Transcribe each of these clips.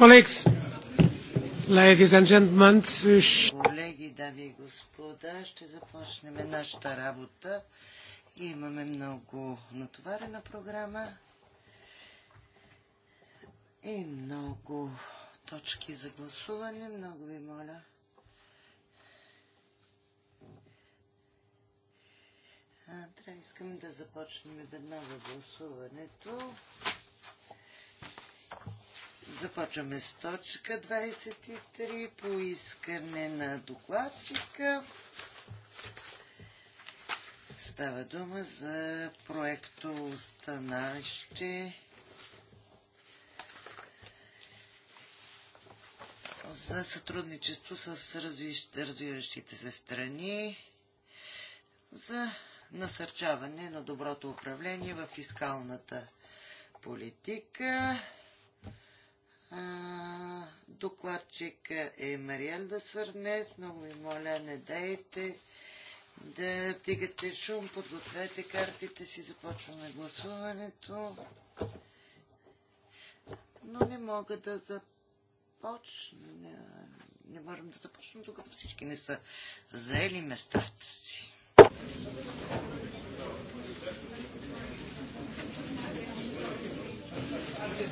Colleagues, ladies and gentlemen, Колеги, дами и господа, ще започнем нашата работа. Имаме много натоварена програма и много точки за гласуване. Много ви моля. Трябва искам да започнем веднага гласуването. Започваме с точка 23 по искане на докладчика. Става дума за проекто становище за сътрудничество с развиващите се страни за насърчаване на доброто управление в фискалната политика докладчик е Мариел да Сърнес. Много ви моля, не дайте да вдигате шум, подгответе картите си, започваме гласуването. Но не мога да започна. Не можем да започнем, докато всички не са заели местата си.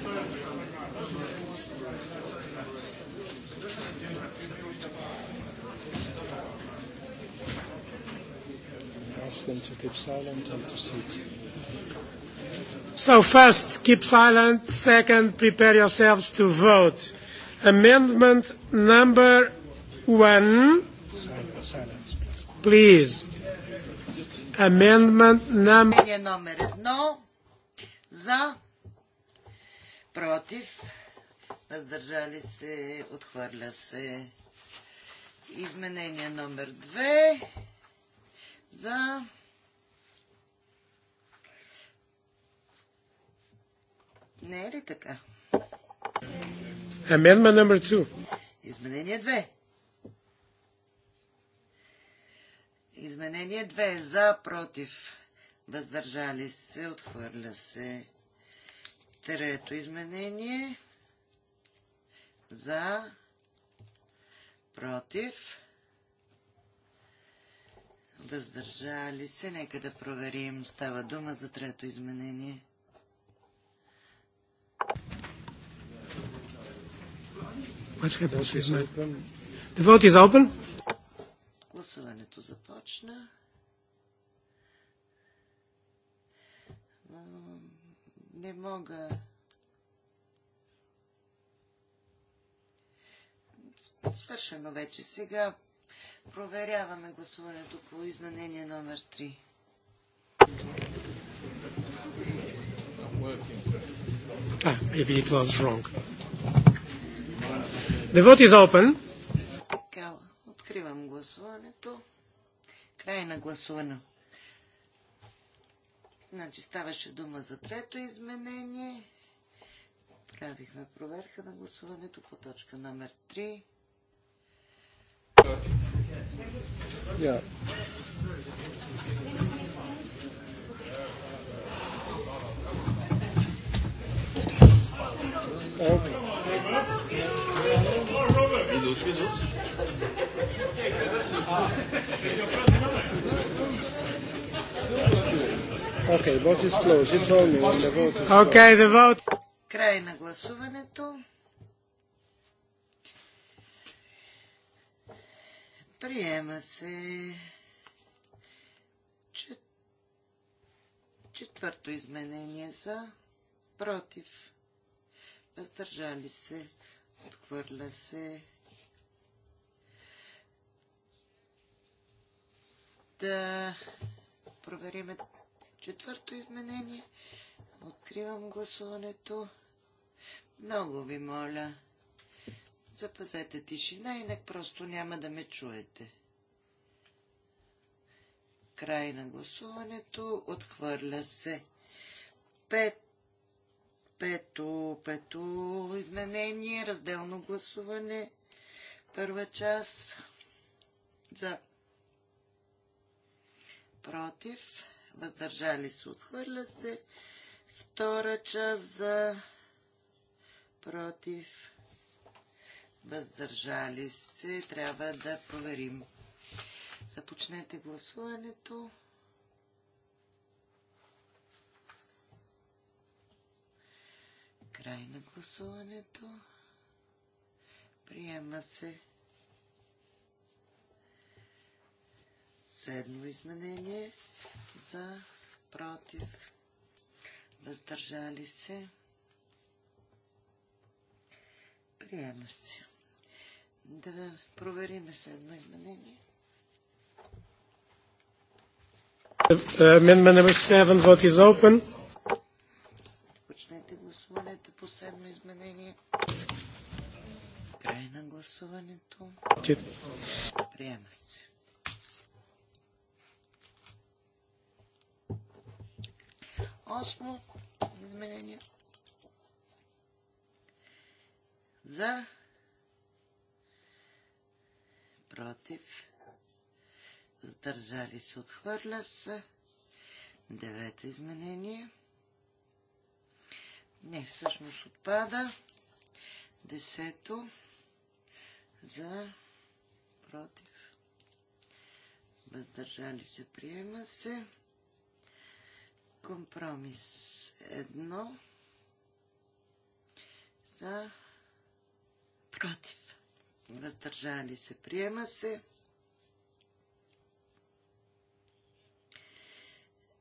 Thank you. Ask them to keep silent and to sit. So first, keep silent. Second, prepare yourselves to vote. Amendment number one. Silence, please. Amendment number... one. За. Против. Въздържали се. Отхвърля се. Изменение номер 2 за Не е ли така? Amendment number 2. Изменение 2. Изменение 2. За, против, въздържали се, отхвърля се. Трето изменение. За, против, въздържали се. Нека да проверим. Става дума за трето изменение. Гласуването започна. Не мога Свършено вече. Сега проверяваме гласуването по изменение номер 3. Ah, maybe it was wrong. The vote is open. Така, откривам гласуването. Край на гласуване. Значи ставаше дума за трето изменение. Правихме проверка на гласуването по точка номер 3. Yeah. Minus, minus. Okay, vote is closed. You told me when the vote is closed. Okay, the vote. Край на гласуването. Приема се чет... четвърто изменение за против. Въздържали се. Отхвърля се. Да провериме четвърто изменение. Откривам гласуването. Много ви моля. Запазете тишина, инак просто няма да ме чуете. Край на гласуването. Отхвърля се. Пет, пето, пето изменение. Разделно гласуване. Първа част. За. Против. Въздържали се. Отхвърля се. Втора част за. Против въздържали се, трябва да проверим. Започнете гласуването. Край на гласуването. Приема се седмо изменение за против въздържали се. Приема се. Да проверим едно изменение. Amendment number 7, vote is open. Почнете гласуването по седмо изменение. Край на гласуването. Приема се. Осмо изменение. За против, Задържали се, отхвърля се. Девето изменение. Не, всъщност отпада. Десето за против. Въздържали се, приема се. Компромис едно за против въздържали се, приема се.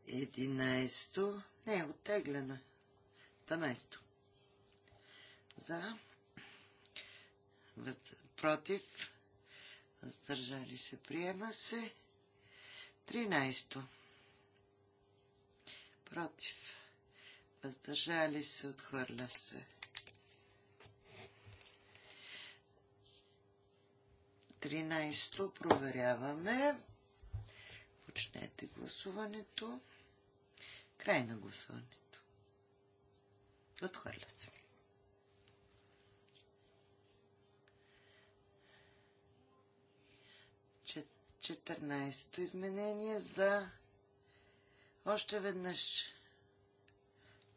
Единайсто, Не, оттеглено е. 12. За. Против. Въздържали се. Приема се. 13. Против. Въздържали се. Отхвърля се. 13 то проверяваме. Почнете гласуването. Край на гласуването. Отхвърля се. Чет, изменение за още веднъж.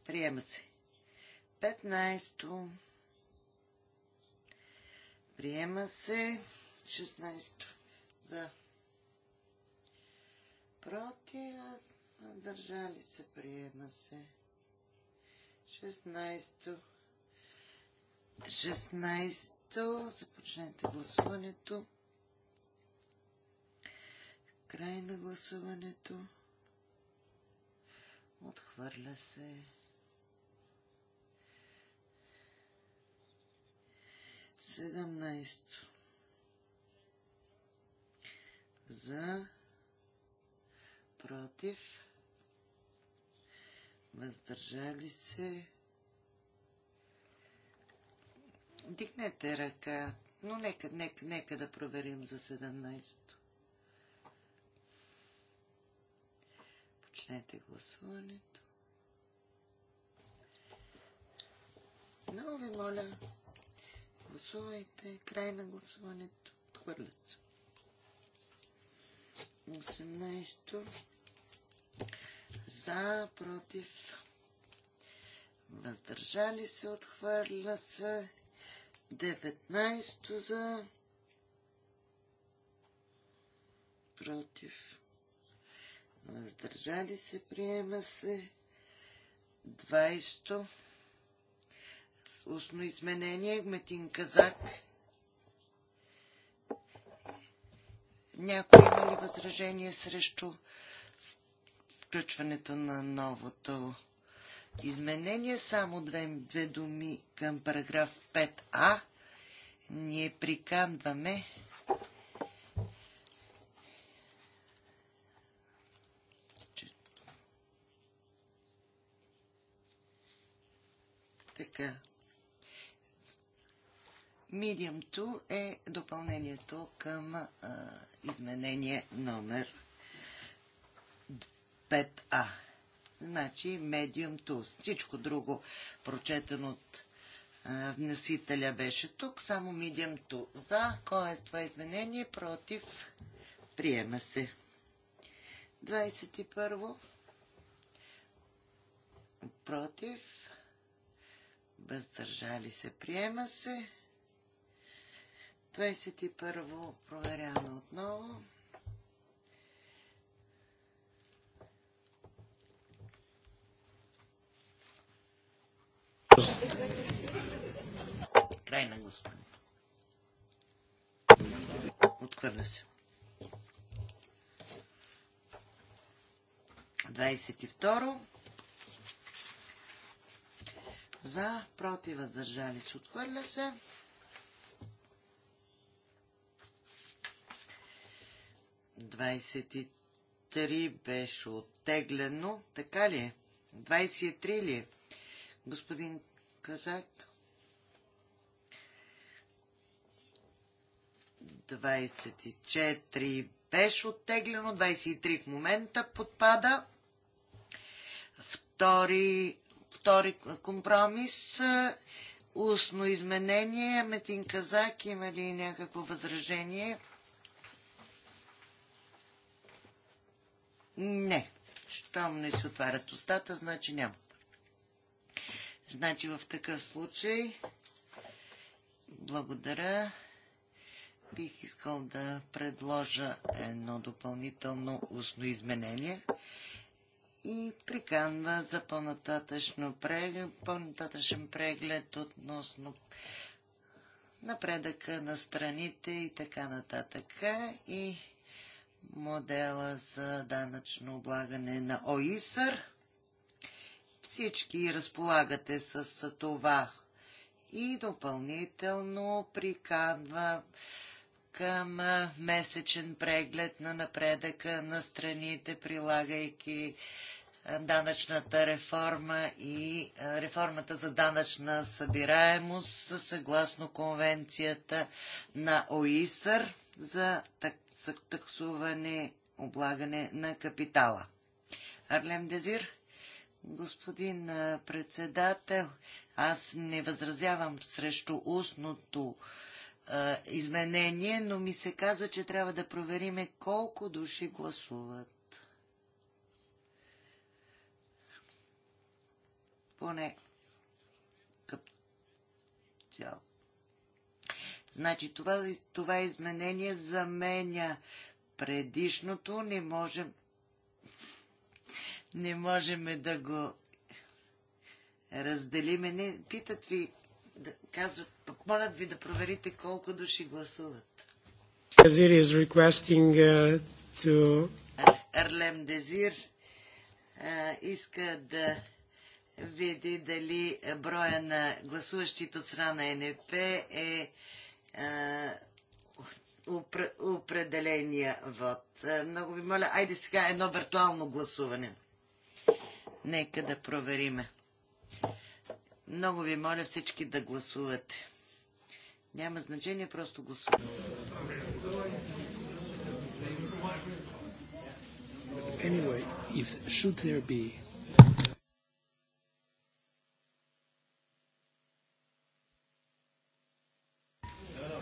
Приема се. 15 Приема се. 16 за против, въздържали се, приема се. 16 16 започнете гласуването. Край на гласуването. Отхвърля се. Седемнайсто за, против, въздържали се. Дигнете ръка, но нека, нека, нека да проверим за 17-то. Почнете гласуването. Много ви моля, гласувайте край на гласуването. Отхвърлят се. 18 за, против, въздържали се, отхвърля се, 19 за, против, въздържали се, приема се, 20 устно изменение, Метин Казак Някой има ли възражение срещу включването на новото изменение? Само две, две думи към параграф 5а. Ние приканваме Така, Medium 2 е допълнението към а, изменение номер 5А. Значи Medium 2. Всичко друго, прочетено от а, вносителя, беше тук. Само Medium 2. За. Кой е това изменение? Против. Приема се. 21. Против. Въздържали се. Приема се. 21 проверяваме отново. Край на гласуването. Отхвърля се. 22. За, против, въздържали се, отхвърля се. 23 беше оттеглено. Така ли? 23 е? ли? Е? Господин Казак. 24 беше оттеглено. 23 в момента подпада. Втори, втори компромис. Устно изменение. Метин Казак, има ли някакво възражение? Не. Щом не се отварят устата, значи няма. Значи в такъв случай благодаря. Бих искал да предложа едно допълнително устно изменение и приканва за по-нататъчно преглед, по-нататъчен преглед относно напредъка на страните и така нататък. И модела за данъчно облагане на ОИСър. Всички разполагате с това и допълнително приканва към месечен преглед на напредъка на страните, прилагайки данъчната реформа и реформата за данъчна събираемост съгласно конвенцията на ОИСАР за таксуване, облагане на капитала. Арлем Дезир, господин председател, аз не възразявам срещу устното изменение, но ми се казва, че трябва да провериме колко души гласуват. Поне като цяло. Значи това, това изменение заменя предишното, не можем не можем да го разделиме. Не, питат ви, да, казват, молят ви да проверите колко души гласуват. Дезир is requesting uh, to... Арлем Дезир uh, иска да види дали броя на гласуващите от страна на НП е определения вод. Много ви моля, айде сега едно виртуално гласуване. Нека да провериме. Много ви моля всички да гласувате. Няма значение, просто гласуваме. Anyway, if should there be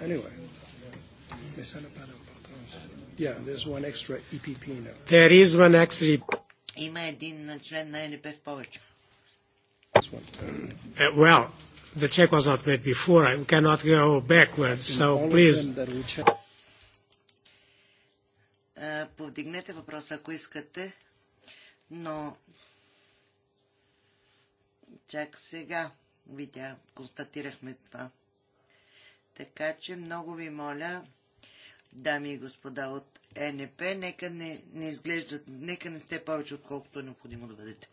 Anyway, yeah, there's one extra EPP now. There is one extra. Има един член на НП в повече. Uh, well, the check was not made before. I cannot go backwards, so please. Uh, повдигнете въпроса, ако искате, но чак сега видя, констатирахме това. Така че много ви моля, дами и господа от ЕНП, нека не, не изглеждат, нека не сте повече, отколкото е необходимо да бъдете.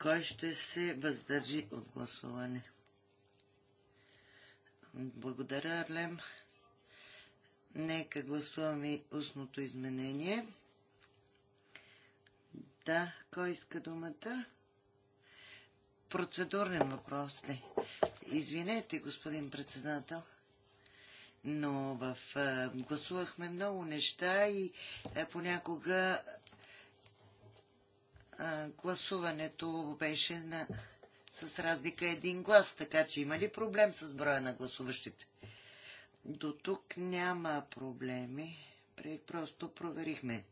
Кой ще се въздържи от гласуване? Благодаря, Арлем. Нека гласуваме устното изменение. Да, кой иска думата? процедурен въпрос ли? Извинете, господин председател, но в, а, гласувахме много неща и а, понякога а, гласуването беше на, с разлика един глас, така че има ли проблем с броя на гласуващите? До тук няма проблеми. Просто проверихме.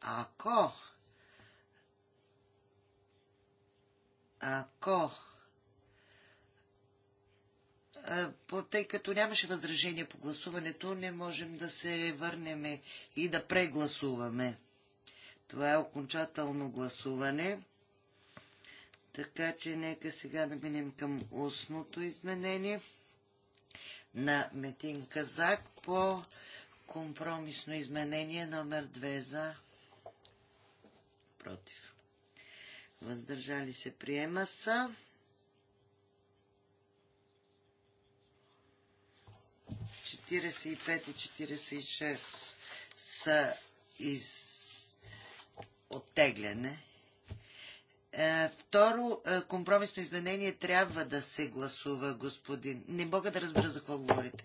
Ако Ако тъй като нямаше възражение по гласуването, не можем да се върнем и да прегласуваме. Това е окончателно гласуване. Така че нека сега да минем към устното изменение на Метин Казак по компромисно изменение номер 2 за против въздържали се, приема са. Четиридесет и 46 са из оттегляне. Е, второ, е, компромисно изменение трябва да се гласува, господин. Не мога да разбера за какво говорите.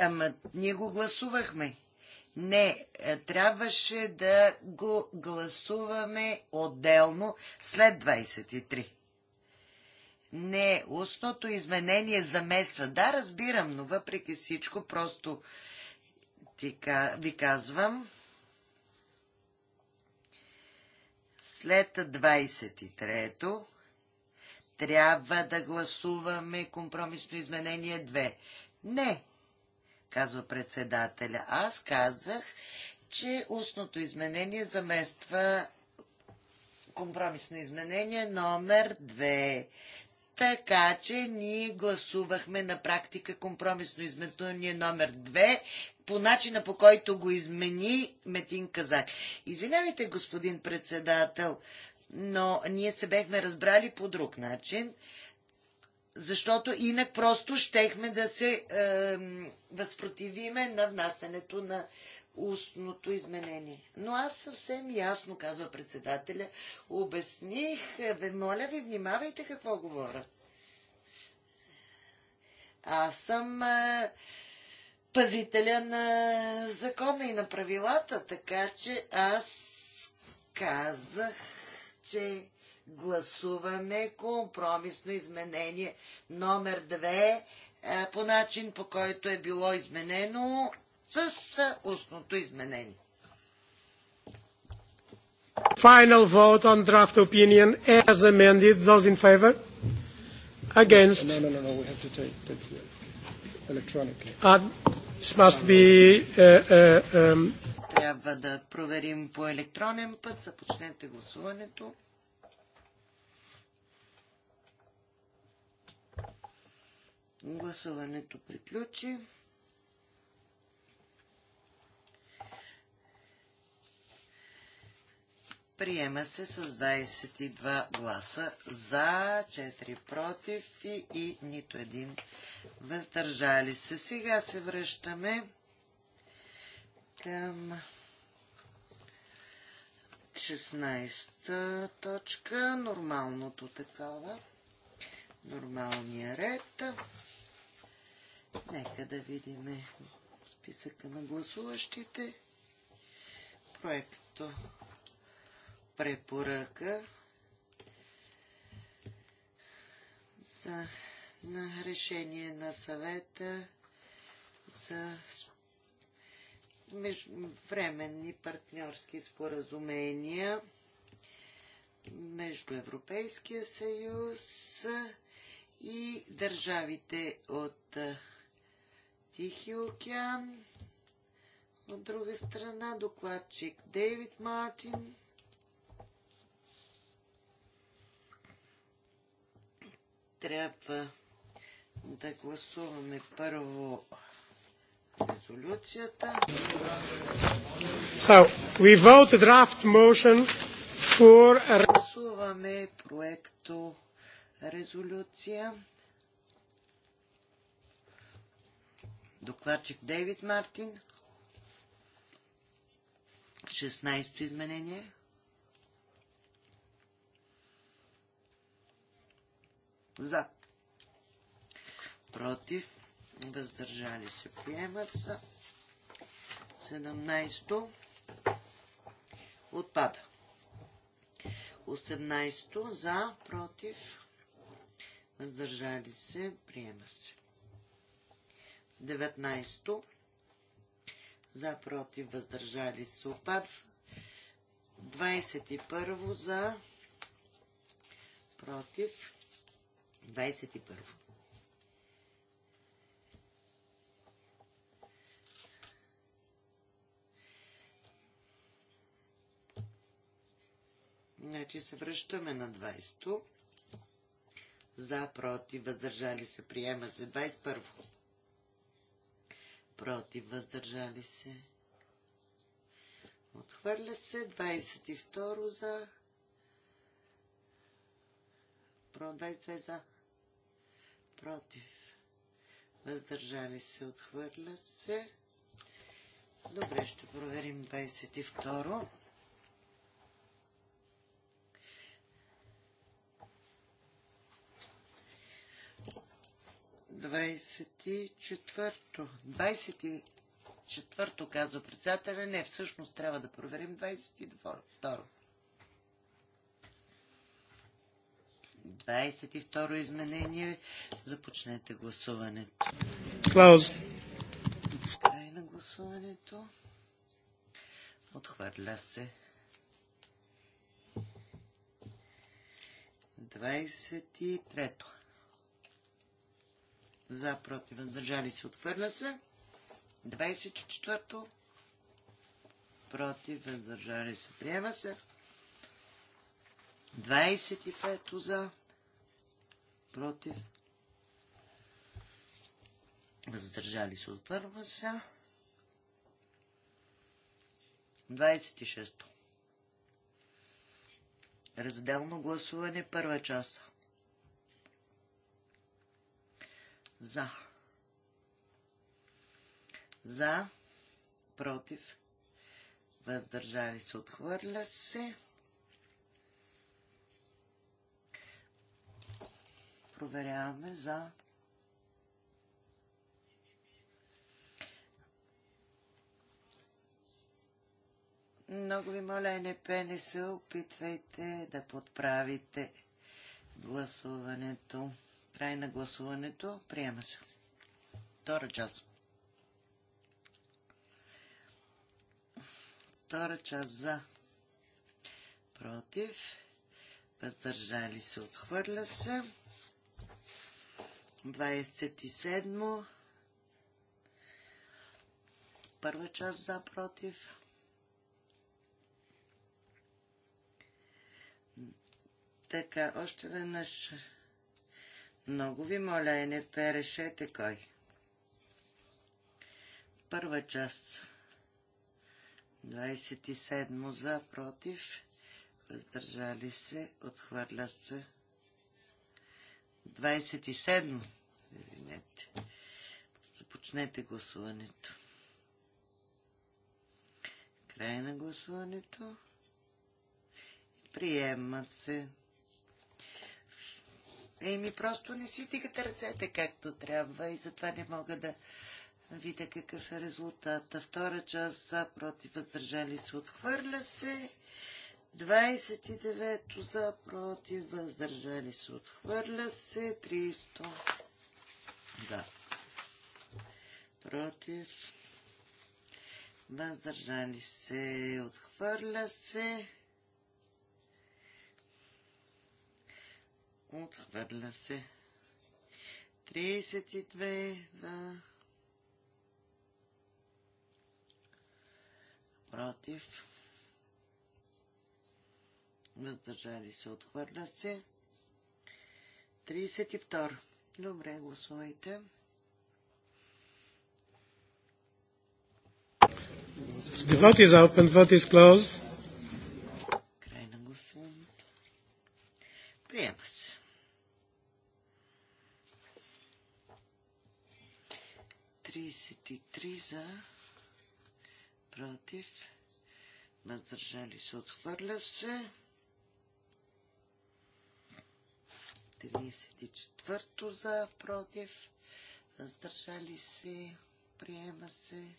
Ама ние го гласувахме не е, трябваше да го гласуваме отделно след 23. Не, устното изменение замества. Да, разбирам, но въпреки всичко, просто ти, ви казвам. След 23-то трябва да гласуваме компромисно изменение 2. Не, казва председателя. Аз казах, че устното изменение замества компромисно изменение номер 2. Така че ние гласувахме на практика компромисно изменение номер 2 по начина по който го измени Метин Казак. Извинявайте, господин председател, но ние се бехме разбрали по друг начин защото инак просто щехме да се е, възпротивиме на внасенето на устното изменение. Но аз съвсем ясно, казва председателя, обясних, е, моля ви, внимавайте какво говоря. Аз съм е, пазителя на закона и на правилата, така че аз казах, че гласуваме компромисно изменение номер 2 е, по начин, по който е било изменено с е, устното изменение. Final vote on draft opinion as amended. Those in favor? Against? No, no, no, no. We have to take, take the electronically. Uh, this must be uh, uh, um, трябва да проверим по електронен път. Започнете гласуването. Гласуването приключи. Приема се с 22 гласа за, 4 против и, и нито един въздържали се. Сега се връщаме към 16 точка, нормалното такава, нормалния ред. Нека да видим списъка на гласуващите. Проекто препоръка за, на решение на съвета за временни партньорски споразумения между Европейския съюз и държавите от Тихи океан. От друга страна докладчик Дейвид Мартин. Трябва да гласуваме първо резолюцията. So, we vote the draft motion for... Гласуваме проекто резолюция. Докладчик Дейвид Мартин. 16-то изменение. За. Против. Въздържали се. Приема са. 17-то. Отпада. 18-то. За. Против. Въздържали се. Приема се. 19 за против въздържали се опад. 21 за против 21. Значи се връщаме на 20 За, против, въздържали се, приема се 21 против, въздържали се. Отхвърля се 22 за. Про 22 за. Против. Въздържали се. Отхвърля се. Добре, ще проверим 22. 24-то. 24 казва председателя. Не, всъщност трябва да проверим 22-то. 22 то изменение. Започнете гласуването. Клауз. Край на гласуването. Отхвърля се. 23-то за, против, въздържали се, отхвърля се. 24-то, против, въздържали се, приема се. 25-то за, против, въздържали се, отхвърля се. 26-то. Разделно гласуване, първа част. За. За. Против. Въздържали се. Отхвърля се. Проверяваме за. Много ви моля, НП, не се опитвайте да подправите гласуването. Край на гласуването. Приема се. Втора част. Втора част за. Против. Въздържали се. Отхвърля се. 27. Първа част за. Против. Така, още веднъж. Много ви моля, НП, решете кой. Първа част. 27 за, против. Въздържали се, отхвърля се. 27. Извинете. Започнете гласуването. Край на гласуването. Приема се. Еми, просто не си дигате ръцете както трябва и затова не мога да видя какъв е резултата. Втора част за, против, въздържали се, отхвърля се. 29 за, против, въздържали се, отхвърля се. 300 за, против, въздържали се, отхвърля се. Отхвърля се. 32 за. Против. Въздържали се. Отхвърля се. 32. Добре, гласувайте. The vote is open, vote is closed. 23 за, против, въздържали се, отхвърля се. 34 за, против, въздържали се, приема се.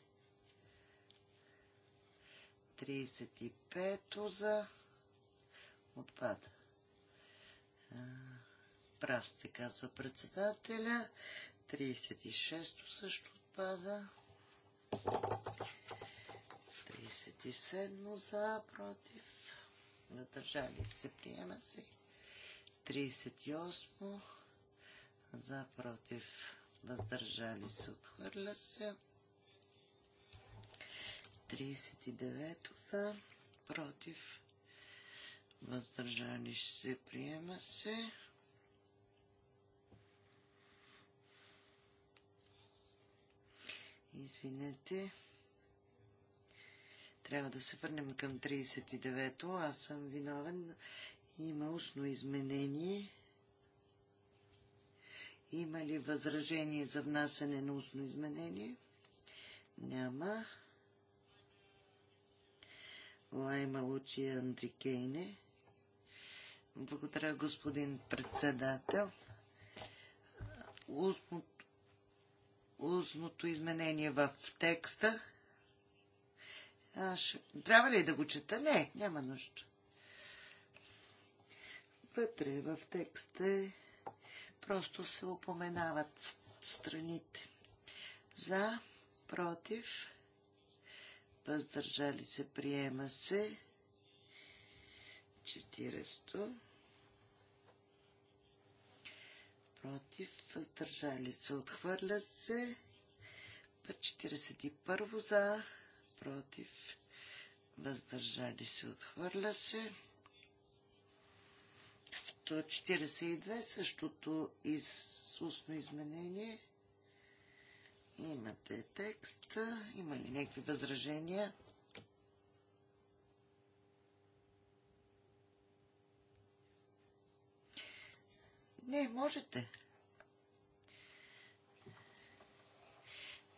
35 за, отпада. Прав сте, казва председателя. 36-то също отпада. 37 за, против, въздържали се, приема се. 38 за, против, въздържали се, отхвърля се. 39 за, против, въздържали се, приема се. Извинете. Трябва да се върнем към 39-то. Аз съм виновен. Има устно изменение. Има ли възражение за внасене на устно изменение? Няма. Лайма Лучи Андрикейне. Благодаря, господин председател. Устното устното изменение в текста. Аж, трябва ли да го чета? Не, няма нужда. Вътре в текста е, просто се упоменават страните. За, против, въздържали се, приема се. 40. против, въздържали се, отхвърля се. 41 за, против, въздържали се, отхвърля се. 142 същото из, устно изменение. Имате текст. Има ли някакви възражения? Не, можете.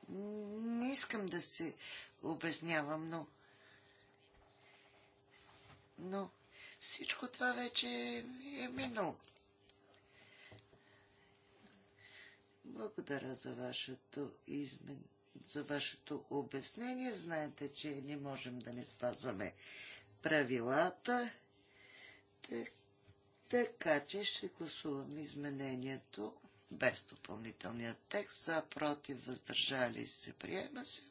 Не искам да се обяснявам, но... Но всичко това вече е минало. Благодаря за вашето измен... за вашето обяснение. Знаете, че не можем да не спазваме правилата. Так... Така че ще гласуваме изменението без допълнителния текст. За, против, въздържали се, приема се.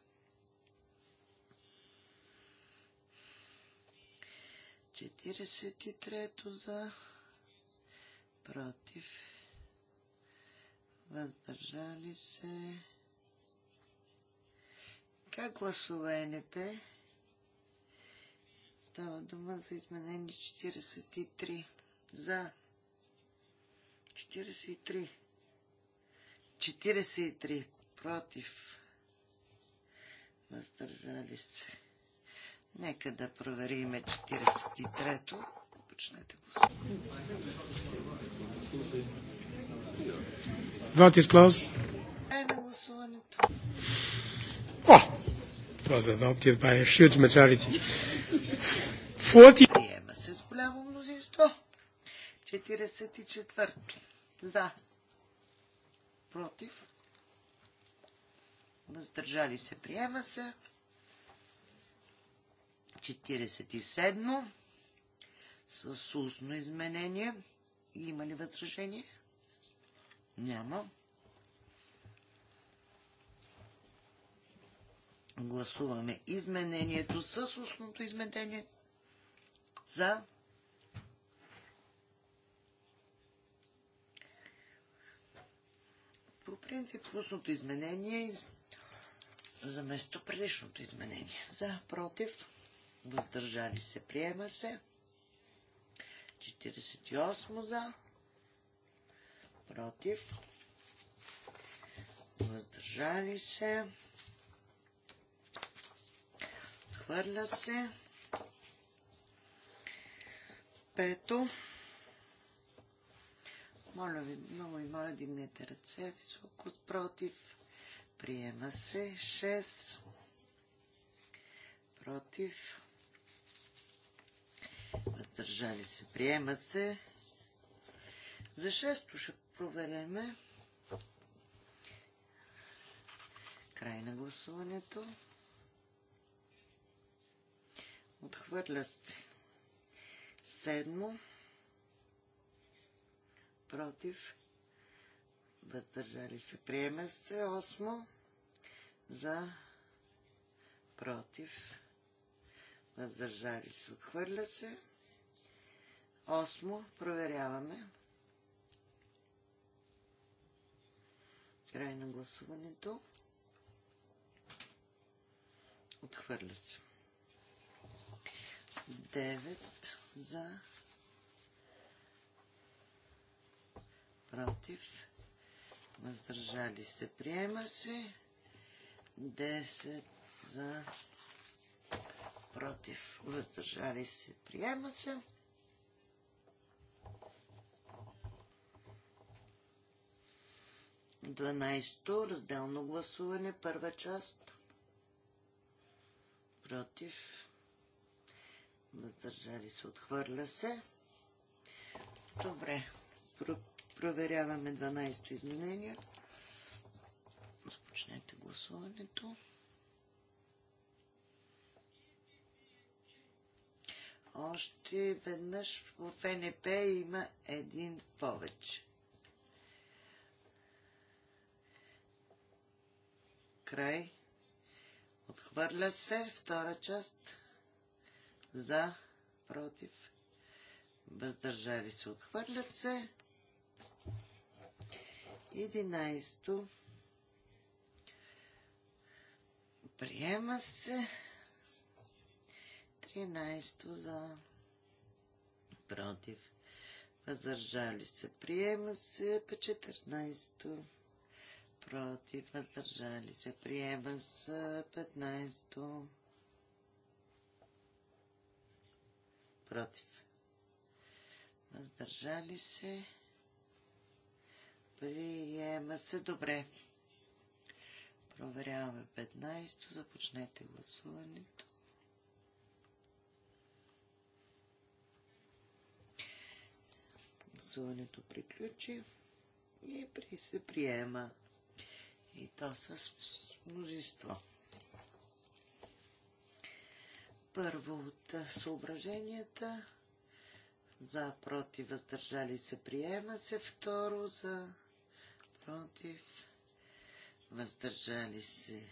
Четиридесет и трето за, против, въздържали се. Как гласува НП? Става дума за изменение 43 за 43. 43 против. Въздържали се. Нека да провериме 43-то. Почнете го. Vote is closed. Е на гласуването. О! It was adopted by a huge majority. 40... Приема се с голямо мнозинство. 44. За. Против. Въздържали се. Приема се. 47. С устно изменение. Има ли възражение? Няма. Гласуваме изменението с устното изменение за принцип устното изменение из... замества предишното изменение. За, против, въздържали се, приема се. 48 за, против, въздържали се, хвърля се, пето, моля ви, много ви моля, дигнете ръце високо против. Приема се 6 против. Въздържали се. Приема се. За 6 ще проверяме. Край на гласуването. Отхвърля се. Седмо против, въздържали се, приеме се. 8 за, против, въздържали се, отхвърля се. 8 проверяваме. Край на гласуването. Отхвърля се. 9 за против, въздържали се, приема се. 10 за, против, въздържали се, приема се. Дванайсто разделно гласуване, първа част. Против. Въздържали се, отхвърля се. Добре. Проверяваме 12-то изменение. Започнете гласуването. Още веднъж в ФНП има един повече. Край. Отхвърля се втора част. За, против, въздържали се. Отхвърля се. 11. Приема се. 13 за. Против. Въздържали се. Приема се. 14 против, въздържали се, приема с 15 против. Въздържали се. Приема се добре. Проверяваме 15-то. Започнете гласуването. Гласуването приключи и при се приема. И то с множество. Първо от съображенията за против въздържали се приема се. Второ за против, въздържали се.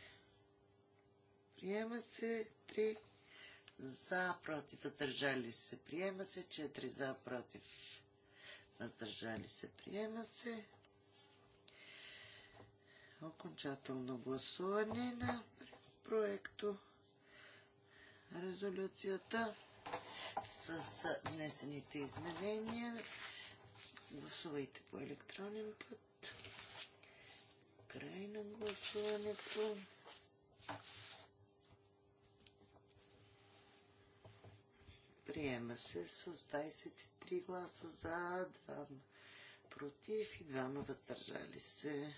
Приема се 3 за, против, въздържали се. Приема се 4 за, против, въздържали се. Приема се. Окончателно гласуване на проекто резолюцията с внесените изменения. Гласувайте по електронен път. Край на гласуването. Приема се с 23 гласа за, 2 против и 2 въздържали се.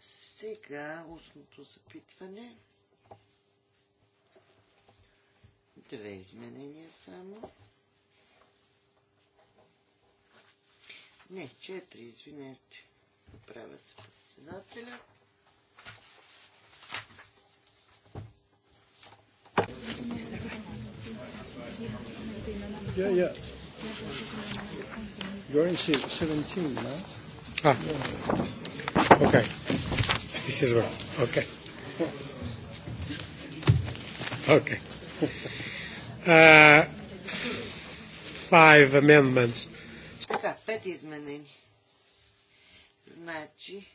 Сега устното запитване. Две изменения само. Не, четири, извинете поправя се председателя. Yeah, yeah. You're in 17 now. Ah. Okay. This is wrong. Okay. Okay. Uh, five amendments. Така, пет изменения. Значи,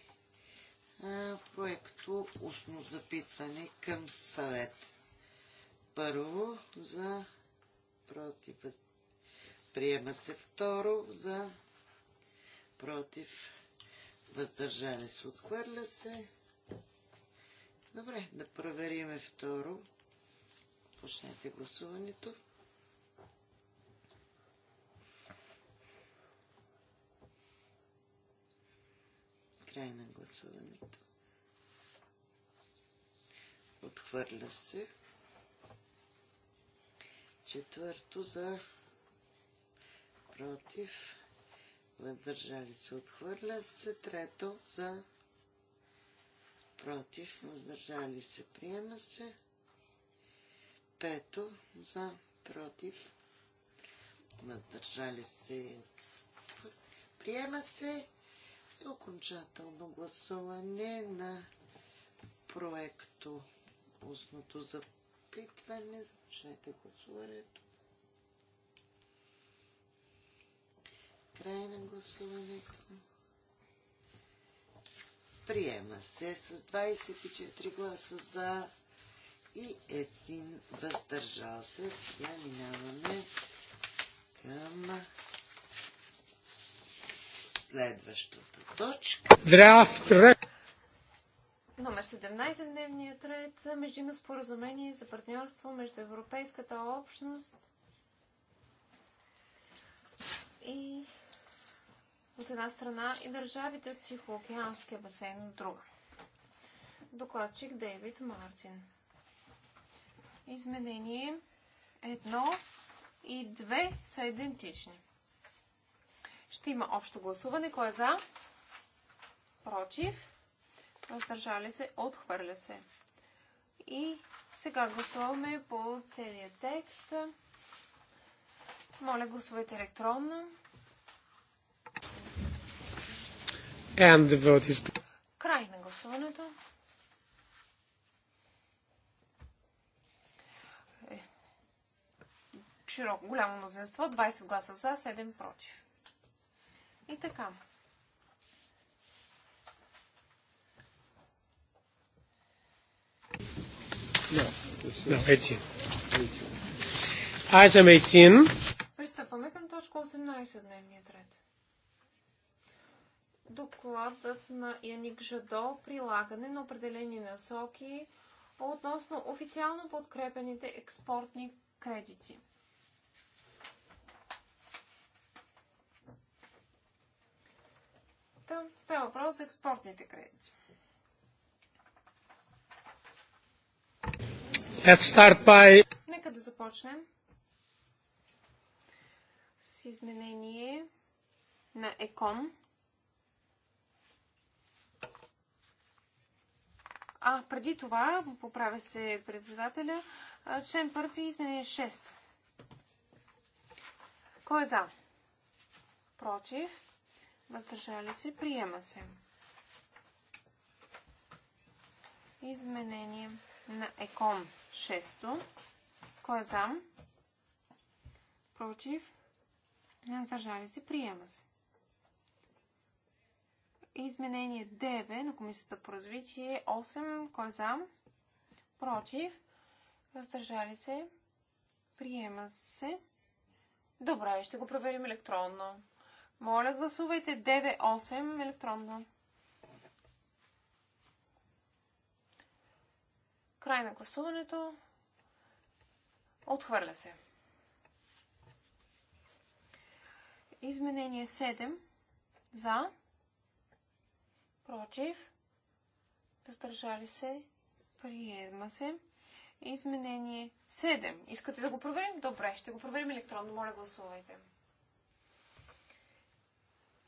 проекто устно запитване към съвет. Първо за против. Приема се второ за против. въздържане се. Отхвърля се. Добре, да провериме второ. Почнете гласуването. Край на гласуването. Отхвърля се. Четвърто за против. Въздържали се. Отхвърля се. Трето за против. Въздържали се. Приема се. Пето за против. Въздържали се. Приема се окончателно гласуване на проекто устното запитване. Започнете гласуването. Край на гласуването. Приема се с 24 гласа за и един въздържал се. Сега минаваме към следващата точка. Здравствуйте. Номер 17 дневният ред междинно споразумение за партньорство между Европейската общност и от една страна и държавите от Тихоокеанския басейн от друга. Докладчик Дейвид Мартин. Изменение 1 и 2 са идентични. Ще има общо гласуване. Кой е за? Против? Въздържали се? Отхвърля се. И сега гласуваме по целия текст. Моля, гласувайте електронно. And the vote is... Край на гласуването. Е, широко, голямо мнозинство, 20 гласа за, 7 против. И така. Да, no, 18. 18. Пристъпваме към точка 18 от дневния ред. Докладът на Яник Жадо прилагане на определени насоки относно официално подкрепените експортни кредити. Та, става въпрос за експортните кредити. Let's start by... Нека да започнем с изменение на ЕКОН. А, преди това, поправя се председателя, член първи изменение 6. Кой е за? Против? въздържали се, приема се. Изменение на ЕКОМ 6. Кой е за? Против? Въздържали се, приема се. Изменение 9 на Комисията по развитие 8. Кой е за? Против? Въздържали се, приема се. Добре, ще го проверим електронно. Моля, гласувайте 9-8 електронно. Край на гласуването. Отхвърля се. Изменение 7. За. Против. Въздържали се. Приема се. Изменение 7. Искате да го проверим? Добре, ще го проверим електронно. Моля, гласувайте.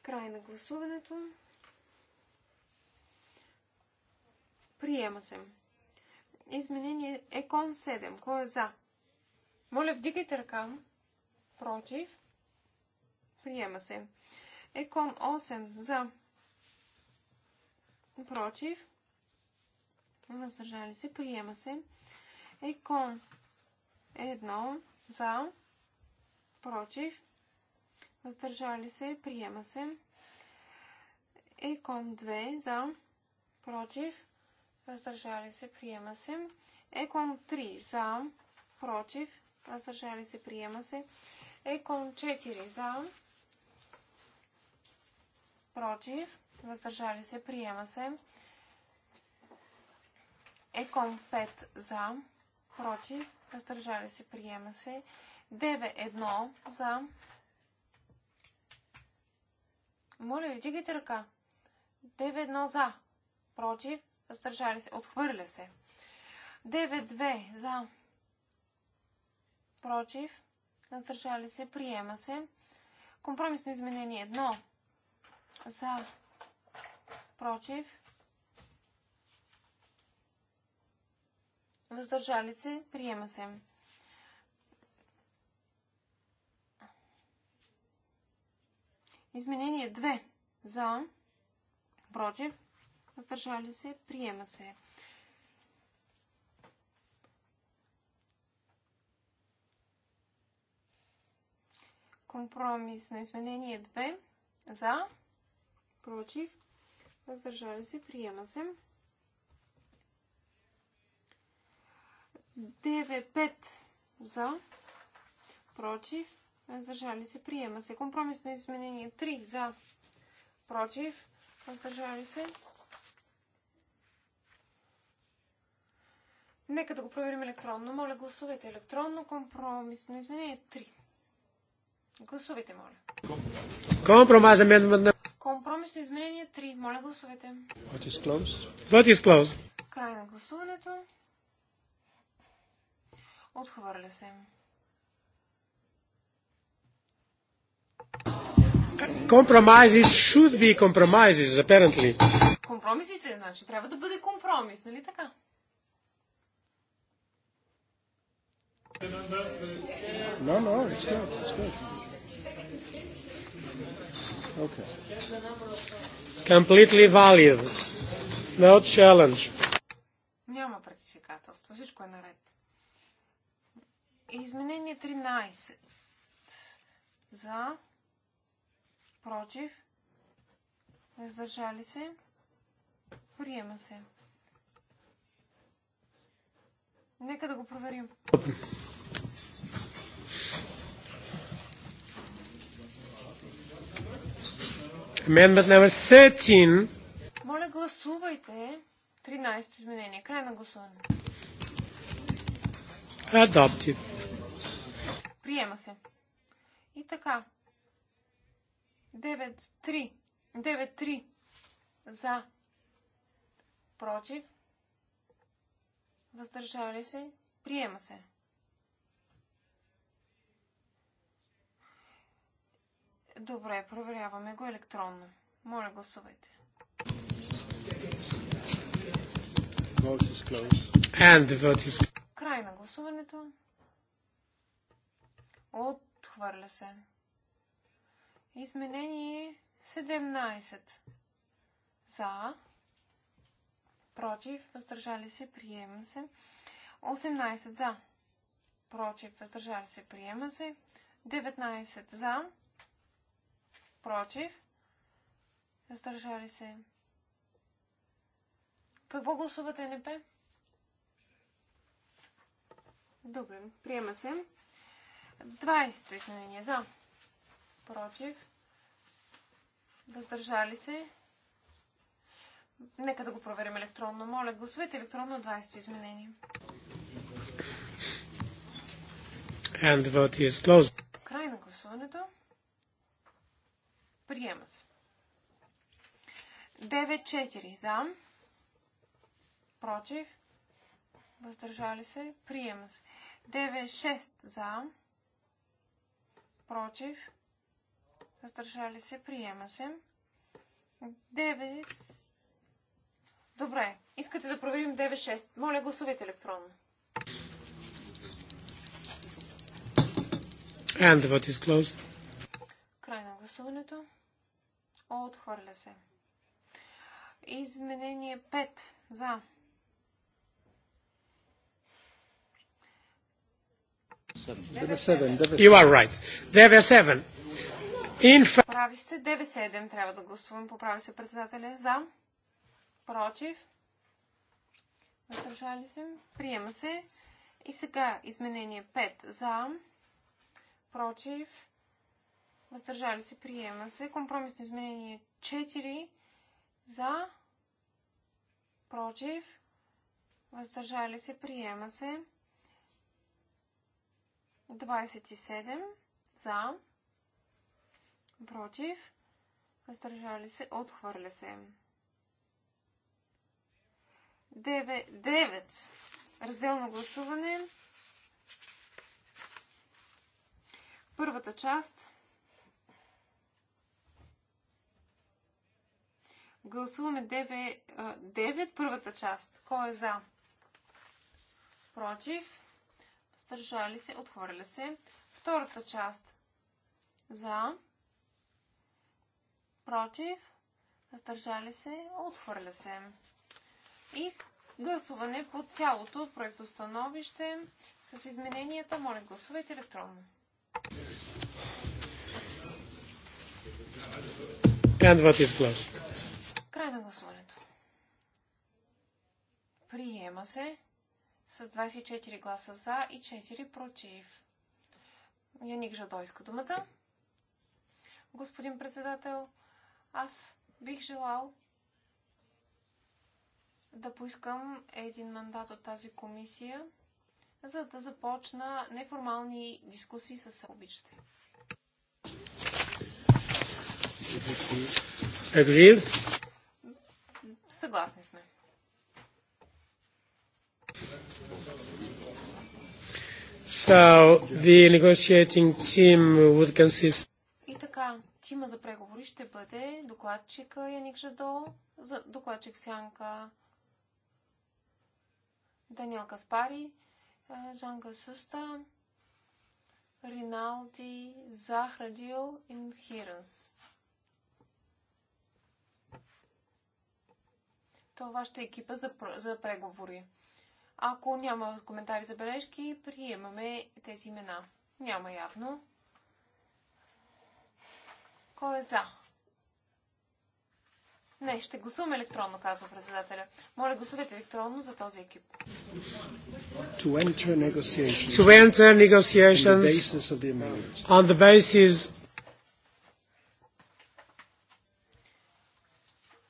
Край на гласуването. Приема се. Изменение ЕКОН 7. Кой е за? Моля, вдигайте ръка. Против. Приема се. Екон 8 за. Против. Въздържали се. Приема се. Екон 1 за. Против въздържали се, приема се. Екон 2 за, против, въздържали се, приема се. Екон 3 за, против, въздържали се, приема се. Екон 4 за, против, въздържали се, приема се. Екон 5 за, против, въздържали се, приема се. 9-1 за, моля ви, вдигайте ръка. 9-1 за. Против. Въздържали се. Отхвърля се. 9-2 за. Против. Въздържали се. Приема се. Компромисно изменение 1 за. Против. Въздържали се. Приема се. Изменение 2 за, против, въздържали се, приема се. Компромис на изменение 2 за, против, въздържали се, приема се. 9-5 за, против, въздържали се, приема се. Компромисно изменение 3 за, против, въздържали се. Нека да го проверим електронно. Моля, гласувайте електронно. Компромисно изменение 3. Гласувайте, моля. Компромисно Компромисно изменение 3. Моля, гласувайте. What is closed? What is closed? Край на гласуването. Отхвърля се. Compromises should be compromises, apparently. Компромисите, значи, трябва да бъде компромис, нали така? No, no, it's good, it's good. Okay. Completely valid. No challenge. Няма предизвикателство, всичко е наред. Изменение 13. За против, въздържали се, приема се. Нека да го проверим. Amendment number 13. Моля, гласувайте 13-то изменение. Край на гласуване. Adopted. Приема се. И така. 9-3. за. Против. Въздържали се. Приема се. Добре, проверяваме го електронно. Моля, гласувайте. Край на гласуването. Отхвърля се. Изменение 17. За. Против. Въздържали се. Приема се. 18. За. Против. Въздържали се. Приема се. 19. За. Против. Въздържали се. Какво гласувате, НП? Добре, приема се. 20 изменение за. Против. Въздържали се? Нека да го проверим електронно. Моля, гласувайте електронно 20-то изменение. And the vote is closed. Край на гласуването. Приема се. 9-4 за. Против. Въздържали се. Приема се. 9-6 за. Против. Въздържали се. Приема се. Девес... Добре. Искате да проверим 9-6. Моля, гласувайте електронно. And the vote is closed. Край на гласуването. Отхвърля се. Изменение 5. За. You are right. There прави сте 9-7, трябва да гласувам. Поправи се председателя. За. Против. Въздържали се. Приема се. И сега изменение 5 за. Против. Въздържали се. Приема се. Компромисно изменение 4 за. Против. Въздържали се. Приема се. 27 за против, въздържали се, отхвърля се. Деве, девет. Разделно гласуване. Първата част. Гласуваме 9, 9 първата част. Кой е за? Против. Стържали се, отхвърля се. Втората част. За против, въздържали се, отхвърля се. И гласуване по цялото проектостановище с измененията. Моля, гласувайте електронно. Край на гласуването. Приема се с 24 гласа за и 4 против. Яник Жадо иска думата. Господин председател, аз бих желал да поискам един мандат от тази комисия, за да започна неформални дискусии с обичате. Agreed? Съгласни сме. So, the negotiating team would consist... И така, тима за преговори ще бъде докладчика Яник Жадо, докладчик Сянка Даниел Каспари, е, Жан Гасуста, Риналди, Захрадио и Хиранс. Това ще е екипа за, за преговори. Ако няма коментари за бележки, приемаме тези имена. Няма явно. Кой е за? Не, ще гласуваме електронно, казва председателя. Моля, гласувайте електронно за този екип. To enter negotiations, to enter negotiations on, the basis of the on the basis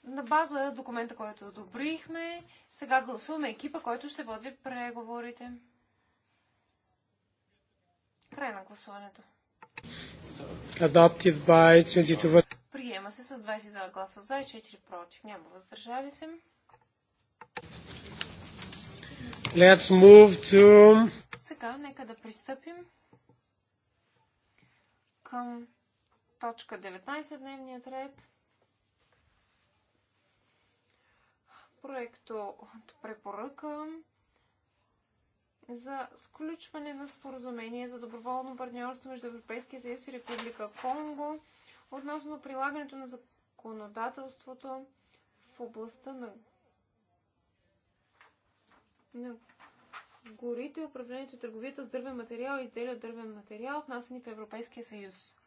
На база документа, който одобрихме, сега гласуваме екипа, който ще води преговорите. Край на гласуването. Adopted by 22 Приема се с 22 гласа за и 4 против. Няма въздържали се. Let's move to... Сега нека да пристъпим към точка 19 дневният ред. Проекто от препоръка за сключване на споразумение за доброволно партньорство между Европейския съюз и Република Конго относно прилагането на законодателството в областта на, на горите, управлението и търговията с дървен материал и изделия от дървен материал, внасени в Европейския съюз.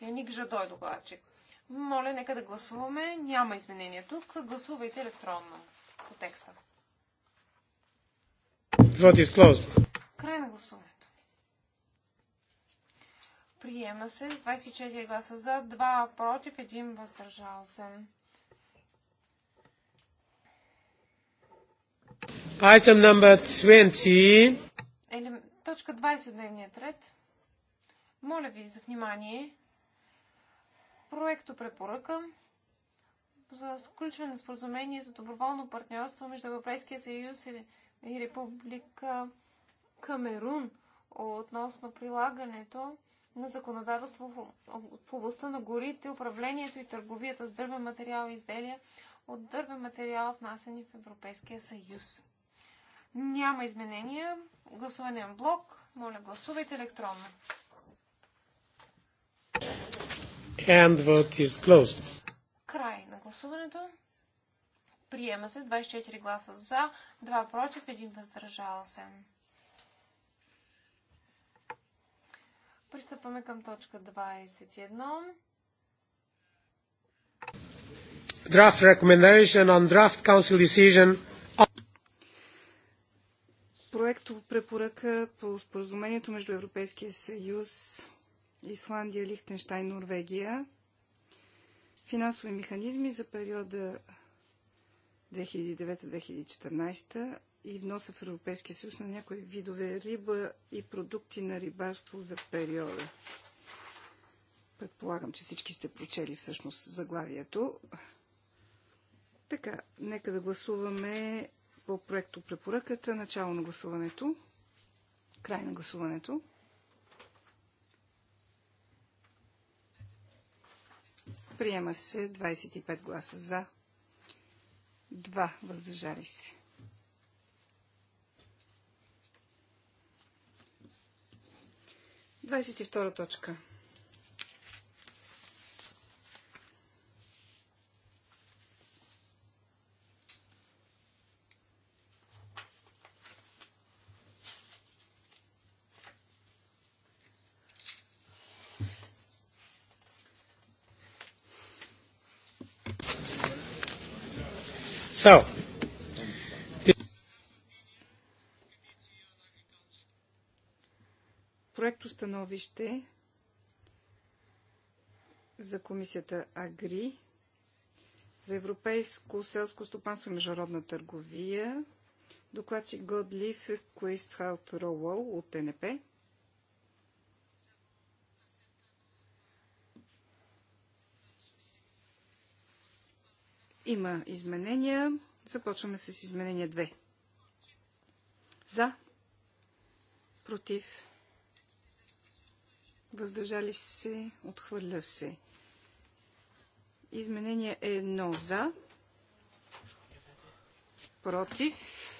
Яник Жадой докладчик. Моля, нека да гласуваме. Няма изменения тук. Гласувайте електронно по текста. Vote is closed. Край на гласуването. Приема се 24 гласа за, 2 против, 1 въздържал се. Item number 20. Еле, точка 20 от дневния ред. Моля ви за внимание. Проекто препоръка за сключване на споразумение за доброволно партньорство между Европейския съюз и и Република Камерун относно прилагането на законодателство в областта на горите, управлението и търговията с дървен материал и изделия от дървен материал, внасяни в Европейския съюз. Няма изменения. Гласуване на блок. Моля, гласувайте електронно. And vote is closed. Край на гласуването. Приема се с 24 гласа за, 2 против, 1 въздържал се. Пристъпваме към точка 21. Draft recommendation on draft council decision проекто препоръка по споразумението между Европейския съюз, Исландия, Лихтенштайн, Норвегия. Финансови механизми за периода 2009-2014 и вноса в Европейския съюз на някои видове риба и продукти на рибарство за периода. Предполагам, че всички сте прочели всъщност заглавието. Така, нека да гласуваме по проекто препоръката. Начало на гласуването. Край на гласуването. Приема се 25 гласа за, 2 въздържали се. Двадесет и втора точка. Проекто становище за комисията АГРИ за европейско селско стопанство и международна търговия. Докладчик Годлиф Куистхаут Роуъл от ТНП. Има изменения. Започваме с изменение 2. За. Против. Въздържали се. Отхвърля се. Изменение 1 за. Против.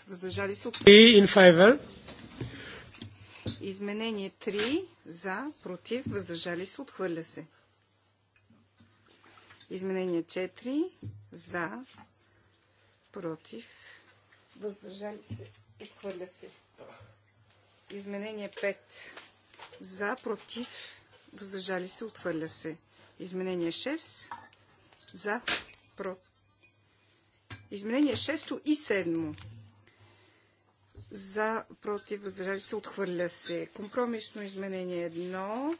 Въздържали се. Отхвърля. се. Изменение 3 за. Против. Въздържали се. Отхвърля се. Изменение 4 за, против, въздържали се, отхвърля се. Изменение 5 за, против, въздържали се, отхвърля се. Изменение 6 за, против. Изменение 6 и 7 за, против, въздържали се, отхвърля се. Компромисно изменение 1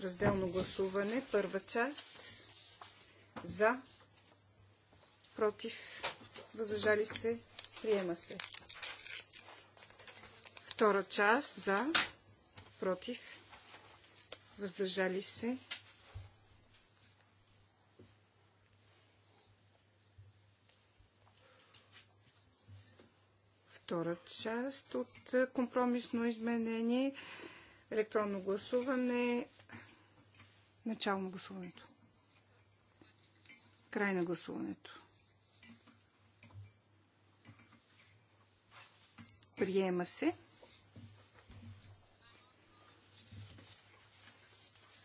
разделно гласуване, първа част за, против, въздържали се, приема се. Втора част за, против, въздържали се. Втора част от компромисно изменение, електронно гласуване, начално гласуването. Край на гласуването. Приема се.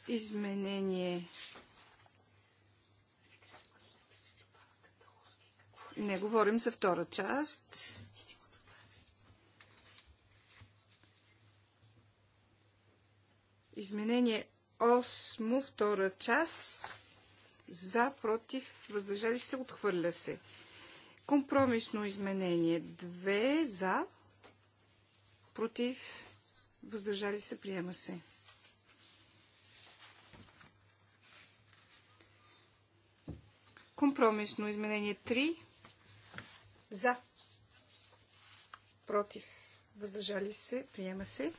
Изменение. Не говорим за втора част. Изменение 8, втора част за, против, въздържали се, отхвърля се. Компромисно изменение 2 за, против, въздържали се, приема се. Компромисно изменение 3 за, против, въздържали се, приема се.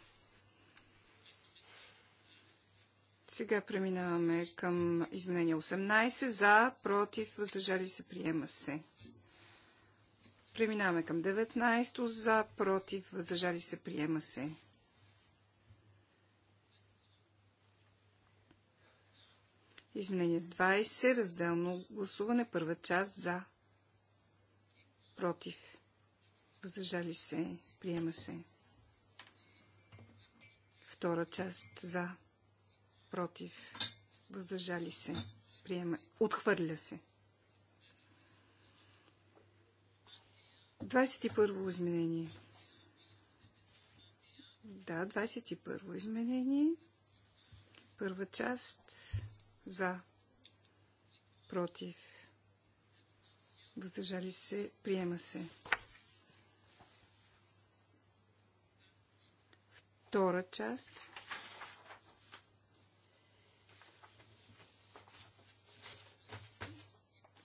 Сега преминаваме към изменение 18. За, против, въздържали се, приема се. Преминаваме към 19. За, против, въздържали се, приема се. Изменение 20. Разделно гласуване. Първа част за. Против. Въздържали се. Приема се. Втора част за против, въздържали се, приема, отхвърля се. 21-во изменение. Да, 21-во изменение. Първа част за, против, въздържали се, приема се. Втора част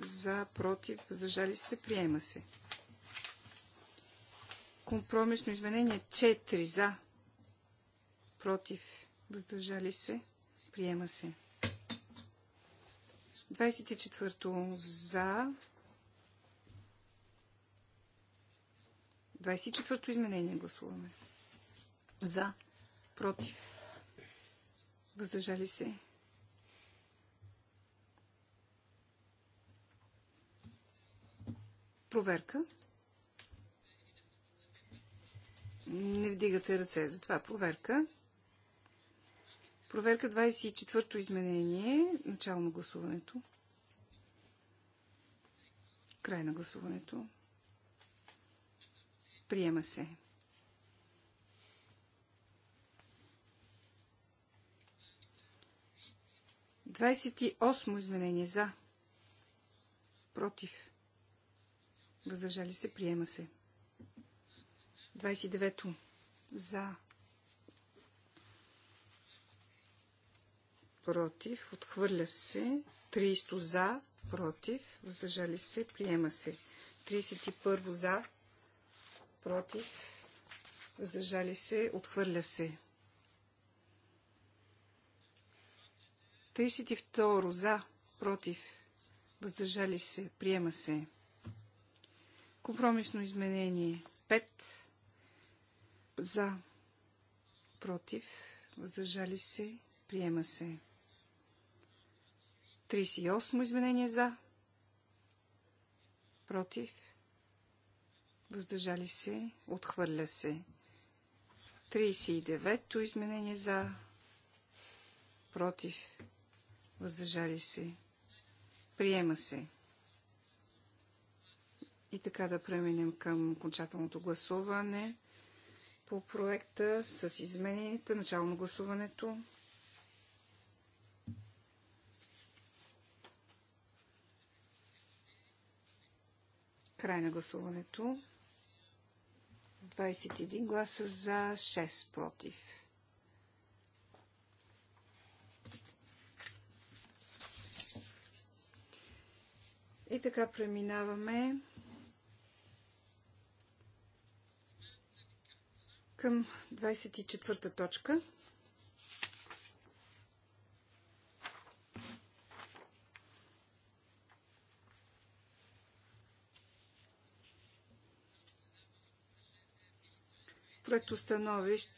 за, против, въздържали се, приема се. Компромисно изменение 4 за, против, въздържали се, приема се. 24 за, 24-то изменение гласуваме. За, против, въздържали се, Проверка. Не вдигате ръце, затова проверка. Проверка 24-то изменение, начало на гласуването. Край на гласуването. Приема се. Двадесет и осмо изменение за. Против. Въздържали се. Приема се. 29-то. За. Против. Отхвърля се. 30 за. Против. Въздържали се. Приема се. 31 за. Против. Въздържали се. Отхвърля се. 32 за. Против. Въздържали се. Приема се. Компромисно изменение 5 за, против, въздържали се, приема се. 38 изменение за, против, въздържали се, отхвърля се. 39-то изменение за, против, въздържали се, приема се. И така да преминем към окончателното гласуване по проекта с измененията. начало на гласуването. Край на гласуването. 21 гласа за 6 против. И така преминаваме към 24-та точка.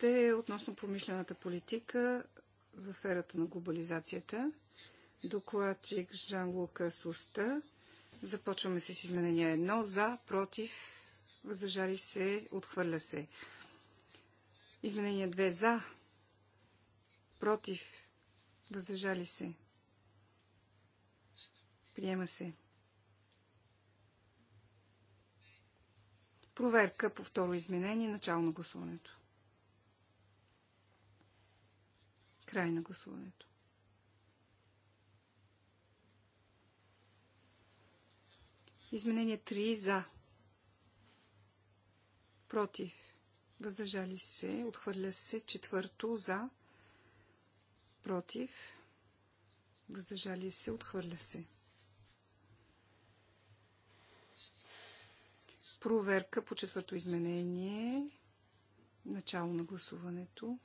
е относно промишлената политика в ерата на глобализацията. Докладчик Жан-Лука Суста. Започваме с изменение 1. За, против, въздържали се, отхвърля се. Изменение 2 за, против, въздържали се. Приема се. Проверка по второ изменение, начало на гласуването. Край на гласуването. Изменение 3 за. Против въздържали се, отхвърля се. Четвърто за, против, въздържали се, отхвърля се. Проверка по четвърто изменение. Начало на гласуването.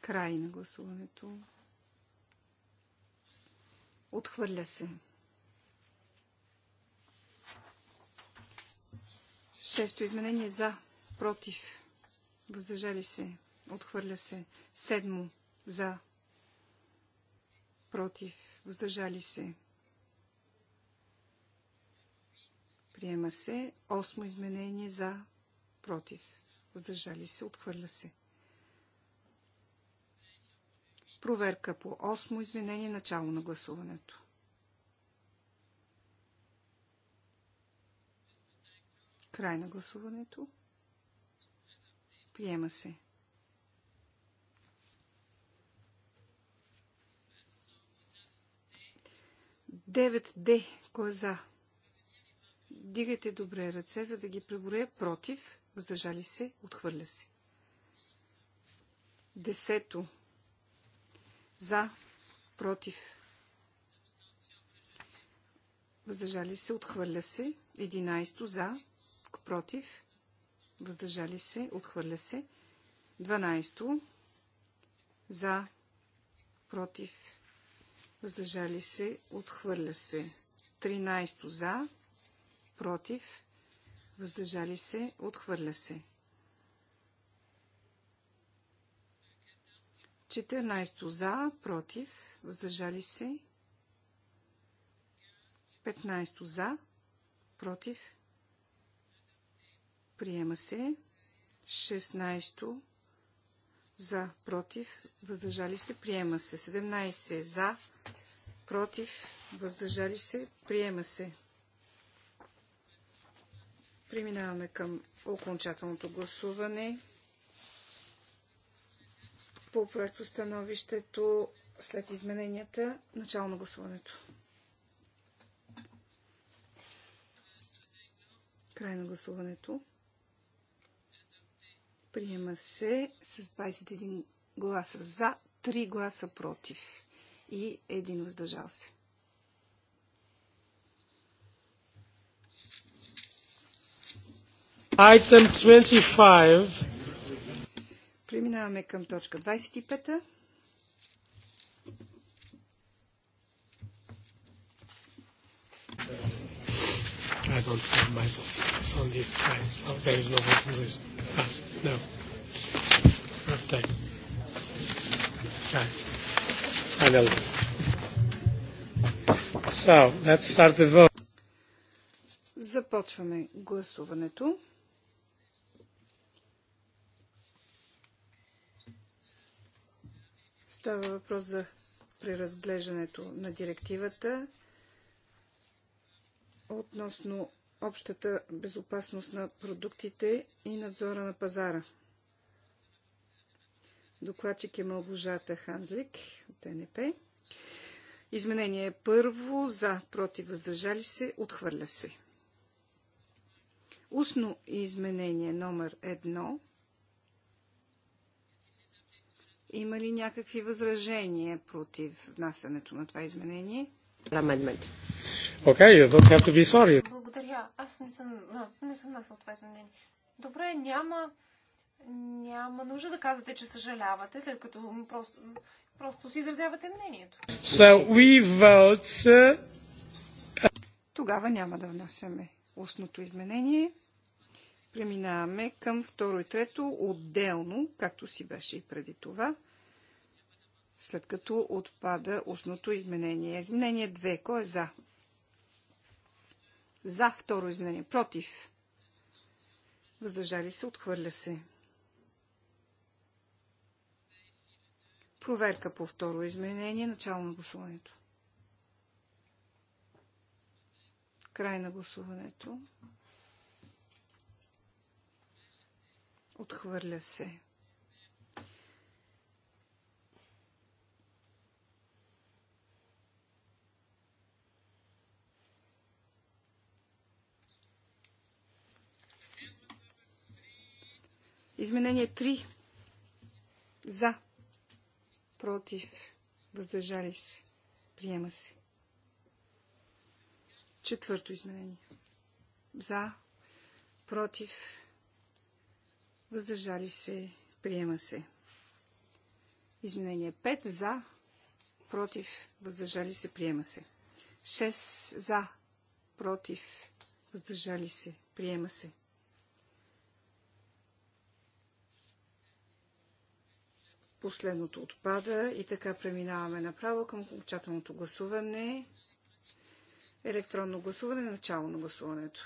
Край на гласуването. Отхвърля се. Шесто изменение за, против, въздържали се, отхвърля се. Седмо за, против, въздържали се. Приема се. Осмо изменение за, против, въздържали се, отхвърля се. Проверка по осмо изменение начало на гласуването. Край на гласуването. Приема се. Девет Д. Кой е за? Дигайте добре ръце, за да ги преброя. Против. Въздържали се. Отхвърля се. Десето. За. Против. Въздържали се. Отхвърля се. Единайсто. За против, въздържали се, отхвърля се. 12 за, против, въздържали се, отхвърля се. 13 за, против, въздържали се, отхвърля се. 14 за, против, въздържали се. 15 за, против, Приема се. 16 за, против, въздържали се, приема се. 17 за, против, въздържали се, приема се. Преминаваме към окончателното гласуване. По проекто становището след измененията, начало на гласуването. Край на гласуването. Приема се с 21 гласа за, 3 гласа против и един въздържал се. Item 25. Преминаваме към точка 25. I don't have my books on this time, so there is no voting list. Ah, no. Okay. I know. So, let's start the vote. Започваме гласуването. Става въпрос за преразглеждането на директивата относно общата безопасност на продуктите и надзора на пазара. Докладчик е Малгожата Ханзлик от НП. Изменение първо за против въздържали се, отхвърля се. Устно изменение номер едно. Има ли някакви възражения против внасянето на това изменение? Ламентмент. Okay, you don't have to be sorry. Благодаря. Аз не съм, не съм насъл това изменение. Добре, няма, няма нужда да казвате, че съжалявате, след като просто, просто си изразявате мнението. So we vote... Тогава няма да внасяме устното изменение. Преминаваме към второ и трето отделно, както си беше и преди това, след като отпада устното изменение. Изменение 2. Кой е за? За второ изменение. Против. Въздържали се. Отхвърля се. Проверка по второ изменение. Начало на гласуването. Край на гласуването. Отхвърля се. Изменение 3. За. Против. Въздържали се. Приема се. Четвърто изменение. За. Против. Въздържали се. Приема се. Изменение 5. За. Против. Въздържали се. Приема се. 6. За. Против. Въздържали се. Приема се. Последното отпада и така преминаваме направо към окончателното гласуване. Електронно гласуване, начало на гласуването.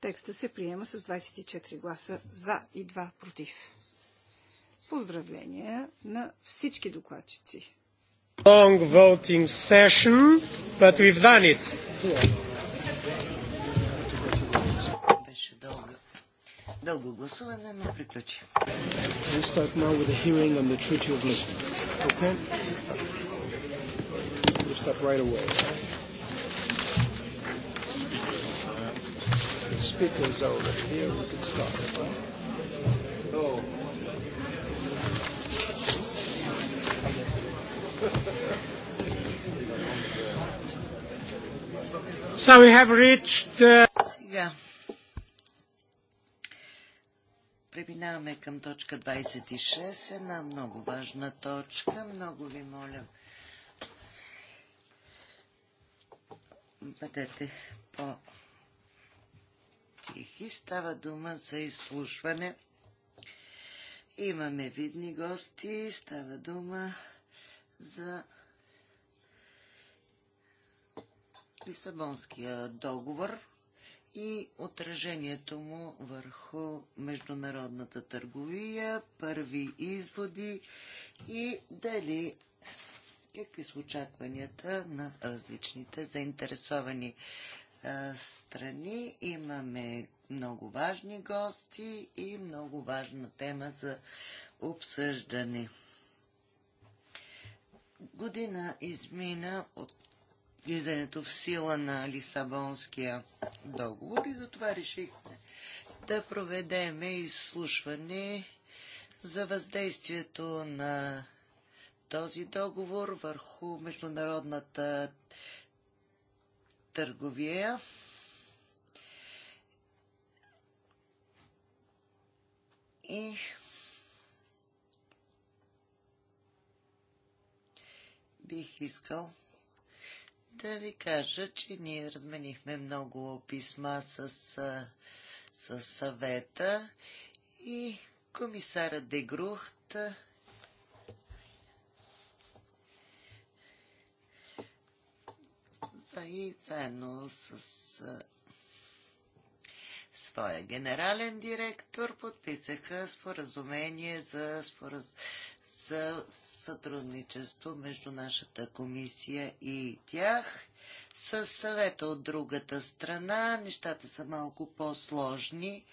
Текста се приема с 24 гласа за и 2 против. Поздравления на всички докладчици. Long voting session, but we've done it. дълго гласуване, но приключи. So we have reached. the Uh... Преминаваме към точка 26, една много важна точка. Много ви моля, бъдете по-тихи. Става дума за изслушване. Имаме видни гости. Става дума за Лисабонския договор и отражението му върху международната търговия, първи изводи и дали какви са очакванията на различните заинтересовани а, страни. Имаме много важни гости и много важна тема за обсъждане. Година измина от влизането в сила на Лисабонския договор и затова решихме да проведем изслушване за въздействието на този договор върху международната търговия. И бих искал да ви кажа, че ние разменихме много писма с, с съвета и комисара Дегрухт за и заедно с своя генерален директор подписаха споразумение за споразумение за сътрудничество между нашата комисия и тях. С съвета от другата страна нещата са малко по-сложни.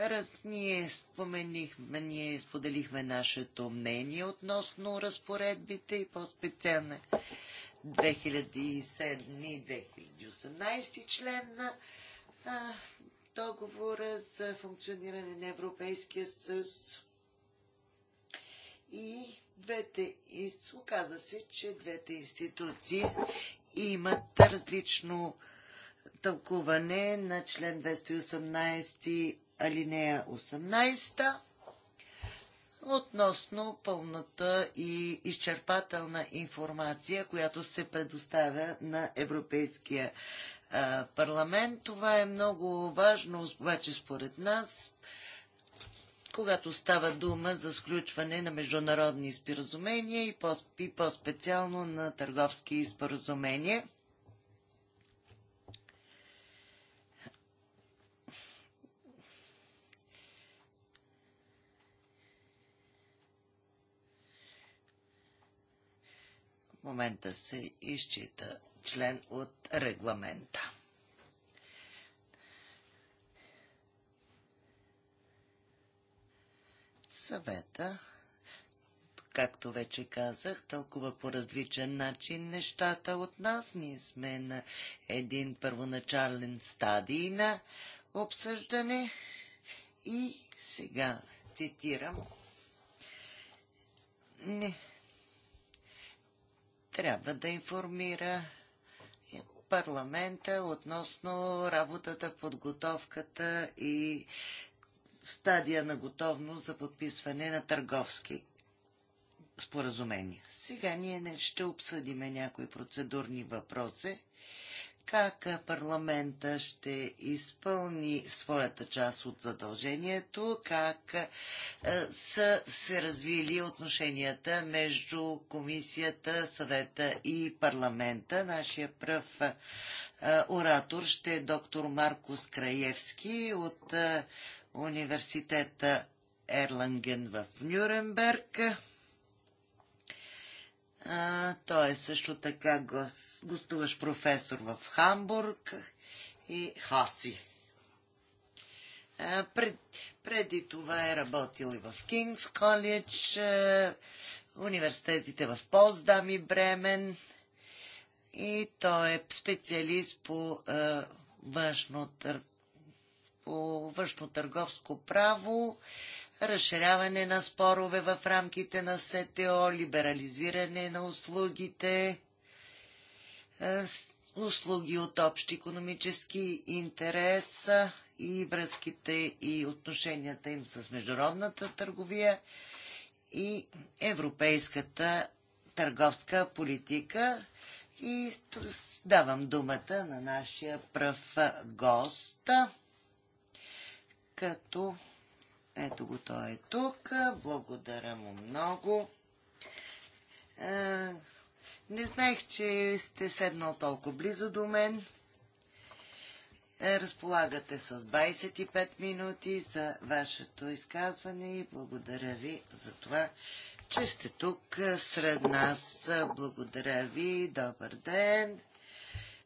Раз, ние споменихме, ние споделихме нашето мнение относно разпоредбите и по-специално 2007 2018 член на а, договора за функциониране на Европейския съюз. И двете, оказа се, че двете институции имат различно тълкуване на член 218 алинея 18 относно пълната и изчерпателна информация, която се предоставя на Европейския парламент. Това е много важно, обаче според нас, когато става дума за сключване на международни споразумения и по-специално на търговски споразумения. В момента се изчита член от регламента. Съвета, както вече казах, тълкува по различен начин нещата от нас. Ние сме на един първоначален стадий на обсъждане. И сега цитирам. Не. Трябва да информира парламента относно работата, подготовката и стадия на готовност за подписване на търговски споразумения. Сега ние не ще обсъдиме някои процедурни въпроси. Как парламента ще изпълни своята част от задължението, как е, са се развили отношенията между комисията, съвета и парламента. Нашия пръв е, оратор ще е доктор Маркус Краевски от е, университета Ерланген в Нюрнберг. А, той е също така гостуваш професор в Хамбург и Хаси. пред, преди това е работил и в Кингс Колледж, университетите в Поздам и Бремен и той е специалист по външно по външно-търговско право, разширяване на спорове в рамките на СТО, либерализиране на услугите, е, услуги от общ економически интерес и връзките и отношенията им с международната търговия и европейската търговска политика. И давам думата на нашия пръв гост като ето го, той е тук. Благодаря му много. А, е, не знаех, че сте седнал толкова близо до мен. Е, разполагате с 25 минути за вашето изказване и благодаря ви за това, че сте тук сред нас. Благодаря ви. Добър ден.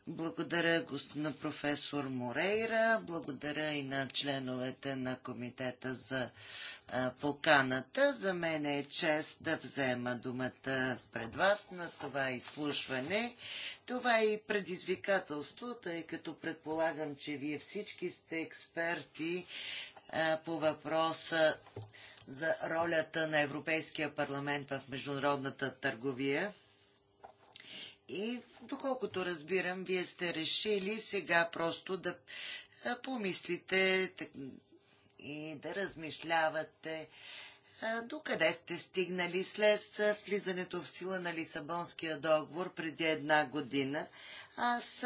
Благодаря на професор Морейра, благодаря и на членовете на комитета за поканата. За мен е чест да взема думата пред вас на това изслушване. Това е и предизвикателство, тъй като предполагам, че вие всички сте експерти по въпроса за ролята на Европейския парламент в международната търговия. И доколкото разбирам, вие сте решили сега просто да помислите и да размишлявате до къде сте стигнали след влизането в сила на Лисабонския договор преди една година. Аз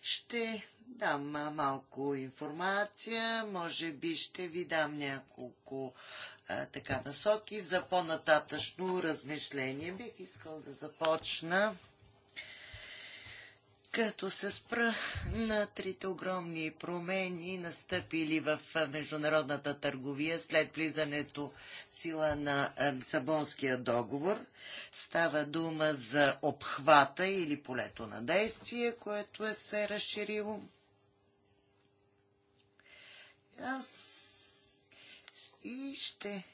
ще дам малко информация, може би ще ви дам няколко така насоки за по-нататъчно размишление. Бих искал да започна като се спра на трите огромни промени, настъпили в международната търговия след влизането сила на Лисабонския договор. Става дума за обхвата или полето на действие, което е се разширило. Аз и ще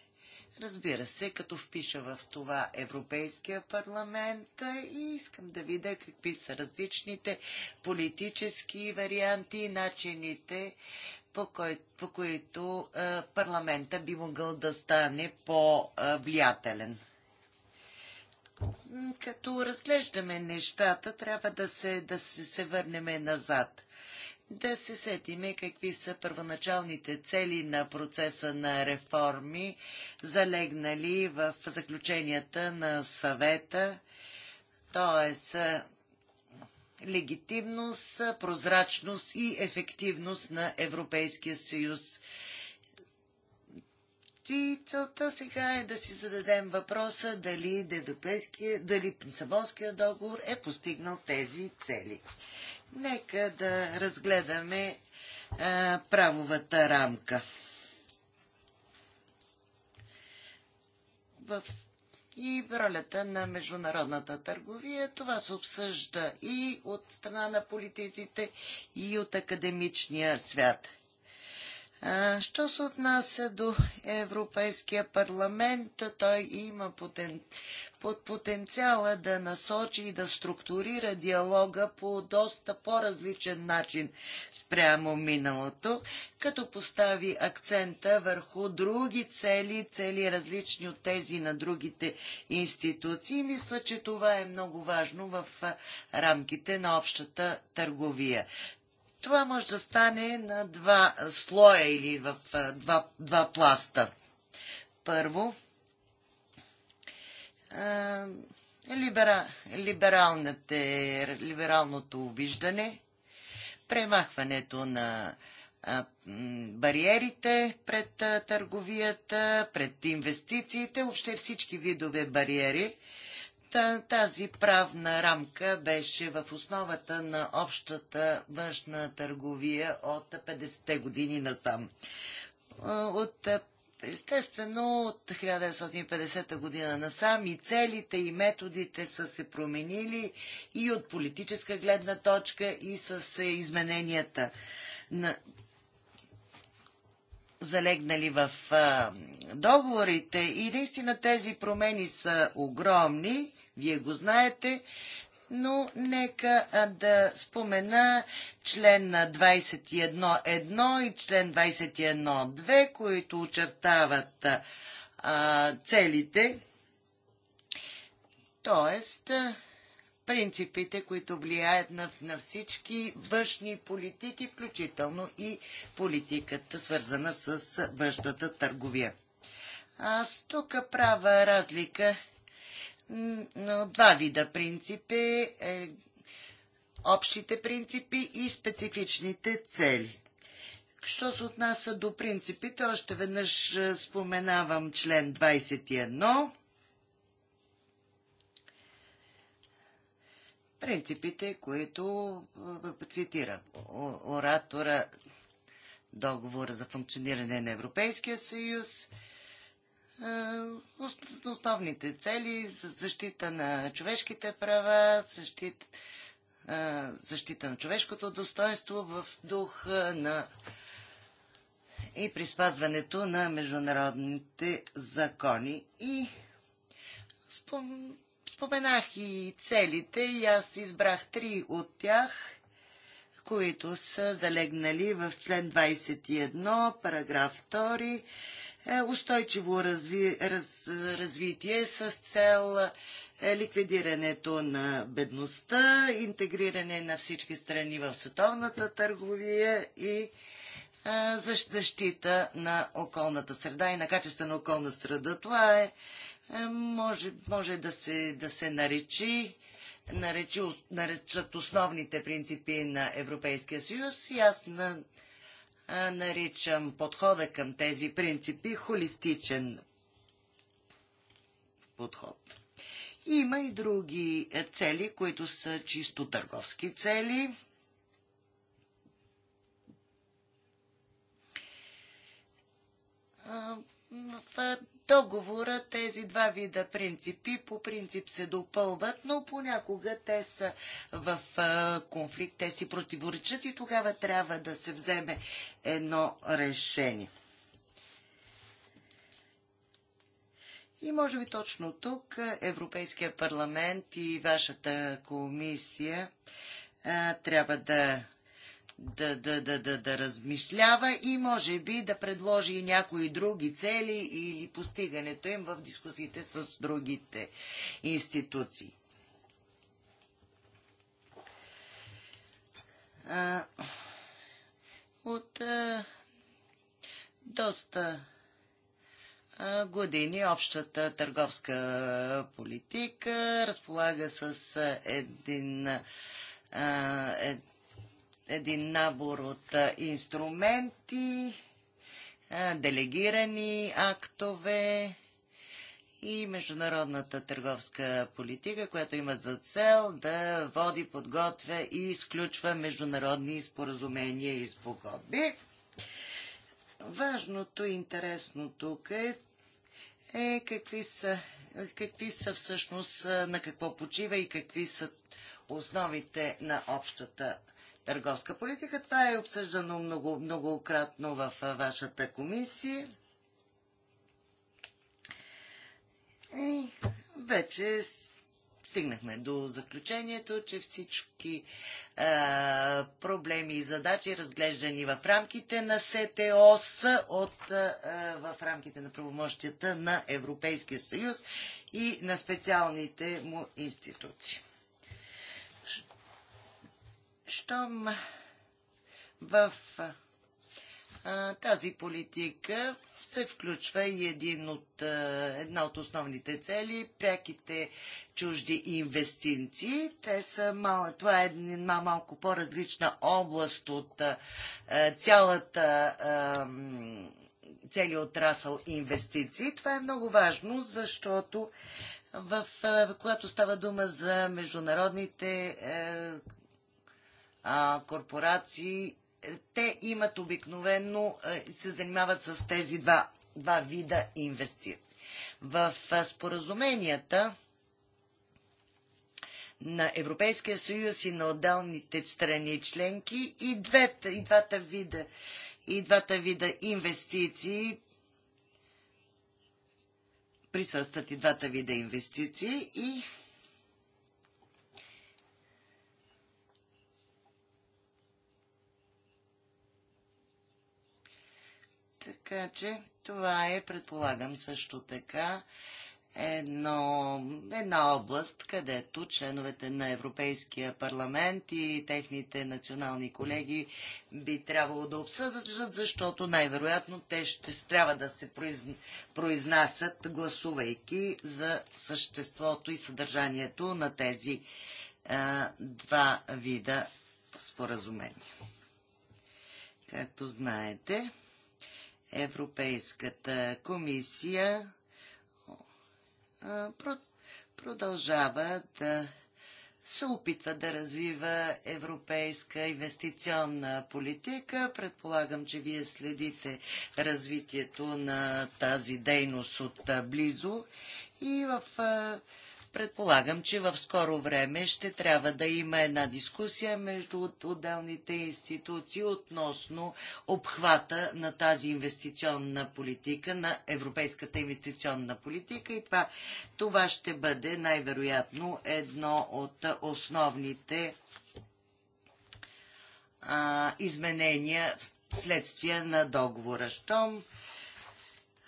Разбира се, като впиша в това Европейския парламент и искам да видя какви са различните политически варианти и начините, по, кой, по които е, парламента би могъл да стане по-влиятелен. Като разглеждаме нещата, трябва да се, да се, се върнем назад да се сетиме какви са първоначалните цели на процеса на реформи, залегнали в заключенията на съвета, т.е. легитимност, прозрачност и ефективност на Европейския съюз. И целта сега е да си зададем въпроса дали, дали Лисабонския договор е постигнал тези цели. Нека да разгледаме а, правовата рамка. В и в ролята на международната търговия. Това се обсъжда и от страна на политиците, и от академичния свят. Що се отнася до Европейския парламент, той има потен... под потенциала да насочи и да структурира диалога по доста по-различен начин спрямо миналото, като постави акцента върху други цели, цели различни от тези на другите институции. Мисля, че това е много важно в рамките на общата търговия. Това може да стане на два слоя или в два, два пласта. Първо, либера, либералното виждане, премахването на бариерите пред търговията, пред инвестициите, въобще всички видове бариери, тази правна рамка беше в основата на общата външна търговия от 50-те години насам. От Естествено, от 1950 година насам и целите и методите са се променили и от политическа гледна точка и с е, измененията на залегнали в а, договорите и наистина тези промени са огромни, вие го знаете, но нека а, да спомена член 21.1 и член 21.2, които очертават а, целите. Тоест, принципите, които влияят на, на всички външни политики, включително и политиката, свързана с външната търговия. Аз тук правя разлика на два вида принципи е, общите принципи и специфичните цели. Що се отнася до принципите, още веднъж е, споменавам член 21 принципите, които е, цитира оратора договора за функциониране на Европейския съюз, е, основните цели защита на човешките права, защита, е, защита на човешкото достоинство в дух на и при спазването на международните закони. И спом... Споменах и целите и аз избрах три от тях, които са залегнали в член 21, параграф 2, е, устойчиво разви, раз, развитие с цел е, ликвидирането на бедността, интегриране на всички страни в световната търговия и е, защита на околната среда и на качествена околна среда. Това е е, може, може да се, да се наречи, наречи, наречат основните принципи на Европейския съюз и аз на, а, наричам подхода към тези принципи холистичен подход. Има и други е, цели, които са чисто търговски цели. В договора тези два вида принципи по принцип се допълват, но понякога те са в конфликт, те си противоречат и тогава трябва да се вземе едно решение. И може би точно тук Европейския парламент и вашата комисия а, трябва да да, да, да, да, да размишлява и може би да предложи и някои други цели или постигането им в дискусиите с другите институции. А, от а, доста години общата търговска политика разполага с един, един набор от инструменти, делегирани актове и международната търговска политика, която има за цел да води, подготвя и изключва международни споразумения и спогодби. Важното и интересно тук е, е какви са какви са всъщност, на какво почива и какви са основите на общата търговска политика. Това е обсъждано много, многократно в вашата комисия. И вече стигнахме до заключението, че всички е, проблеми и задачи, разглеждани в рамките на СТО, са от, е, в рамките на правомощията на Европейския съюз и на специалните му институции щом в тази политика се включва и един от, една от основните цели пряките чужди инвестиции. Те са мал, това е една малко по-различна област от цялата целият отрасъл инвестиции. Това е много важно, защото в, когато става дума за международните корпорации, е, те имат обикновено, е, се занимават с тези два, два вида инвестиции. В споразуменията на Европейския съюз и на отделните страни членки и, двете, и, двата, вида, и двата вида инвестиции присъстват и двата вида инвестиции и Така че това е, предполагам също така, едно, една област, където членовете на Европейския парламент и техните национални колеги би трябвало да обсъдят, защото най-вероятно те ще трябва да се произнасят, гласувайки за съществото и съдържанието на тези а, два вида споразумения. Както знаете, Европейската комисия продължава да се опитва да развива европейска инвестиционна политика. Предполагам, че вие следите развитието на тази дейност от близо и в Предполагам, че в скоро време ще трябва да има една дискусия между отделните институции относно обхвата на тази инвестиционна политика, на европейската инвестиционна политика и това, това ще бъде най-вероятно едно от основните а, изменения вследствие на договора. Щом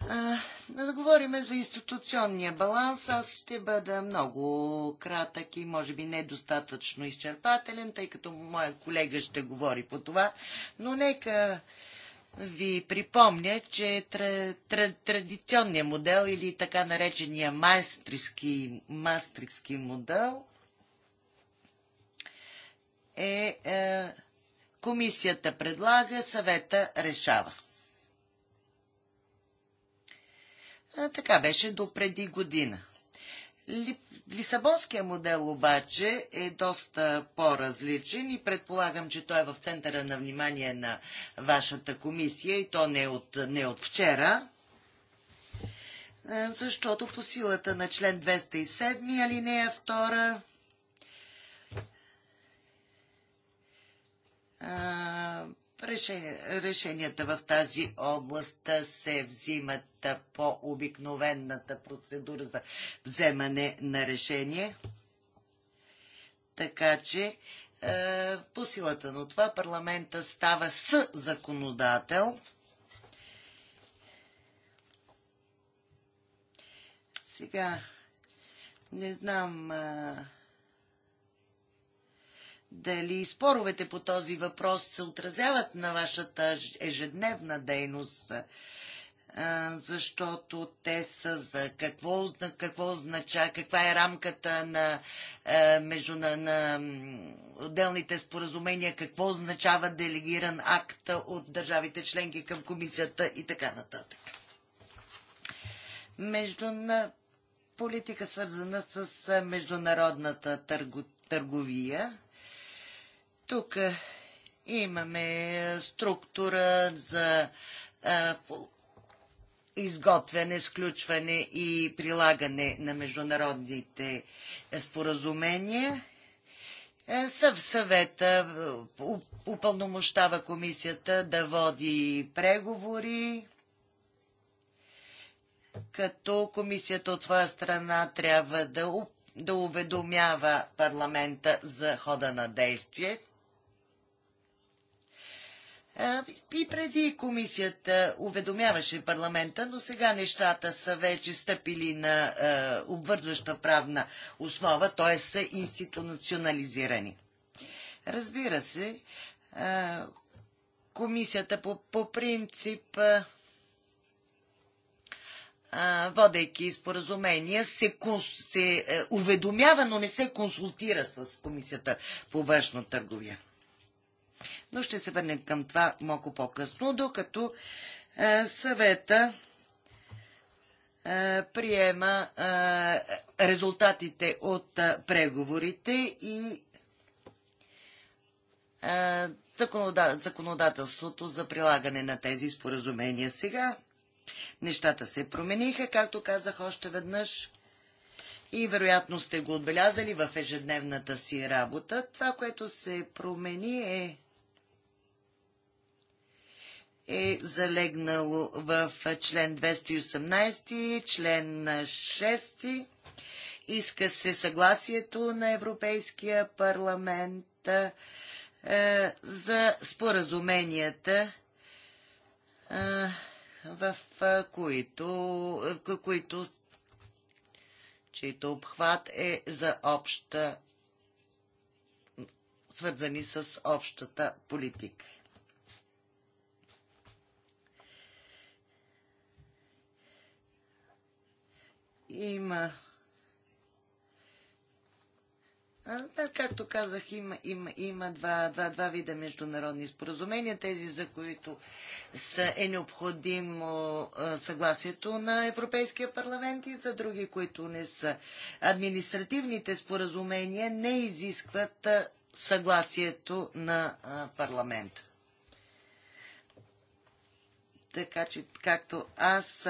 а, да говорим за институционния баланс, аз ще бъда много кратък и може би недостатъчно изчерпателен, тъй като моя колега ще говори по това, но нека ви припомня, че тра, тра, традиционният модел или така наречения майстриски, майстриски модел е, е комисията предлага, съвета решава. Така беше до преди година. Лисабонския модел обаче е доста по-различен и предполагам, че той е в центъра на внимание на вашата комисия и то не от, не от вчера, защото по силата на член 207 алинея 2 решенията в тази област се взимат по обикновената процедура за вземане на решение. Така че по силата на това парламента става с законодател. Сега не знам а, дали споровете по този въпрос се отразяват на вашата ежедневна дейност, защото те са за какво, какво означава, каква е рамката на, между, на, на отделните споразумения, какво означава делегиран акт от държавите членки към комисията и така нататък. Между на политика свързана с международната търговия тук е, имаме структура за е, изготвяне, сключване и прилагане на международните споразумения. Е, Съв съвета упълномощава комисията да води преговори, като комисията от своя страна трябва да, уведомява парламента за хода на действие. И преди комисията уведомяваше парламента, но сега нещата са вече стъпили на обвързваща правна основа, т.е. са институционализирани. Разбира се, комисията по, по принцип водейки споразумения, се, се е, уведомява, но не се консултира с комисията по външно търговия но ще се върнем към това малко по-късно, докато е, съвета е, приема е, резултатите от преговорите и законодателството за прилагане на тези споразумения. Сега нещата се промениха, както казах още веднъж и вероятно сте го отбелязали в ежедневната си работа. Това, което се промени е е залегнало в член 218, член 6. Иска се съгласието на Европейския парламент е, за споразуменията, е, в които, които чието обхват е за обща свързани с общата политика. има да, както казах, има, има, има два, два, два вида международни споразумения, тези за които са, е необходимо съгласието на Европейския парламент и за други, които не са. Административните споразумения не изискват съгласието на парламента. Така че, както аз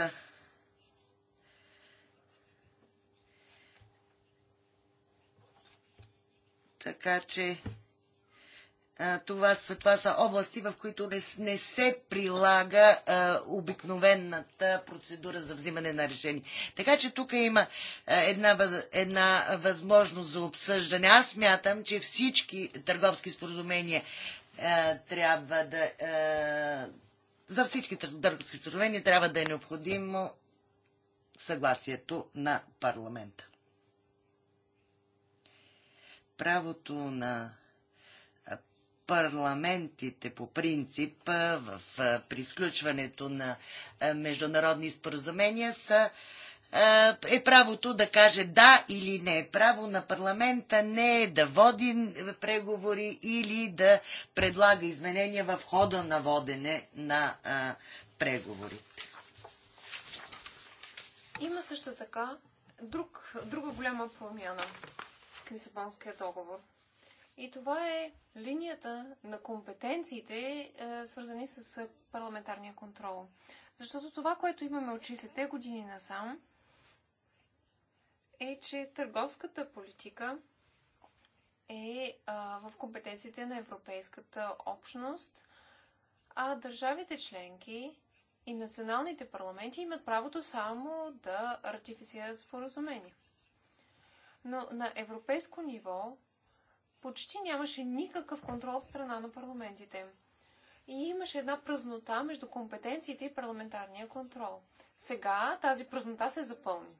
Така че това са, това са области, в които не, не се прилага а, обикновената процедура за взимане на решение. Така че тук има а, една, въз, една възможност за обсъждане. Аз мятам, че всички търговски споразумения а, трябва да. А, за всички търговски споразумения трябва да е необходимо съгласието на парламента правото на парламентите по принцип в присключването на международни споразумения са е правото да каже да или не. Право на парламента не е да води преговори или да предлага изменения в хода на водене на а, преговорите. Има също така друг, друга голяма промяна с Лисабонския договор. И това е линията на компетенциите, е, свързани с е, парламентарния контрол. Защото това, което имаме очи след те години насам, е, че търговската политика е, е в компетенциите на Европейската общност, а държавите членки и националните парламенти имат правото само да ратифицират споразумения но на европейско ниво почти нямаше никакъв контрол от страна на парламентите. И имаше една празнота между компетенциите и парламентарния контрол. Сега тази празнота се запълни.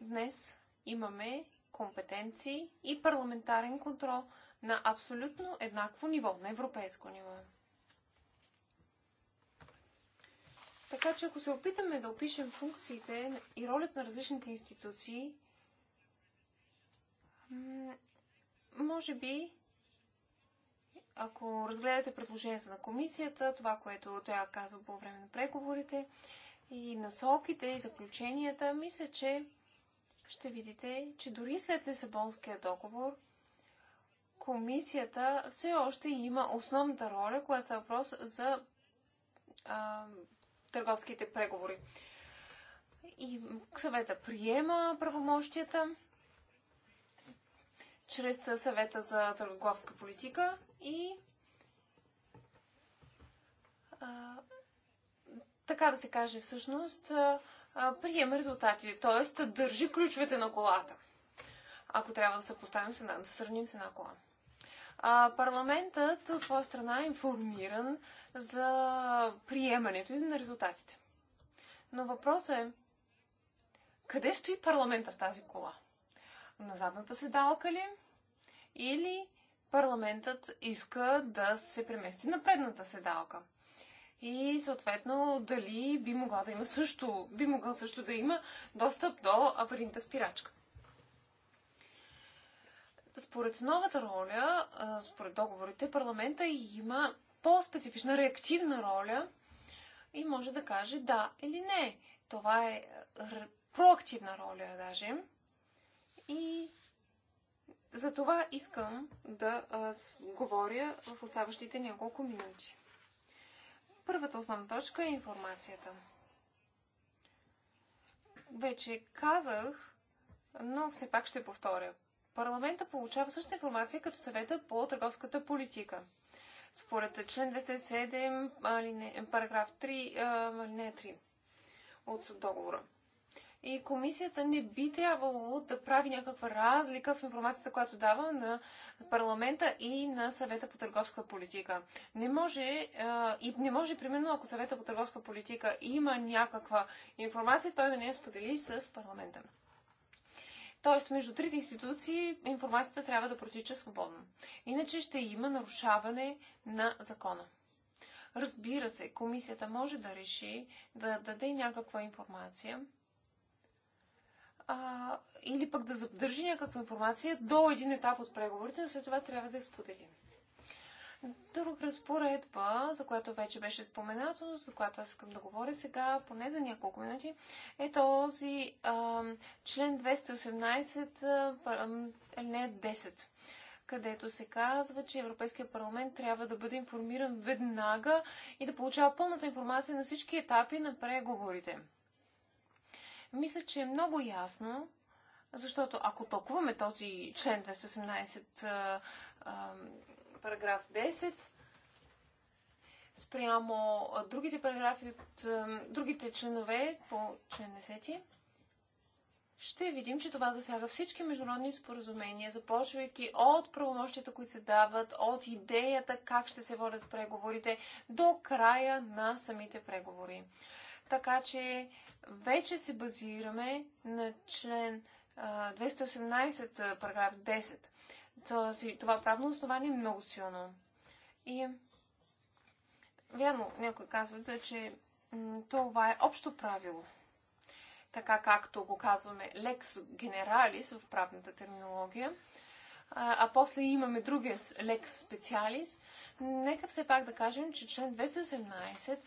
Днес имаме компетенции и парламентарен контрол на абсолютно еднакво ниво, на европейско ниво. Така че ако се опитаме да опишем функциите и ролята на различните институции, може би, ако разгледате предложенията на комисията, това, което тя казва по време на преговорите, и насоките, и заключенията, мисля, че ще видите, че дори след Лисабонския договор, комисията все още има основната роля, която е въпрос за а, търговските преговори. И съвета приема правомощията чрез съвета за търговска политика и а, така да се каже всъщност а, приема резултатите, т.е. държи ключовете на колата. Ако трябва да се поставим с една, да сравним с една кола. А, парламентът от своя страна е информиран за приемането и на резултатите. Но въпросът е, къде стои парламента в тази кола? На задната седалка ли? Или парламентът иска да се премести на предната седалка? И съответно, дали би могла да има също, би могъл също да има достъп до аварийната спирачка. Според новата роля, според договорите, парламента има по-специфична, реактивна роля и може да каже да или не. Това е, е проактивна роля даже. И за това искам да говоря в оставащите няколко минути. Първата основна точка е информацията. Вече казах, но все пак ще повторя. Парламента получава същата информация като съвета по търговската политика според член 207, алине, параграф 3, алинея 3 от договора. И комисията не би трябвало да прави някаква разлика в информацията, която дава на парламента и на съвета по търговска политика. Не може, и не може, примерно, ако съвета по търговска политика има някаква информация, той да не я сподели с парламента. Тоест, между трите институции информацията трябва да протича свободно. Иначе ще има нарушаване на закона. Разбира се, комисията може да реши да даде някаква информация а, или пък да задържи някаква информация до един етап от преговорите, но след това трябва да я споделим. Друг разпоредба, за която вече беше споменато, за която аз искам да говоря сега, поне за няколко минути, е този а, член 218, алинея 10, където се казва, че Европейския парламент трябва да бъде информиран веднага и да получава пълната информация на всички етапи на преговорите. Мисля, че е много ясно, защото ако тълкуваме този член 218, а, а, параграф 10 спрямо другите параграфи от е, другите членове по член 10, ще видим, че това засяга всички международни споразумения, започвайки от правомощията, които се дават, от идеята как ще се водят преговорите, до края на самите преговори. Така че вече се базираме на член 218, е, е, параграф 10 това правно основание е много силно. И вярно, някои казва, че това е общо правило. Така както го казваме лекс генералис в правната терминология, а, а после имаме другия лекс специалис, нека все пак да кажем, че член 218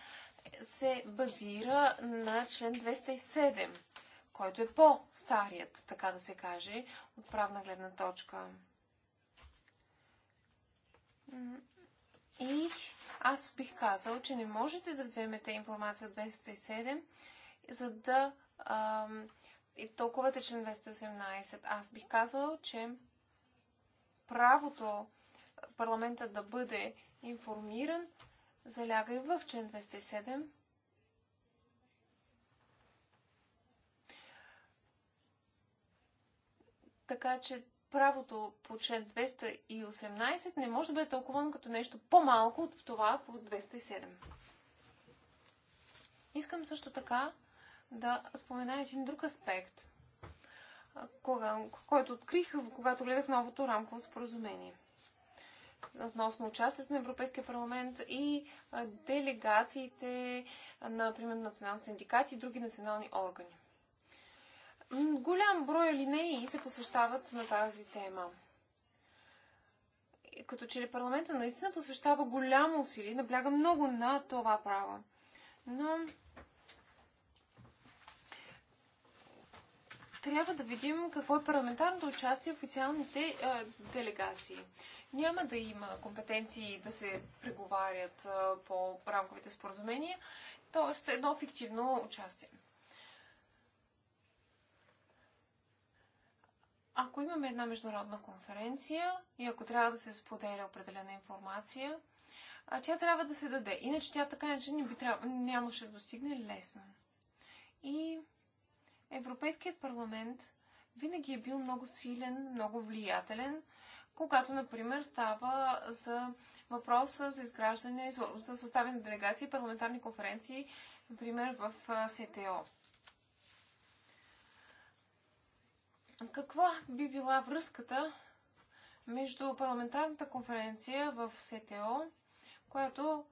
се базира на член 207, който е по-старият, така да се каже, от правна гледна точка. И аз бих казал, че не можете да вземете информация от 207, за да и толковате член 218. Аз бих казал, че правото парламента да бъде информиран заляга и в член 207. Така че правото по член 218 не може да бъде тълковано като нещо по-малко от това по 207. Искам също така да спомена един друг аспект, който открих, когато гледах новото рамково споразумение относно участието на Европейския парламент и делегациите на, примерно, национални синдикати и други национални органи голям брой линеи се посвещават на тази тема. Като че ли парламента наистина посвещава голямо усилие, набляга много на това право. Но трябва да видим какво е парламентарното участие в официалните е, делегации. Няма да има компетенции да се преговарят е, по рамковите споразумения, т.е. едно фиктивно участие. ако имаме една международна конференция и ако трябва да се споделя определена информация, а тя трябва да се даде. Иначе тя така иначе не би трябва, нямаше да достигне лесно. И Европейският парламент винаги е бил много силен, много влиятелен, когато, например, става за въпроса за изграждане, за съставяне на делегации, парламентарни конференции, например, в СТО. каква би била връзката между парламентарната конференция в СТО, която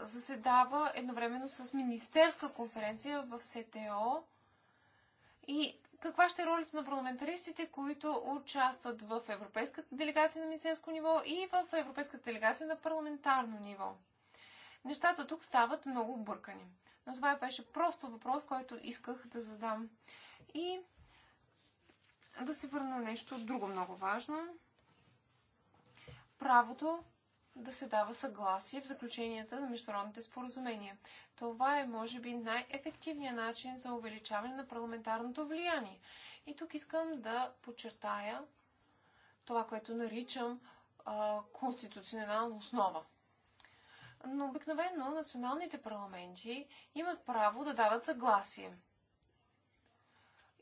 заседава едновременно с министерска конференция в СТО и каква ще е ролята на парламентаристите, които участват в Европейската делегация на министерско ниво и в Европейската делегация на парламентарно ниво. Нещата тук стават много бъркани. Но това беше просто въпрос, който исках да задам. И да се върна нещо друго много важно. Правото да се дава съгласие в заключенията на международните споразумения. Това е, може би, най-ефективният начин за увеличаване на парламентарното влияние. И тук искам да подчертая това, което наричам а, конституционална основа. Но обикновено националните парламенти имат право да дават съгласие.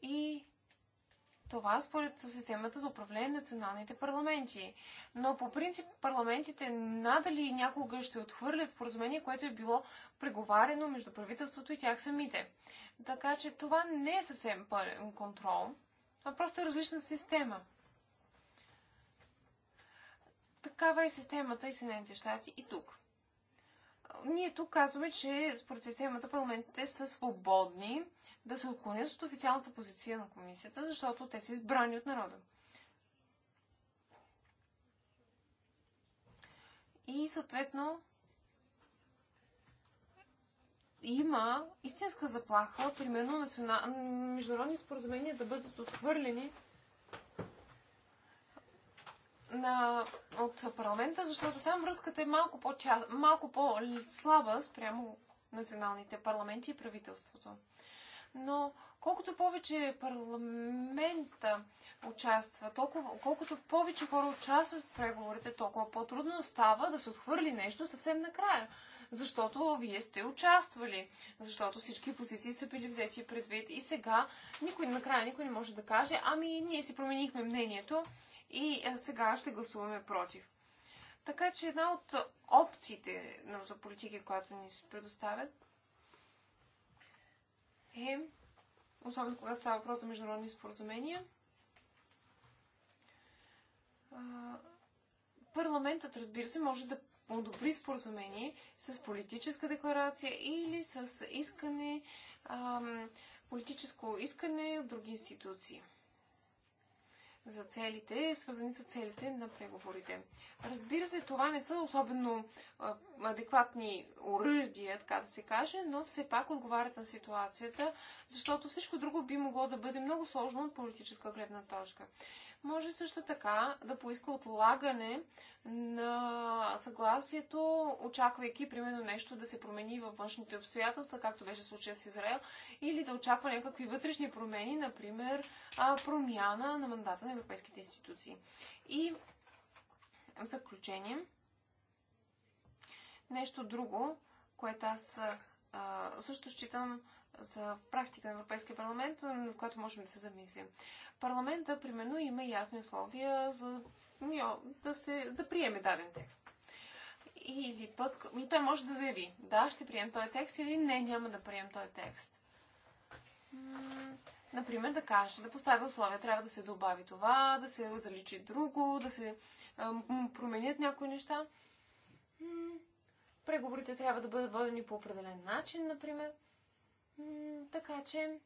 И това според системата за управление на националните парламенти. Но по принцип парламентите надали някога ще отхвърлят споразумение, което е било преговарено между правителството и тях самите. Така че това не е съвсем пълен контрол, а просто е различна система. Такава е системата и Съединените щати и тук ние тук казваме, че според системата парламентите са свободни да се отклонят от официалната позиция на комисията, защото те са избрани от народа. И съответно има истинска заплаха, примерно национал... международни споразумения да бъдат отхвърлени на, от парламента, защото там връзката е малко, по малко по-слаба спрямо националните парламенти и правителството. Но колкото повече парламента участва, толкова, колкото повече хора участват в преговорите, толкова по-трудно става да се отхвърли нещо съвсем накрая защото вие сте участвали, защото всички позиции са били взети предвид и сега никой, накрая никой не може да каже, ами ние си променихме мнението и е, сега ще гласуваме против. Така че една от опциите за политики, която ни се предоставят, е, особено когато става въпрос за международни споразумения, парламентът, разбира се, може да одобри споразумение с политическа декларация или с искане, политическо искане от други институции за целите, свързани с целите на преговорите. Разбира се, това не са особено адекватни оръдия, така да се каже, но все пак отговарят на ситуацията, защото всичко друго би могло да бъде много сложно от политическа гледна точка. Може също така да поиска отлагане на съгласието, очаквайки примерно нещо да се промени във външните обстоятелства, както беше случая с Израел, или да очаква някакви вътрешни промени, например промяна на мандата на европейските институции. И в заключение, нещо друго, което аз също считам за практика на Европейския парламент, над което можем да се замислим парламента, примерно, има ясни условия за да, се, да приеме даден текст. Или пък, и той може да заяви, да, ще прием този текст или не, няма да прием този текст. Например, да каже, да поставя условия, трябва да се добави това, да се заличи друго, да се променят някои неща. Преговорите трябва да бъдат водени по определен начин, например. Така че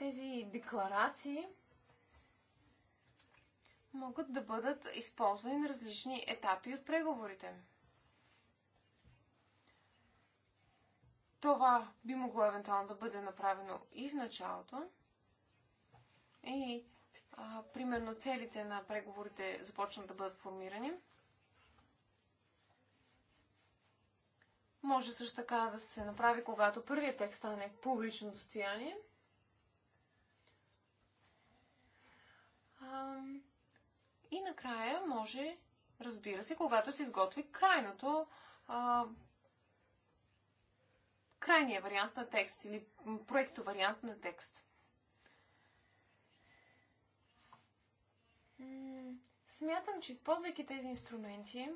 тези декларации могат да бъдат използвани на различни етапи от преговорите. Това би могло евентуално да бъде направено и в началото. И а, примерно целите на преговорите започнат да бъдат формирани. Може също така да се направи, когато първият текст стане публично достояние – и накрая може, разбира се, когато се изготви крайното, а, крайния вариант на текст или проекто вариант на текст. Смятам, че използвайки тези инструменти,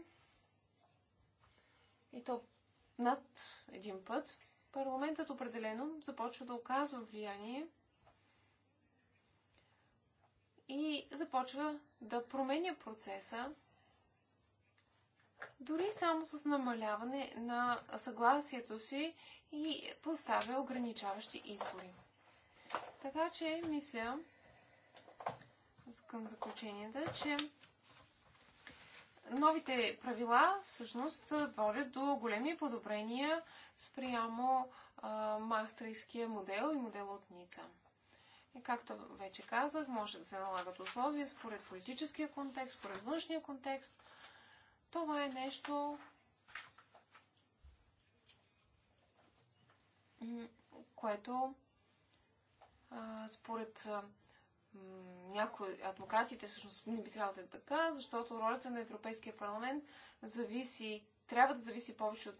и то над един път, парламентът определено започва да оказва влияние и започва да променя процеса, дори само с намаляване на съгласието си и поставя ограничаващи избори. Така че мисля към заключенията, че новите правила всъщност водят до големи подобрения спрямо мастрийския модел и модел от Ница. Както вече казах, може да се налагат условия според политическия контекст, според външния контекст. Това е нещо, което според някои адвокатите всъщност не би трябвало да е така, защото ролята на Европейския парламент зависи, трябва да зависи повече от,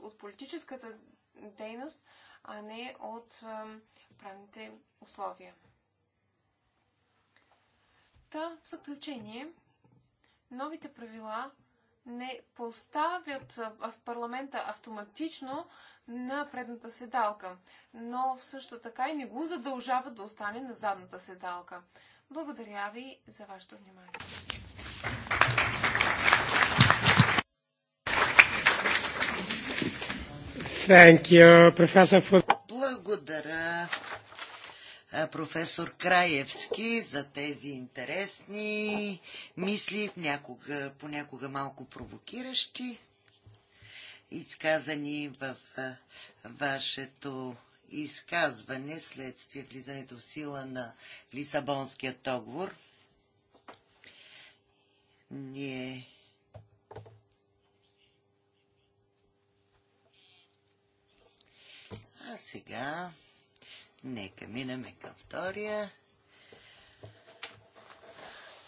от политическата дейност, а не от правните условия. Та, в заключение, новите правила не поставят в парламента автоматично на предната седалка, но също така и не го задължават да остане на задната седалка. Благодаря ви за вашето внимание. Thank you, professor, Благодаря, професор Краевски за тези интересни мисли, някога, понякога малко провокиращи, изказани в вашето изказване следствие влизането в сила на Лисабонския договор. Ние А сега Нека минеме към втория.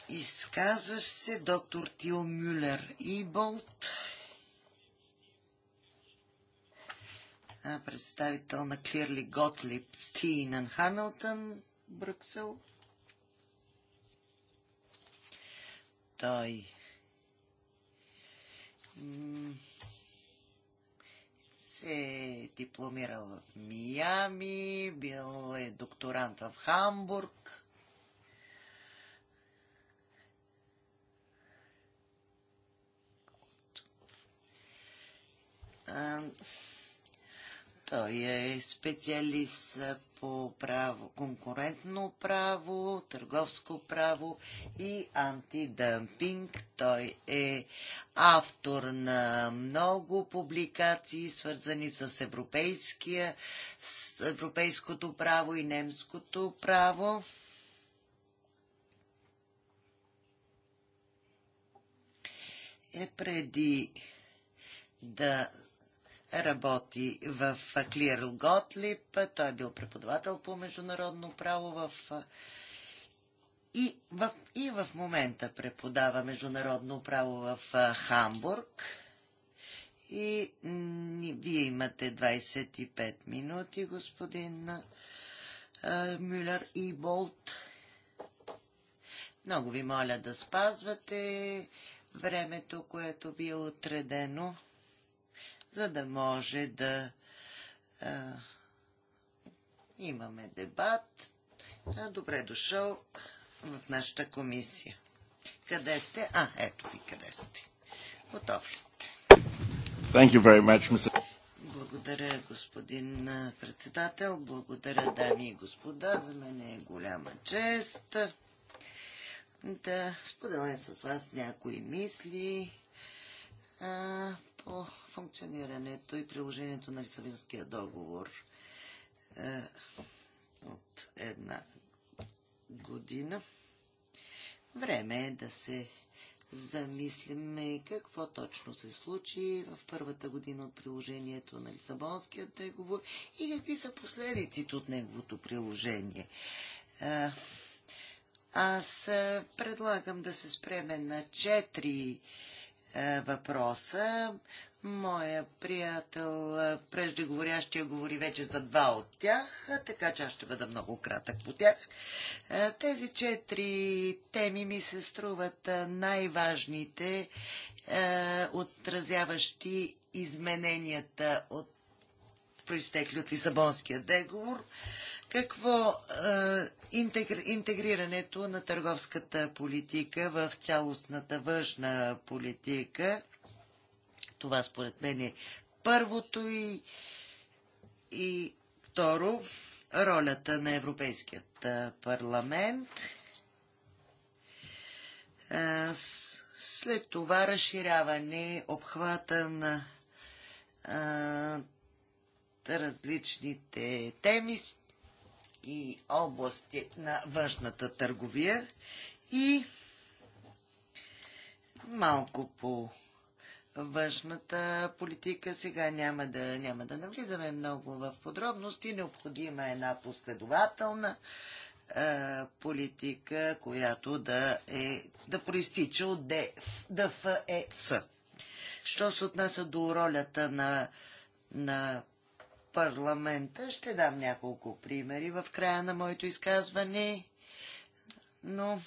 Изказваш се доктор Тил Мюлер и Болт, представител на Клирли Готлип Стинан Хамилтън, Брюксел. Той се е дипломирал в Миями, бил е докторант в Хамбург. той е специалист право, конкурентно право, търговско право и антидъмпинг. Той е автор на много публикации, свързани с, европейския, с европейското право и немското право. Е преди да работи в Клирил Готлип. Той е бил преподавател по международно право в и в, и в момента преподава международно право в Хамбург. И вие имате 25 минути, господин Мюлер и Болт. Много ви моля да спазвате времето, което ви е отредено за да може да а, имаме дебат. А, добре дошъл в нашата комисия. Къде сте? А, ето ви къде сте. Готов ли сте? Thank you very much, Mr. Благодаря, господин председател. Благодаря, дами и господа. За мен е голяма чест да споделя с вас някои мисли а, по функционирането и приложението на Лисавинския договор а, от една година. Време е да се замислим какво точно се случи в първата година от приложението на Лисабонския договор и какви са последиците от неговото приложение. Аз предлагам да се спреме на четири е, въпроса. Моя приятел, е, преждеговорящия, говори вече за два от тях, е, така че аз ще бъда много кратък по тях. Тези четири теми ми се струват най-важните, отразяващи измененията от проистекли от Лисабонския договор. Какво е, интегр, интегрирането на търговската политика в цялостната външна политика? Това според мен е първото и, и второ ролята на Европейският е, парламент. Е, след това разширяване обхвата на различните теми, и области на външната търговия и малко по външната политика. Сега няма да, няма да навлизаме много в подробности. Необходима е една последователна е, политика, която да, е, да проистича от ДФЕС. Що се отнася до ролята на, на парламента. Ще дам няколко примери в края на моето изказване, но е,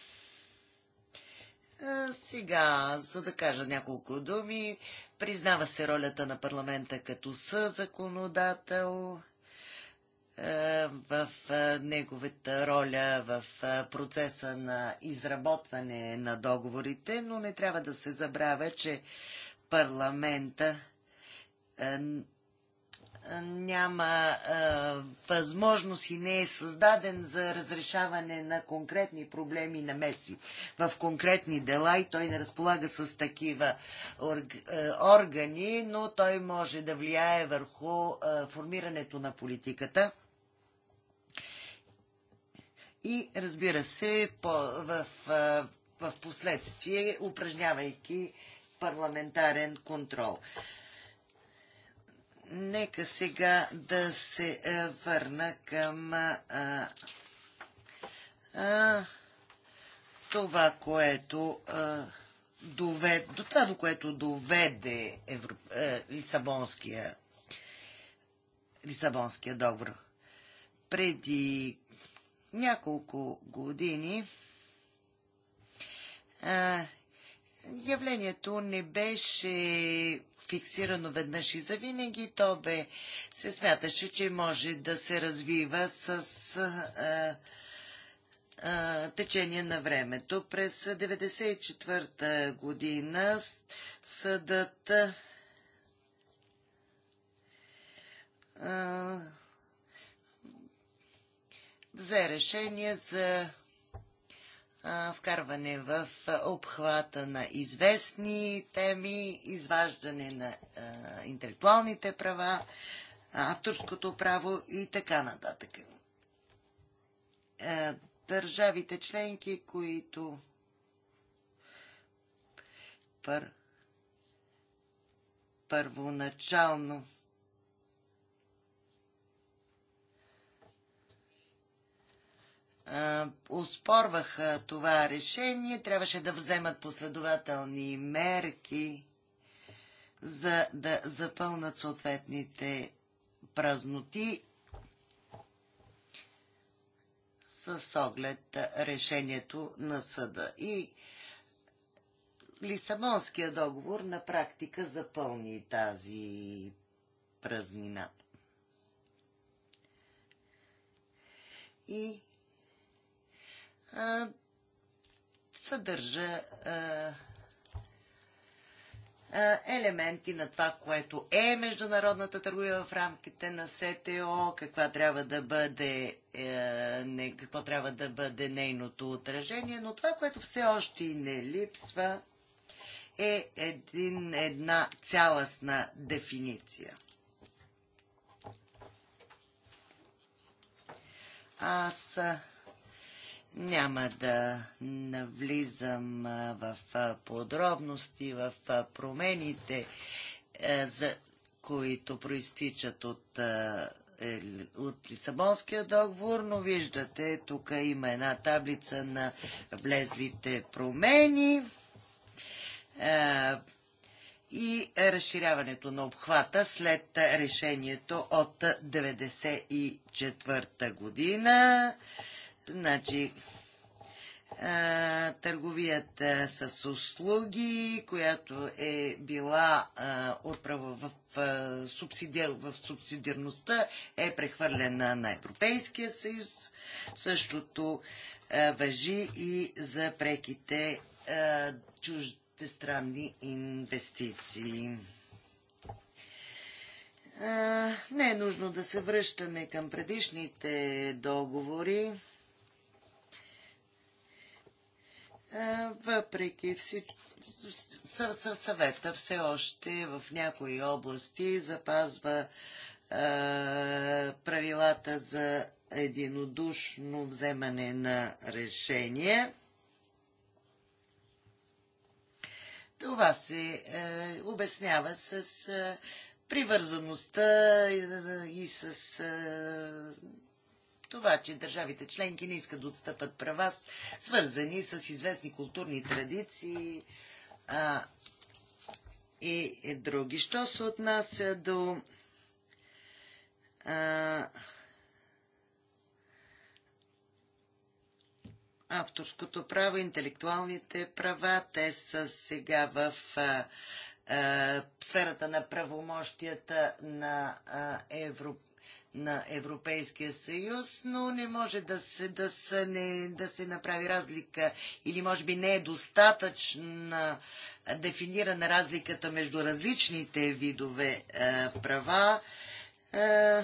сега, за да кажа няколко думи, признава се ролята на парламента като съзаконодател е, в е, неговата роля в процеса на изработване на договорите, но не трябва да се забравя, че парламента няма възможност и не е създаден за разрешаване на конкретни проблеми на меси в конкретни дела и той не разполага с такива орг, органи, но той може да влияе върху формирането на политиката. И разбира се, по, в, в последствие упражнявайки парламентарен контрол. Нека сега да се е, върна към а, е, а, е, това, което а, доведе, до това, до което доведе Европ... а, Лисабонския, Лисабонския договор. Преди няколко години а, явлението не беше фиксирано веднъж и завинаги, то бе се смяташе, че може да се развива с а, а, течение на времето. През 1994 година съдът а, взе решение за вкарване в обхвата на известни теми, изваждане на интелектуалните права, авторското право и така нататък. Държавите членки, които пър... първоначално успорваха това решение, трябваше да вземат последователни мерки, за да запълнат съответните празноти с оглед решението на съда. И Лисабонския договор на практика запълни тази празнина. И съдържа елементи на това, което е международната търговия в рамките на СТО, каква трябва да бъде, е, не, какво трябва да бъде нейното отражение, но това, което все още и не липсва, е един, една цялостна дефиниция. Аз няма да навлизам в подробности, в промените, за които проистичат от, от Лисабонския договор, но виждате, тук има една таблица на влезлите промени и разширяването на обхвата след решението от 1994 година. Значи, търговията с услуги, която е била отправа в, субсидир, в субсидиарността, е прехвърлена на Европейския съюз. Същото въжи и за преките чуждите странни инвестиции. Не е нужно да се връщаме към предишните договори. Е, въпреки всичко, съвета все още в някои области запазва е, правилата за единодушно вземане на решения. Това се е, обяснява с привързаността и, с това, че държавите членки не искат да отстъпат права, свързани с известни културни традиции а, и, и други. Що се отнася до а, авторското право, интелектуалните права, те са сега в а, сферата на правомощията на Европа на Европейския съюз, но не може да се, да се, не, да се направи разлика или може би не е достатъчна дефинирана разликата между различните видове е, права. Е,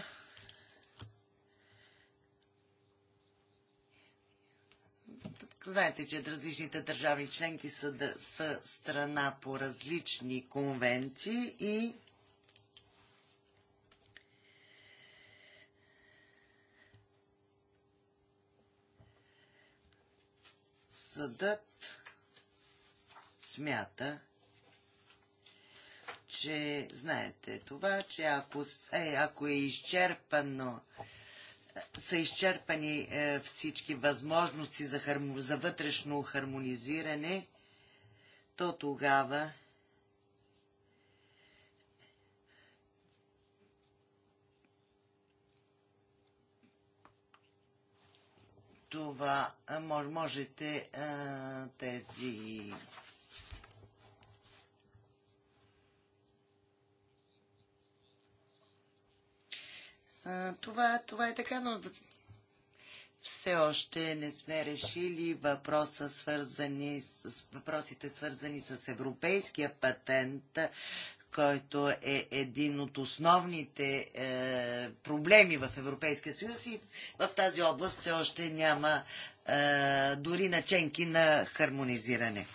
Знаете, че различните държави членки са, да, са страна по различни конвенции и съдът смята, че знаете това, че ако, е, ако е изчерпано са изчерпани е, всички възможности за, хармо, за вътрешно хармонизиране, то тогава това можете тези Това, това е така, но все още не сме решили въпроса свързани с, въпросите свързани с европейския патент, който е един от основните е, проблеми в Европейския съюз и в тази област все още няма е, дори наченки на хармонизиране.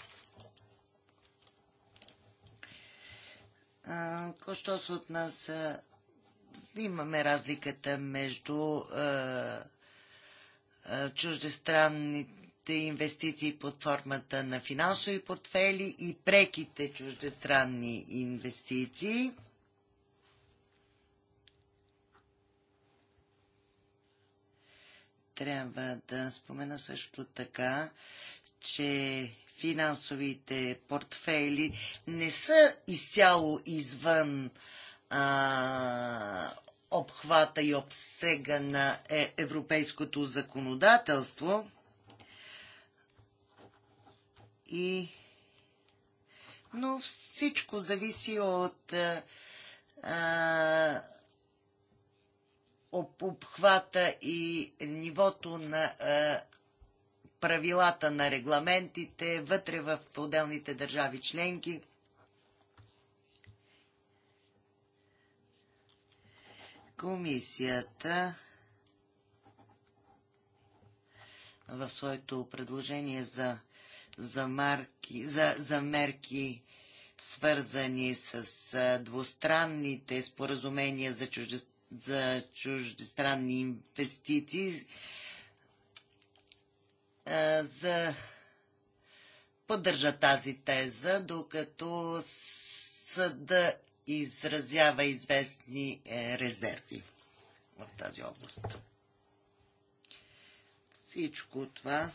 Кощо се от нас снимаме разликата между е, е чуждестранните инвестиции под формата на финансови портфели и преките чуждестранни инвестиции. Трябва да спомена също така, че финансовите портфели не са изцяло извън а, обхвата и обсега на е, европейското законодателство. И... Но всичко зависи от а, обхвата и нивото на а, правилата на регламентите вътре в отделните държави членки. Комисията в своето предложение за за, марки, за, за мерки, свързани с двустранните споразумения за, чужди, за чуждестранни инвестиции, за поддържа тази теза, докато съда изразява известни е, резерви в тази област. Всичко това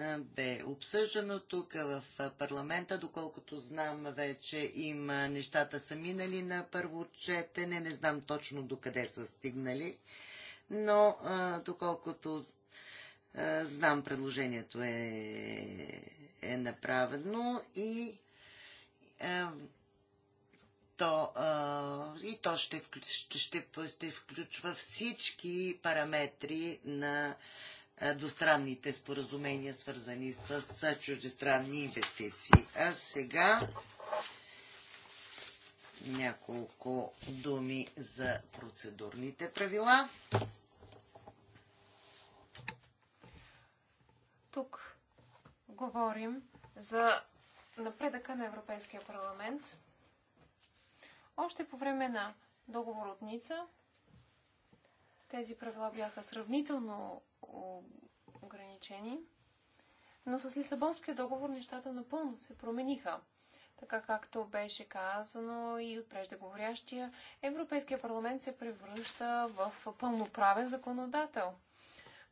Е, бе обсъждано тук в е, парламента. Доколкото знам, вече има нещата са минали на първо четене. Не знам точно докъде са стигнали, но е, доколкото знам, предложението е, е направено и то, и то ще, ще, ще, ще включва всички параметри на двустранните споразумения, свързани с чуждестранни инвестиции. А сега няколко думи за процедурните правила. Тук говорим за напредъка на Европейския парламент. Още по време на договор от Ница тези правила бяха сравнително ограничени. Но с Лисабонския договор нещата напълно се промениха. Така както беше казано и от преждеговорящия, Европейския парламент се превръща в пълноправен законодател.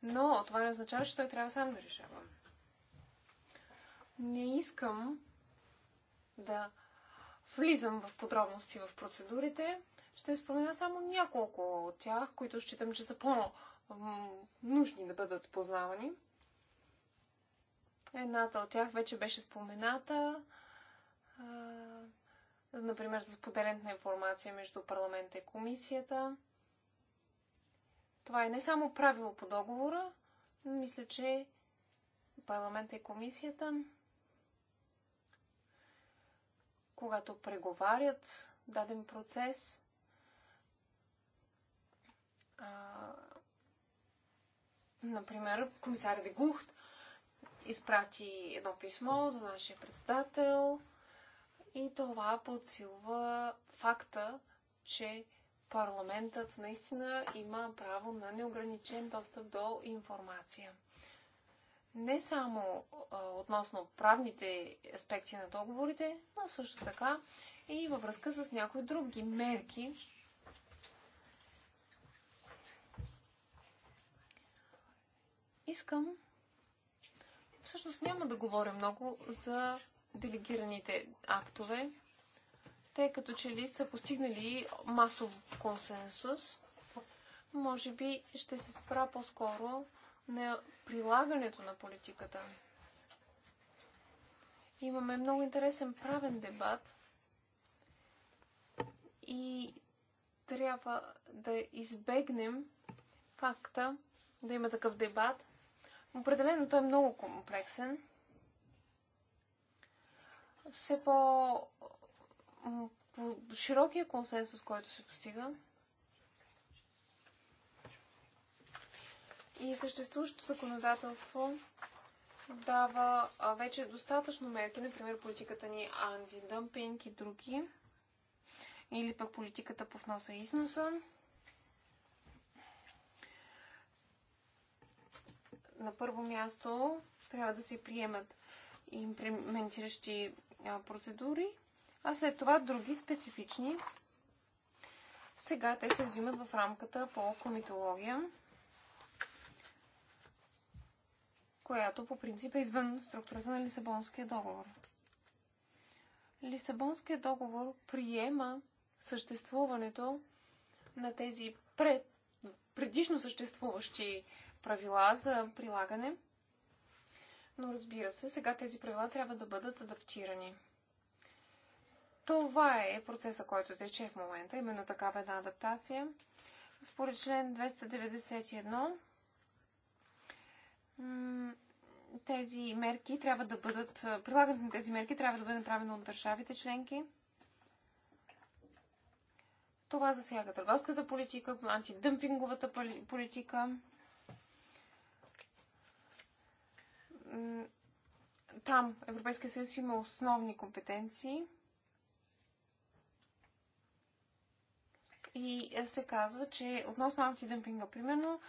Но това не означава, че той трябва сам да решава. Не искам да влизам в подробности в процедурите. Ще спомена само няколко от тях, които считам, че са по нужни да бъдат познавани. Едната от тях вече беше спомената, а, например за споделянето на информация между парламента и комисията. Това е не само правило по договора, но мисля, че парламента и комисията, когато преговарят даден процес, а, Например, комисаря Дегухт изпрати едно писмо до нашия председател и това подсилва факта, че парламентът наистина има право на неограничен достъп до информация. Не само а, относно правните аспекти на договорите, но също така и във връзка с някои други мерки, Искам. Всъщност няма да говоря много за делегираните актове. тъй като че ли са постигнали масов консенсус. Може би ще се спра по-скоро на прилагането на политиката. Имаме много интересен правен дебат и трябва да избегнем факта да има такъв дебат, Определено той е много комплексен. Все по, по широкия консенсус, който се постига, и съществуващото законодателство дава вече достатъчно мерки, например политиката ни антидъмпинг и други, или пък политиката по вноса и износа. На първо място трябва да се приемат имплементиращи процедури, а след това други специфични. Сега те се взимат в рамката по комитология, която по принцип е извън структурата на Лисабонския договор. Лисабонския договор приема съществуването на тези пред, предишно съществуващи правила за прилагане. Но разбира се, сега тези правила трябва да бъдат адаптирани. Това е процеса, който тече в момента, именно такава една адаптация. Според член 291 тези мерки трябва да бъдат, прилагането на тези мерки трябва да бъде направено от държавите членки. Това засяга търговската политика, антидъмпинговата политика, там Европейския съюз има основни компетенции и се казва, че относно антидемпинга, примерно,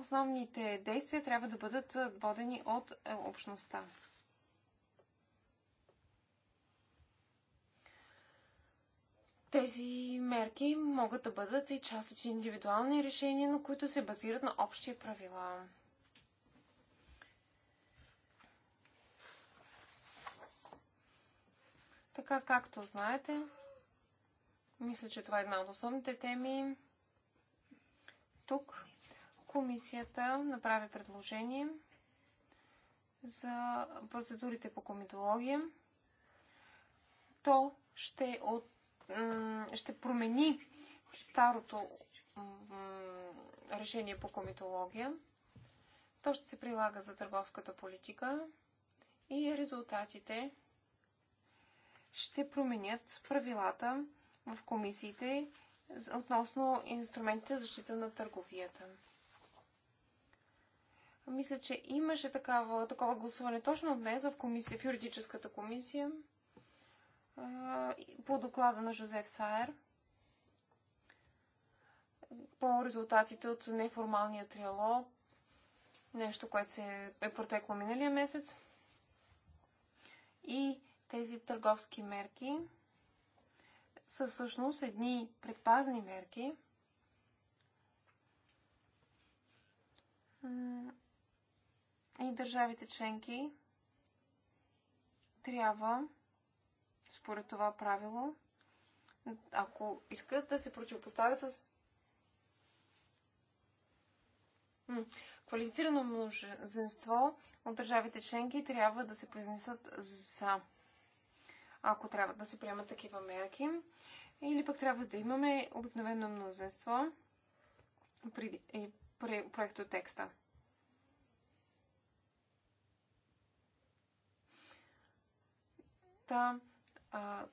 основните действия трябва да бъдат водени от е, общността. Тези мерки могат да бъдат и част от индивидуални решения, но които се базират на общи правила. Така както знаете, мисля, че това е една от основните теми. Тук комисията направи предложение за процедурите по комитология. То ще, от, ще промени старото решение по комитология. То ще се прилага за търговската политика и резултатите ще променят правилата в комисиите относно инструментите за защита на търговията. Мисля, че имаше такава, такова гласуване точно днес в, комисия, в юридическата комисия по доклада на Жозеф Сайер по резултатите от неформалния триалог, нещо, което се е протекло миналия месец. И тези търговски мерки са всъщност едни предпазни мерки, и държавите членки трябва, според това правило, ако искат да се противопоставят с квалифицирано мнозинство от държавите членки, трябва да се произнесат за ако трябва да се приемат такива мерки. Или пък трябва да имаме обикновено мнозинство при, при проекто текста. Та, а,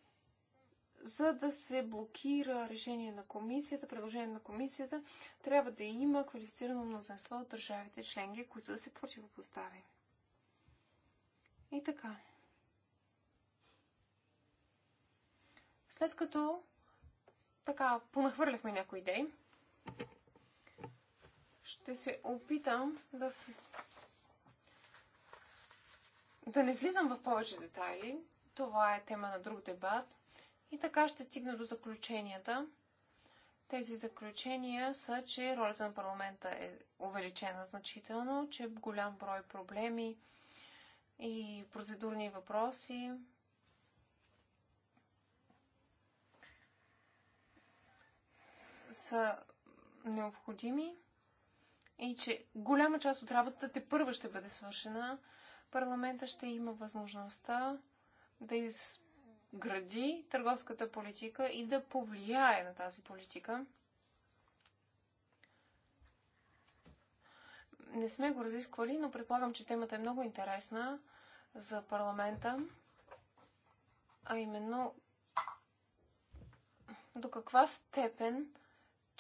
за да се блокира решение на комисията, предложение на комисията, трябва да има квалифицирано мнозинство от държавите членки, които да се противопостави. И така. След като така понахвърляхме някои идеи, ще се опитам да, да не влизам в повече детайли. Това е тема на друг дебат. И така ще стигна до заключенията. Тези заключения са, че ролята на парламента е увеличена значително, че голям брой проблеми и процедурни въпроси са необходими и че голяма част от работата те първа ще бъде свършена. Парламента ще има възможността да изгради търговската политика и да повлияе на тази политика. Не сме го разисквали, но предполагам, че темата е много интересна за парламента, а именно до каква степен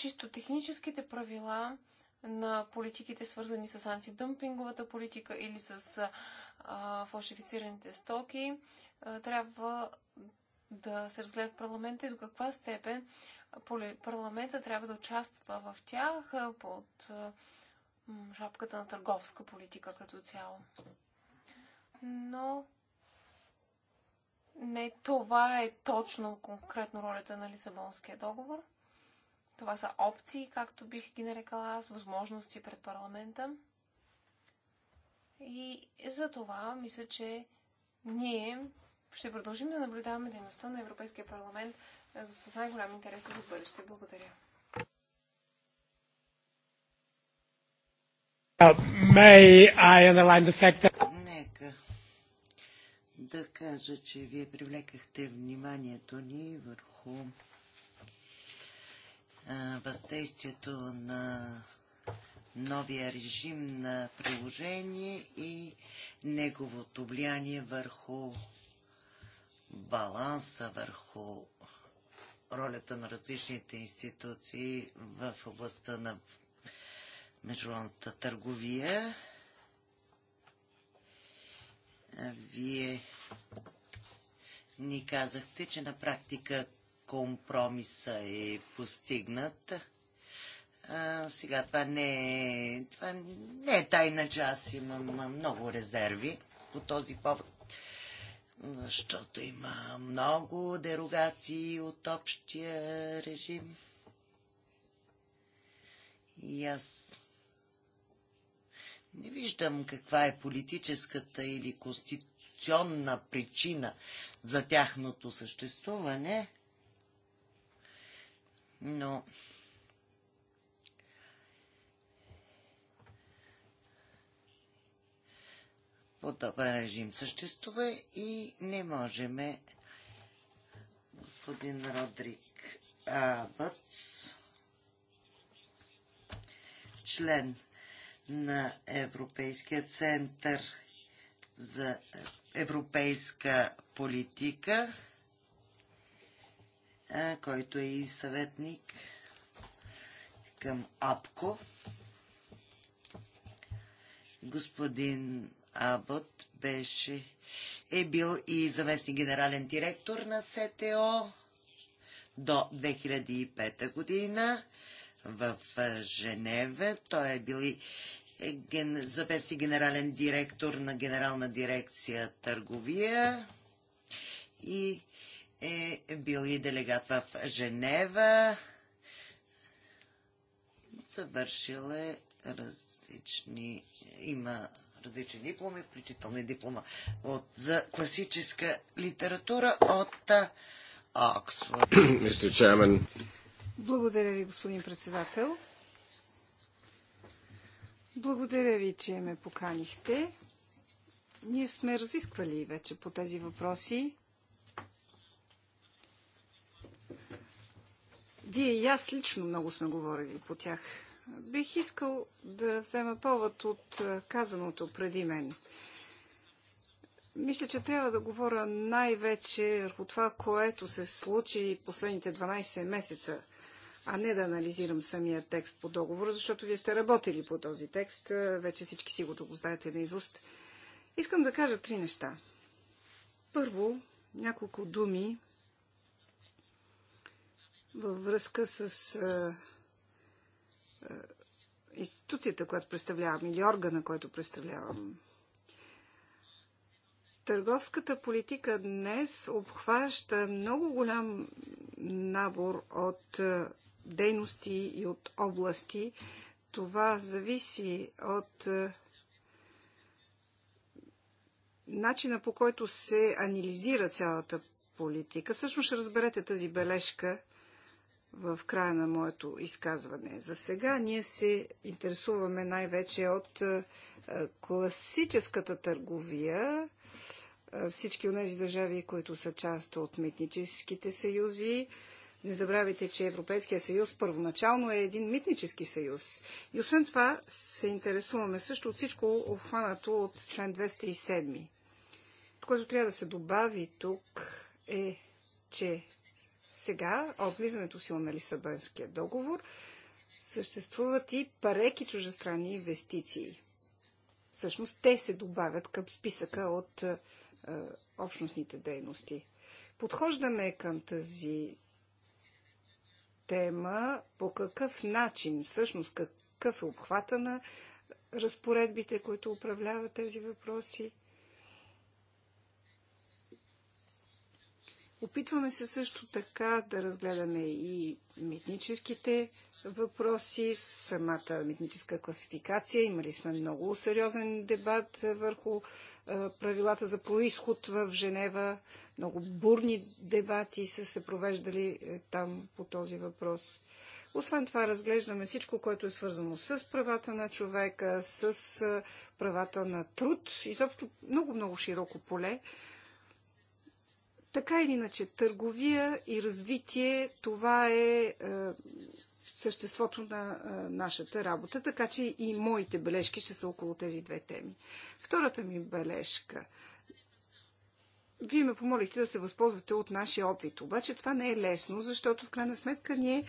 чисто техническите правила на политиките, свързани с антидъмпинговата политика или с а, фалшифицираните стоки, а, трябва да се разгледат парламента и до каква степен парламента трябва да участва в тях под шапката на търговска политика като цяло. Но не това е точно конкретно ролята на Лисабонския договор – това са опции, както бих ги нарекала аз, възможности пред парламента. И за това мисля, че ние ще продължим да наблюдаваме дейността на Европейския парламент е, с най-голям интерес за бъдеще. Благодаря. Нека да кажа, че вие привлекахте вниманието ни върху въздействието на новия режим на приложение и неговото влияние върху баланса, върху ролята на различните институции в областта на международната търговия. Вие ни казахте, че на практика компромиса е постигнат. А, сега това не, е, това не е тайна, че аз имам много резерви по този повод, защото има много дерогации от общия режим. И аз не виждам каква е политическата или конституционна причина за тяхното съществуване но подобен режим съществува и не можем господин Родрик Абъц член на Европейския център за европейска политика който е и съветник към АПКО. Господин Абот беше, е бил и заместник генерален директор на СТО до 2005 година в Женеве. Той е бил и е ген, заместник генерален директор на генерална дирекция търговия и е бил и делегат в Женева. Завършил е различни... Има различни дипломи, включително и диплома от, за класическа литература от Оксфорд. Благодаря ви, господин председател. Благодаря ви, че ме поканихте. Ние сме разисквали вече по тези въпроси. Вие и аз лично много сме говорили по тях. Бих искал да взема повод от е, казаното преди мен. Мисля, че трябва да говоря най-вече върху това, което се случи последните 12 месеца, а не да анализирам самия текст по договора, защото вие сте работили по този текст. Е, вече всички си го знаете на изуст. Искам да кажа три неща. Първо, няколко думи във връзка с а, а, институцията, която представлявам или органа, който представлявам. Търговската политика днес обхваща много голям набор от дейности и от области. Това зависи от начина по който се анализира цялата политика. Всъщност ще разберете тази бележка в края на моето изказване. За сега ние се интересуваме най-вече от е, е, класическата търговия, е, всички от тези държави, които са част от митническите съюзи. Не забравяйте, че Европейския съюз първоначално е един митнически съюз. И освен това се интересуваме също от всичко обхванато от член 207. Което трябва да се добави тук е, че сега, от влизането сила на Лисабонския договор, съществуват и пареки чужестранни инвестиции. Всъщност те се добавят към списъка от е, общностните дейности. Подхождаме към тази тема по какъв начин, всъщност какъв е обхвата на разпоредбите, които управляват тези въпроси. Опитваме се също така да разгледаме и митническите въпроси, самата митническа класификация. Имали сме много сериозен дебат върху правилата за происход в Женева. Много бурни дебати са се провеждали е, там по този въпрос. Освен това, разглеждаме всичко, което е свързано с правата на човека, с правата на труд, изобщо много-много широко поле. Така или иначе, търговия и развитие, това е, е съществото на е, нашата работа, така че и моите бележки ще са около тези две теми. Втората ми бележка. Вие ме помолихте да се възползвате от нашия опит, обаче това не е лесно, защото в крайна сметка ние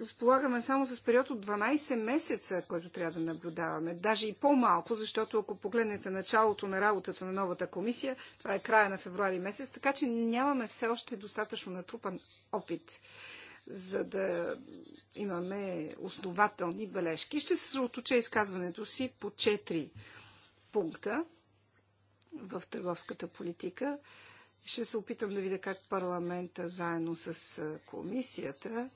разполагаме само с период от 12 месеца, който трябва да наблюдаваме. Даже и по-малко, защото ако погледнете началото на работата на новата комисия, това е края на февруари месец, така че нямаме все още достатъчно натрупан опит, за да имаме основателни бележки. Ще се оточа изказването си по 4 пункта в търговската политика. Ще се опитам да видя как парламента заедно с комисията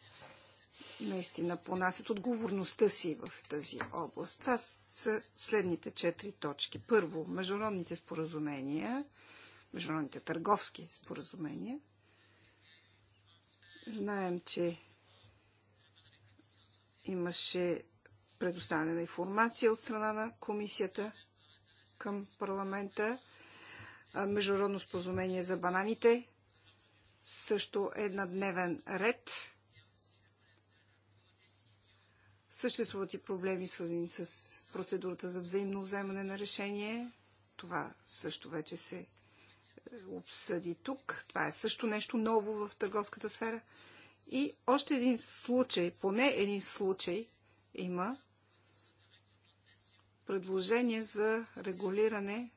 наистина понасят отговорността си в тази област. Това са следните четири точки. Първо, международните споразумения, международните търговски споразумения. Знаем, че имаше предоставяне на информация от страна на комисията към парламента. Международно споразумение за бананите също е на дневен ред Съществуват и проблеми, свързани с процедурата за взаимно вземане на решение. Това също вече се е, обсъди тук. Това е също нещо ново в търговската сфера. И още един случай, поне един случай има предложение за регулиране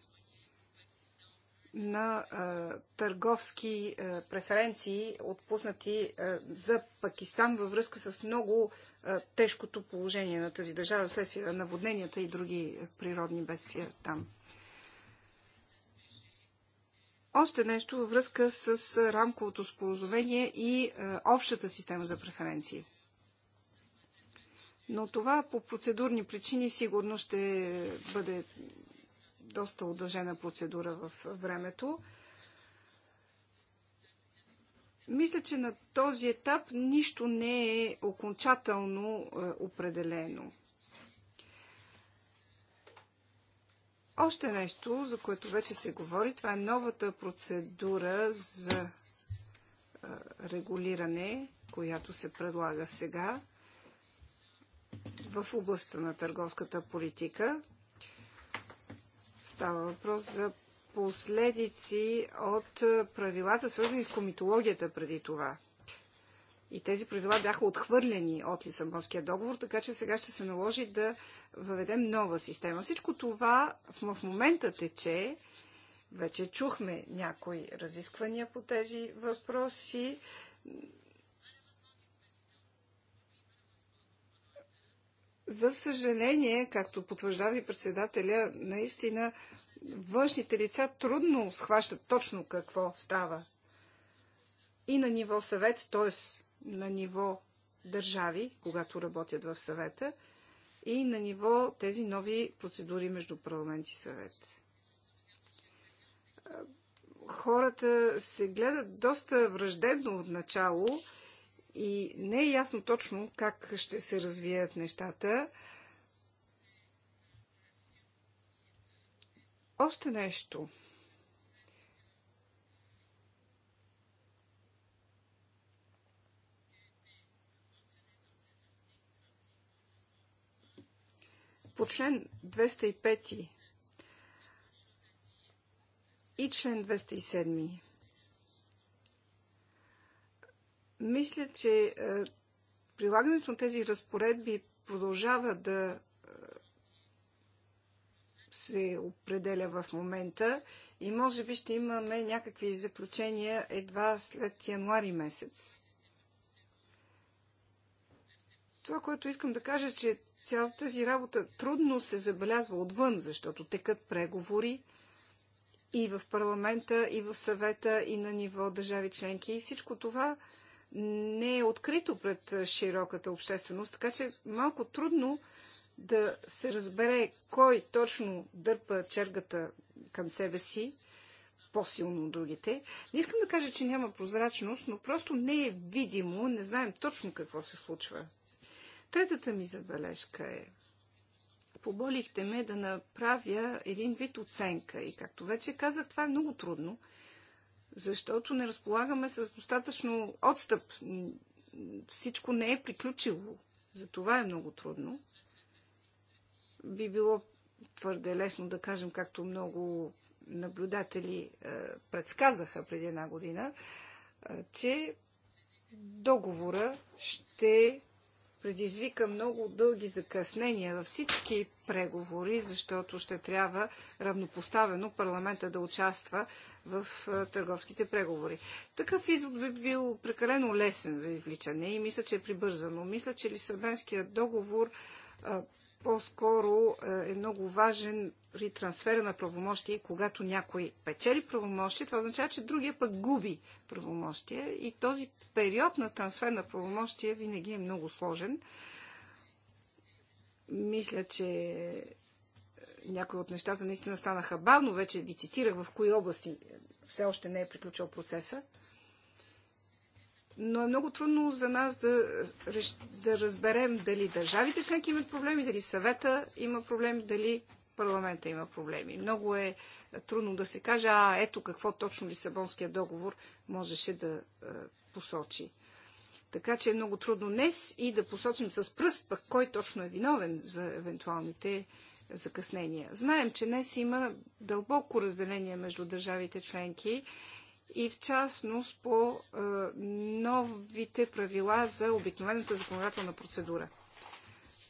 на а, търговски а, преференции, отпуснати а, за Пакистан във връзка с много е, тежкото положение на тази държава следствие на наводненията и други природни бедствия там. Още нещо във връзка с рамковото споразумение и е, общата система за преференции. Но това по процедурни причини сигурно ще бъде доста удължена процедура в времето. Мисля, че на този етап нищо не е окончателно е, определено. Още нещо, за което вече се говори, това е новата процедура за е, регулиране, която се предлага сега в областта на търговската политика. Става въпрос за последици от правилата, свързани с комитологията преди това. И тези правила бяха отхвърлени от Лисабонския договор, така че сега ще се наложи да въведем нова система. Всичко това в момента тече. Вече чухме някои разисквания по тези въпроси. За съжаление, както потвърждава и председателя, наистина външните лица трудно схващат точно какво става. И на ниво съвет, т.е. на ниво държави, когато работят в съвета, и на ниво тези нови процедури между парламент и съвет. Хората се гледат доста враждебно от начало и не е ясно точно как ще се развият нещата. Още нещо. По член 205 и член 207 мисля, че е, прилагането на тези разпоредби продължава да се определя в момента и може би ще имаме някакви заключения едва след януари месец. Това, което искам да кажа, е, че цялата тази работа трудно се забелязва отвън, защото текат преговори и в парламента, и в съвета, и на ниво държави членки. И всичко това не е открито пред широката общественост, така че малко трудно да се разбере кой точно дърпа чергата към себе си, по-силно от другите. Не искам да кажа, че няма прозрачност, но просто не е видимо, не знаем точно какво се случва. Третата ми забележка е, поболихте ме да направя един вид оценка и както вече казах, това е много трудно, защото не разполагаме с достатъчно отстъп. Всичко не е приключило. За това е много трудно. Би било твърде лесно да кажем, както много наблюдатели е, предсказаха преди една година, е, че договора ще предизвика много дълги закъснения във всички преговори, защото ще трябва равнопоставено парламента да участва в е, търговските преговори. Такъв извод би бил прекалено лесен за извличане и мисля, че е прибързано. Мисля, че Лисабенският договор по-скоро е, е много важен при трансфера на правомощие, когато някой печели правомощие, това означава, че другия пък губи правомощие и този период на трансфер на правомощие винаги е много сложен. Мисля, че е, някои от нещата наистина станаха бавно, вече ги цитирах в кои области е, все още не е приключил процеса но е много трудно за нас да, да разберем дали държавите членки имат проблеми, дали съвета има проблеми, дали парламента има проблеми. Много е трудно да се каже, а ето какво точно Лисабонския договор можеше да е, посочи. Така че е много трудно днес и да посочим с пръст пък кой точно е виновен за евентуалните закъснения. Знаем, че днес има дълбоко разделение между държавите членки и в частност по е, новите правила за обикновената законодателна процедура.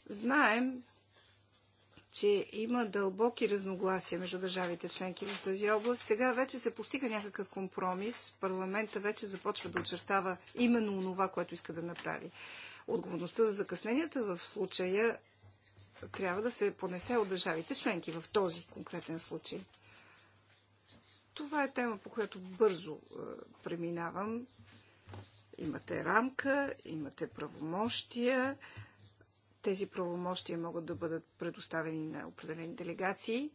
Знаем, че има дълбоки разногласия между държавите членки в тази област. Сега вече се постига някакъв компромис. Парламента вече започва да очертава именно това, което иска да направи. Отговорността за закъсненията в случая трябва да се понесе от държавите членки в този конкретен случай. Това е тема, по която бързо е, преминавам. Имате рамка, имате правомощия. Тези правомощия могат да бъдат предоставени на определени делегации.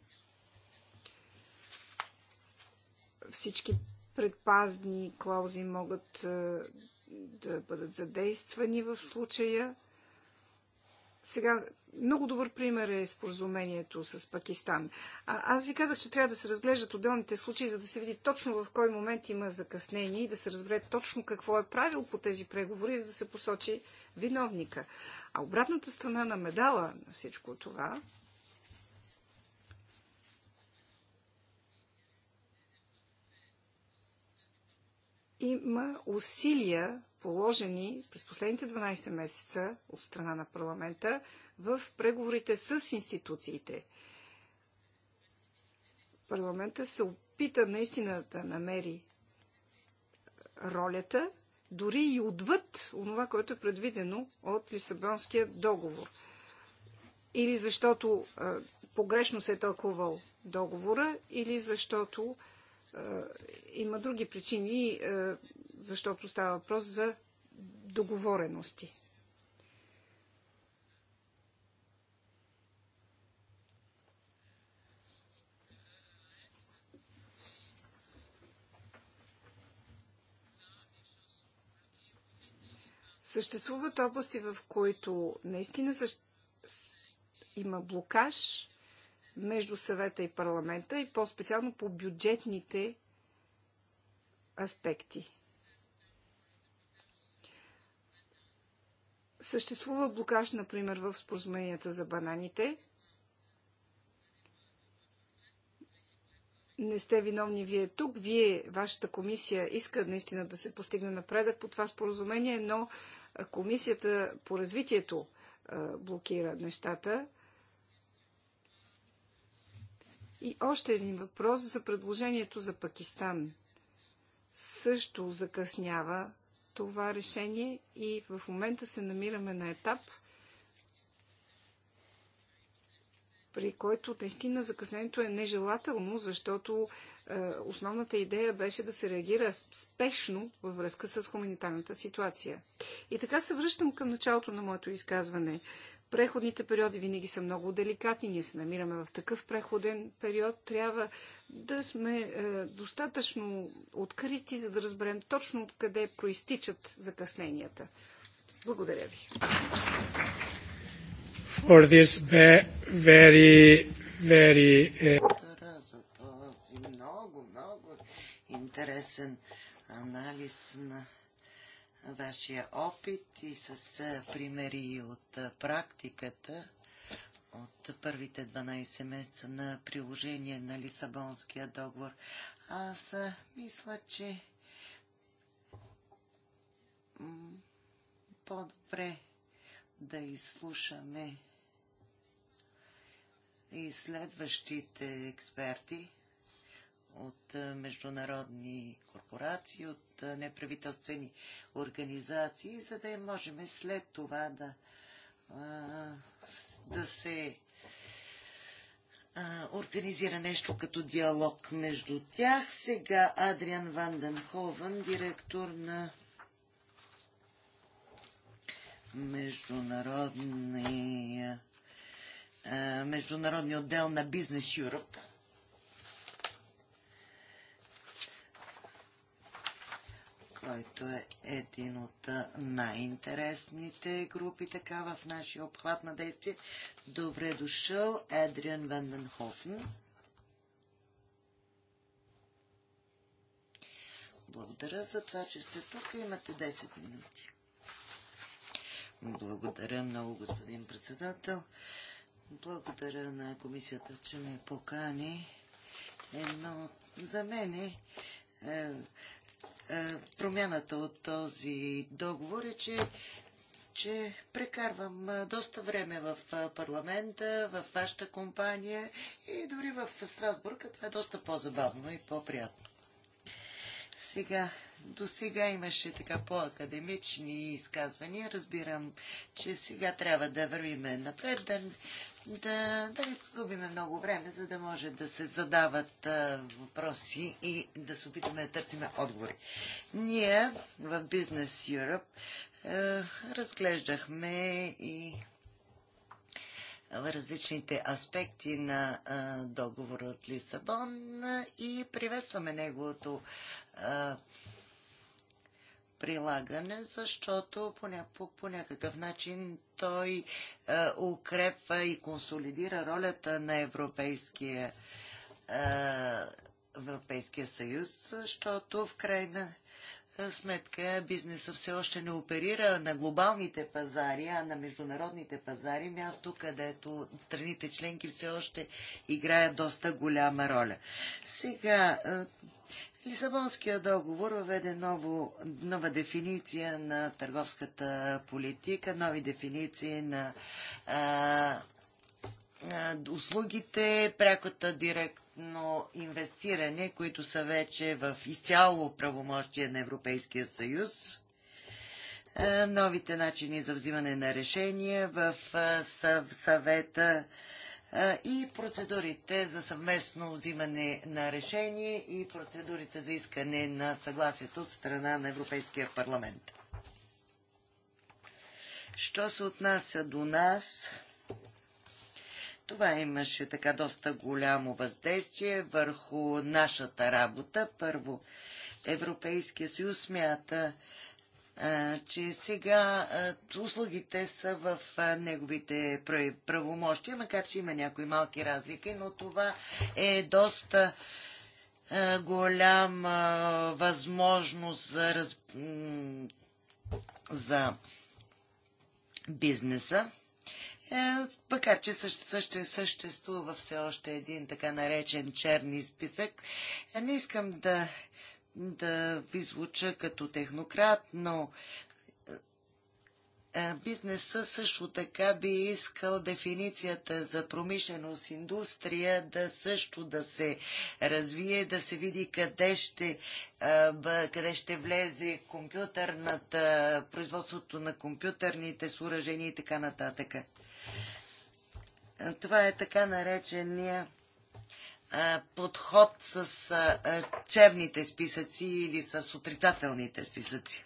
Всички предпазни клаузи могат е, да бъдат задействани в случая – сега, много добър пример е споразумението с Пакистан. А, аз ви казах, че трябва да се разглеждат отделните случаи, за да се види точно в кой момент има закъснение и да се разбере точно какво е правил по тези преговори, за да се посочи виновника. А обратната страна на медала на всичко това има усилия положени през последните 12 месеца от страна на парламента в преговорите с институциите. Парламента се опита наистина да намери ролята, дори и отвъд онова, което е предвидено от Лисабонския договор. Или защото а, погрешно се е тълкувал договора, или защото а, има други причини. А, защото става въпрос за договорености. Съществуват области, в които наистина има блокаж между съвета и парламента и по-специално по бюджетните аспекти. Съществува блокаж, например, в споразуменията за бананите. Не сте виновни вие тук. Вие, вашата комисия, иска наистина да се постигне напредък по това споразумение, но комисията по развитието блокира нещата. И още един въпрос за предложението за Пакистан. Също закъснява това решение и в момента се намираме на етап, при който наистина закъснението е нежелателно, защото е, основната идея беше да се реагира спешно във връзка с хуманитарната ситуация. И така се връщам към началото на моето изказване. Преходните периоди винаги са много деликатни. Ние се намираме в такъв преходен период. Трябва да сме е, достатъчно открити, за да разберем точно откъде проистичат закъсненията. Благодаря ви. For this very, very, е, За този много, много интересен анализ на вашия опит и с примери от практиката от първите 12 месеца на приложение на Лисабонския договор. Аз мисля, че по-добре да изслушаме и следващите експерти от международни корпорации, от неправителствени организации, за да можем след това да, да се организира нещо като диалог между тях. Сега Адриан Ванденховен, директор на международния международния отдел на Бизнес Юръп. който е един от най-интересните групи така в нашия обхват на действие. Добре дошъл, Едриан Венденхофен. Благодаря за това, че сте тук. Имате 10 минути. Благодаря много, господин председател. Благодаря на комисията, че ме покани. Едно за мен е, е, промяната от този договор е, че, че прекарвам е, доста време в е, парламента, в вашата компания и дори в Страсбург. Това е доста по-забавно и по-приятно. Сега, до сега имаше така по-академични изказвания. Разбирам, че сега трябва да вървиме напред, да, да, да не губиме много време, за да може да се задават а, въпроси и да се опитаме да търсиме отговори. Ние в Business Europe а, разглеждахме и различните аспекти на а, договора от Лисабон а, и приветстваме неговото а, прилагане, защото по, ня, по, по някакъв начин той е, укрепва и консолидира ролята на Европейския, е, Европейския съюз, защото в крайна е, сметка бизнеса все още не оперира на глобалните пазари, а на международните пазари, място където страните членки все още играят доста голяма роля. Сега, е, Лисабонския договор въведе ново, нова дефиниция на търговската политика, нови дефиниции на а, а, услугите, прякото директно инвестиране, които са вече в изцяло правомощие на Европейския съюз новите начини за взимане на решения в съвета и процедурите за съвместно взимане на решение и процедурите за искане на съгласието от страна на Европейския парламент. Що се отнася до нас, това имаше така доста голямо въздействие върху нашата работа. Първо, Европейския съюз смята, че сега услугите са в неговите правомощия, макар че има някои малки разлики, но това е доста голяма възможност за, раз... за бизнеса. Е, макар, че съще, съще, съществува все още един така наречен черни списък, е, не искам да да ви звуча като технократ, но е, е, бизнеса също така би искал дефиницията за промишленост, индустрия да също да се развие, да се види къде ще, е, къде ще влезе компютърната, производството на компютърните съоръжения и така нататък. Това е така наречения подход с черните списъци или с отрицателните списъци.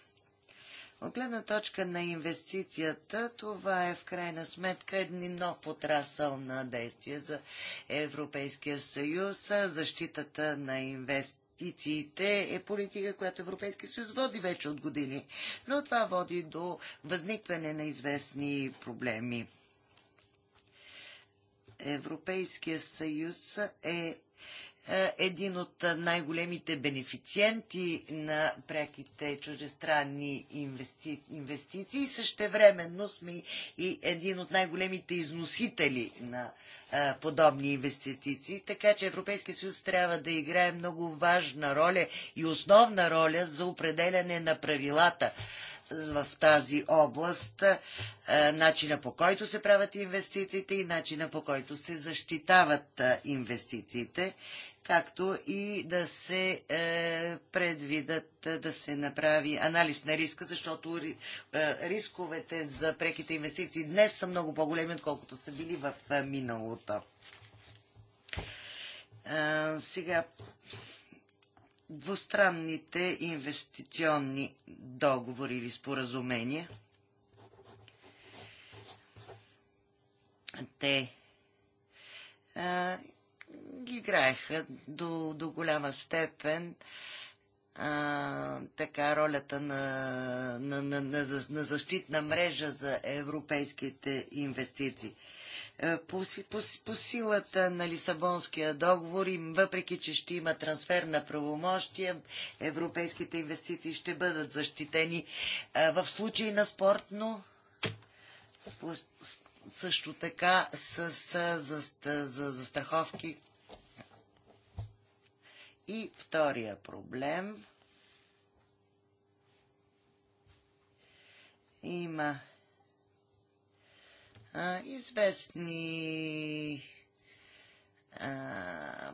От гледна точка на инвестицията, това е в крайна сметка един нов отрасъл на действие за Европейския съюз. Защитата на инвестициите е политика, която Европейския съюз води вече от години, но това води до възникване на известни проблеми. Европейския съюз е, е един от най-големите бенефициенти на преките чужестранни инвести... инвестиции. Същевременно сме и един от най-големите износители на е, подобни инвестиции. Така че Европейския съюз трябва да играе много важна роля и основна роля за определяне на правилата в тази област, е, начина по който се правят инвестициите и начина по който се защитават е, инвестициите, както и да се е, предвидат, да се направи анализ на риска, защото рисковете за преките инвестиции днес са много по-големи, отколкото са били в миналото. сега двустранните инвестиционни договори или споразумения. Те а, играеха до, до голяма степен а, така ролята на, на, на, на, на защитна мрежа за европейските инвестиции. Е, по, по, по силата на Лисабонския договор, и въпреки че ще има трансфер на правомощия, европейските инвестиции ще бъдат защитени е, в случай на спортно също така с, с за, за застраховки. И втория проблем. Има а, известни а,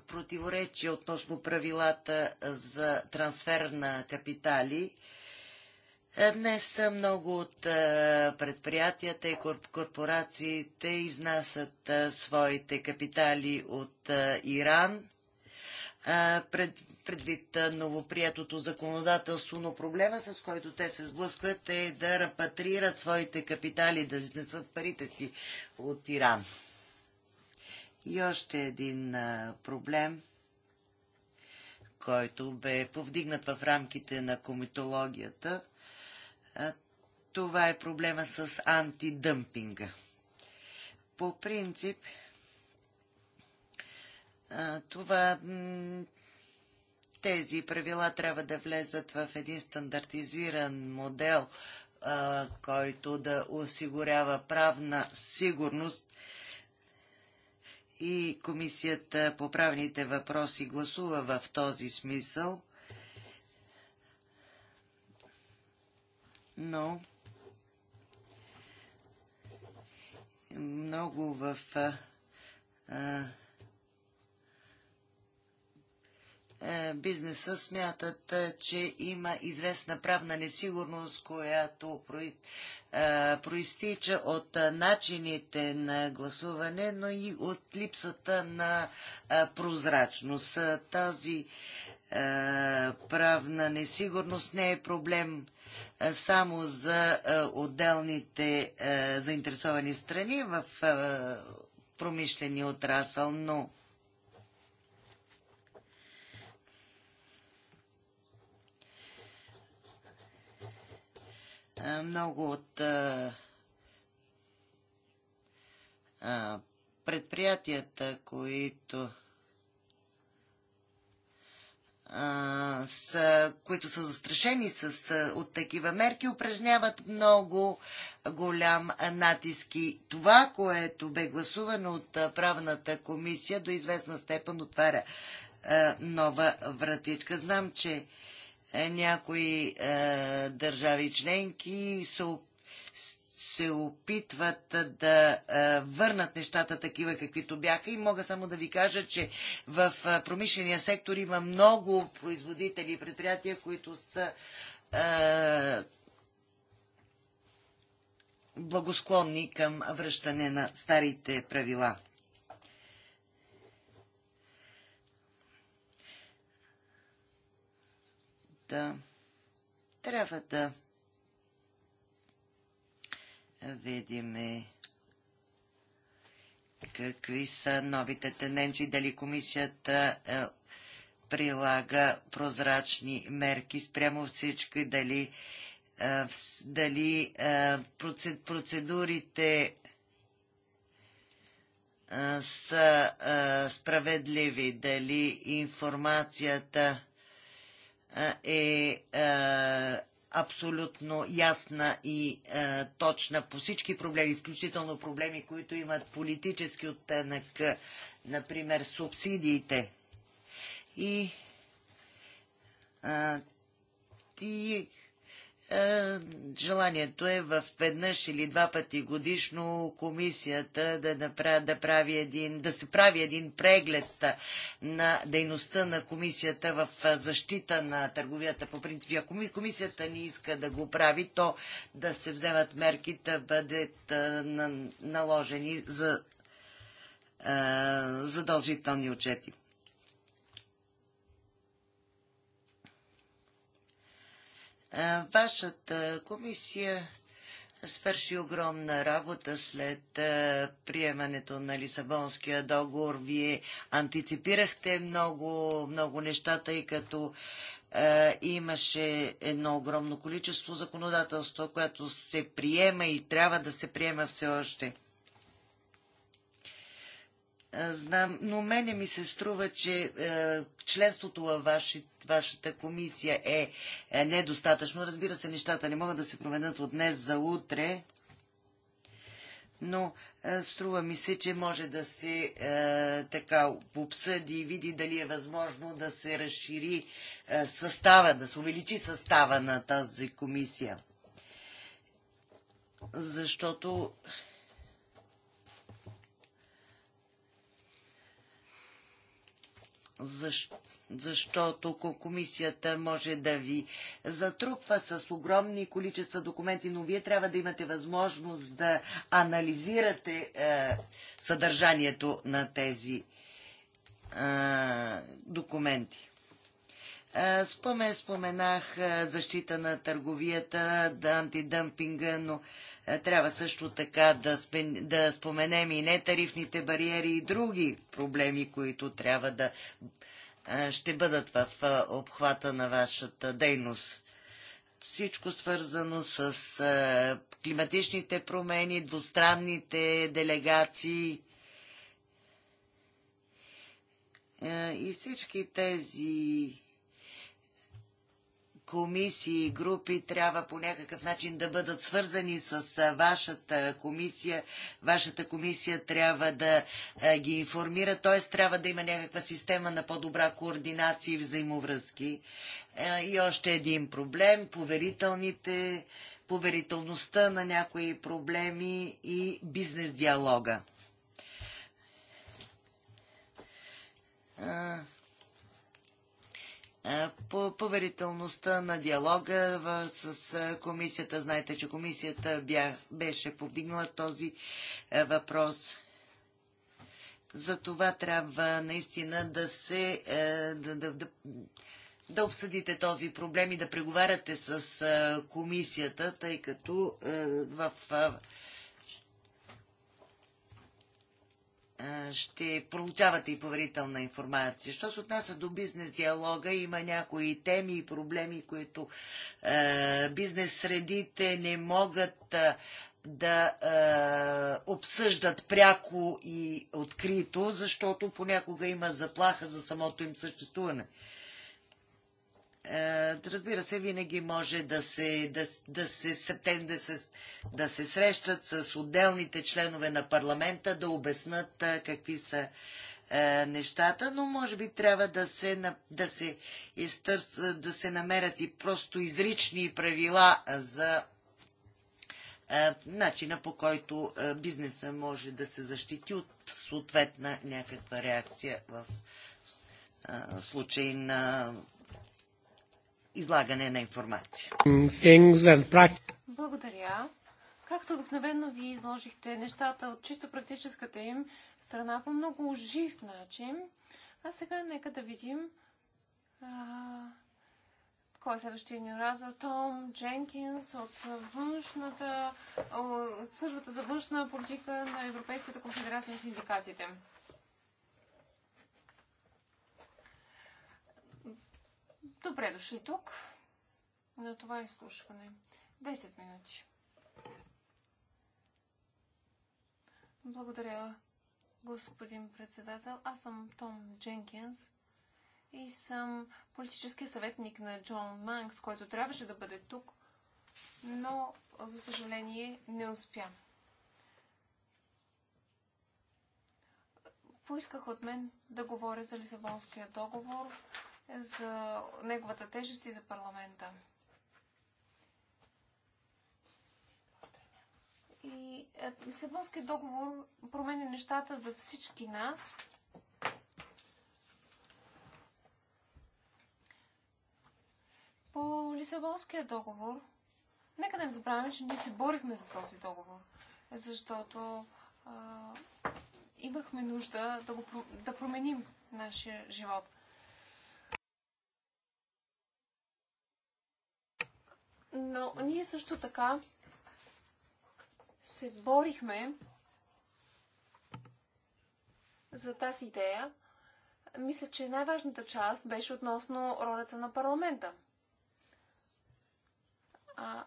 противоречия относно правилата за трансфер на капитали. Е, днес много от предприятията и корпорациите изнасят своите капитали от Иран предвид новоприетото законодателство, но проблема с който те се сблъскват е да репатрират своите капитали, да изнесат парите си от Иран. И още един проблем, който бе повдигнат в рамките на комитологията, това е проблема с антидъмпинга. По принцип, това тези правила трябва да влезат в един стандартизиран модел, който да осигурява правна сигурност и Комисията по правните въпроси гласува в този смисъл. Но много в а, Е, бизнеса смятат, е, че има известна правна несигурност, която проистича е, от начините на гласуване, но и от липсата на прозрачност. Тази правна несигурност не е проблем само за отделните заинтересовани страни в промишлени отрасъл, но Е, много от е, е, предприятията, които са, които са застрашени с, от такива мерки, упражняват много голям натиск. И това, което бе гласувано от правната комисия, до известна степен отваря нова вратичка. Знам, че е, някои е, държави членки се, се опитват да е, върнат нещата такива, каквито бяха. И мога само да ви кажа, че в е, промишления сектор има много производители и предприятия, които са е, благосклонни към връщане на старите правила. да трябва да видиме какви са новите тенденции, дали комисията е, прилага прозрачни мерки спрямо всичко и дали, е, дали е, процедурите е, са е, справедливи, дали информацията е абсолютно ясна и е, точна по всички проблеми, включително проблеми, които имат политически оттенък, например субсидиите. И, е, е, желанието е в веднъж или два пъти годишно комисията да, направи, да, прави един, да се прави един преглед на дейността на комисията в защита на търговията по принцип. Ако комисията не иска да го прави, то да се вземат мерки да бъдат е, наложени за е, задължителни отчети. Вашата комисия свърши огромна работа след приемането на Лисабонския договор. Вие антиципирахте много, много нещата тъй като имаше едно огромно количество законодателство, което се приема и трябва да се приема все още. Е, знам, но мене ми се струва, че е, членството във ваши, вашата комисия е, е недостатъчно. Разбира се, нещата не могат да се променят от днес за утре, но е, струва ми се, че може да се е, така обсъди и види дали е възможно да се разшири е, състава, да се увеличи състава на тази комисия. Защото защото комисията може да ви затрупва с огромни количества документи, но вие трябва да имате възможност да анализирате е, съдържанието на тези е, документи. Е, спомен, споменах е, защита на търговията, да антидъмпинга, но е, е, трябва също така да, спен, да споменем и нетарифните бариери и други проблеми, които трябва да е, ще бъдат в е, обхвата на вашата дейност. Всичко свързано с климатичните промени, двустранните делегации и всички тези комисии и групи трябва по някакъв начин да бъдат свързани с вашата комисия. Вашата комисия трябва да ги информира, т.е. трябва да има някаква система на по-добра координация и взаимовръзки. И още един проблем поверителните, поверителността на някои проблеми и бизнес диалога. Е, по поверителността на диалога с е, комисията. Знаете, че комисията бя, беше повдигнала този е, въпрос. За това трябва наистина да се да, да, да, да обсъдите този проблем и да преговаряте с комисията, тъй като в ще получавате и поверителна информация. Що се отнася до бизнес диалога, има някои теми и проблеми, които е, бизнес средите не могат да е, обсъждат пряко и открито, защото понякога има заплаха за самото им съществуване. Е, разбира се, винаги може да се, да, да, се, да, се, да се срещат с отделните членове на парламента, да обяснат е, какви са е, нещата, но може би трябва да се, да се, изтърс, да се намерят и просто изрични правила за начина по който бизнеса може да се защити от съответна някаква реакция в случай на излагане на информация. Благодаря. Както обикновено ви изложихте нещата от чисто практическата им страна по много жив начин. А сега нека да видим а, кой е следващия ни оратор. Том Дженкинс от, външната, от службата за външна политика на Европейската конфедерация на синдикатите. Добре дошли тук на това изслушване. 10 минути. Благодаря, господин председател. Аз съм Том Дженкинс и съм политически съветник на Джон Манкс, който трябваше да бъде тук, но, за съжаление, не успя. Поисках от мен да говоря за Лисабонския договор за неговата тежест и за парламента. И е, Лисабонският договор променя нещата за всички нас. По Лисабонския договор, нека да не забравяме, че ние се борихме за този договор, защото а, имахме нужда да, го, да променим нашия живот. Но ние също така се борихме за тази идея. Мисля, че най-важната част беше относно ролята на парламента. А,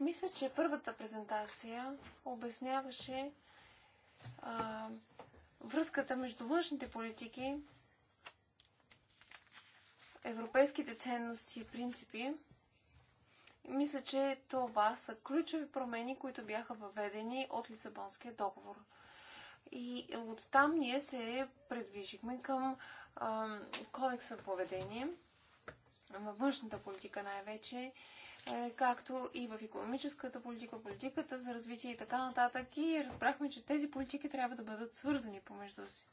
мисля, че първата презентация обясняваше а, връзката между външните политики, европейските ценности и принципи мисля, че това са ключови промени, които бяха въведени от Лисабонския договор. И оттам ние се предвижихме към а, кодекса поведение във външната политика най-вече, е, както и в економическата политика, политиката за развитие и така нататък. И разбрахме, че тези политики трябва да бъдат свързани помежду си.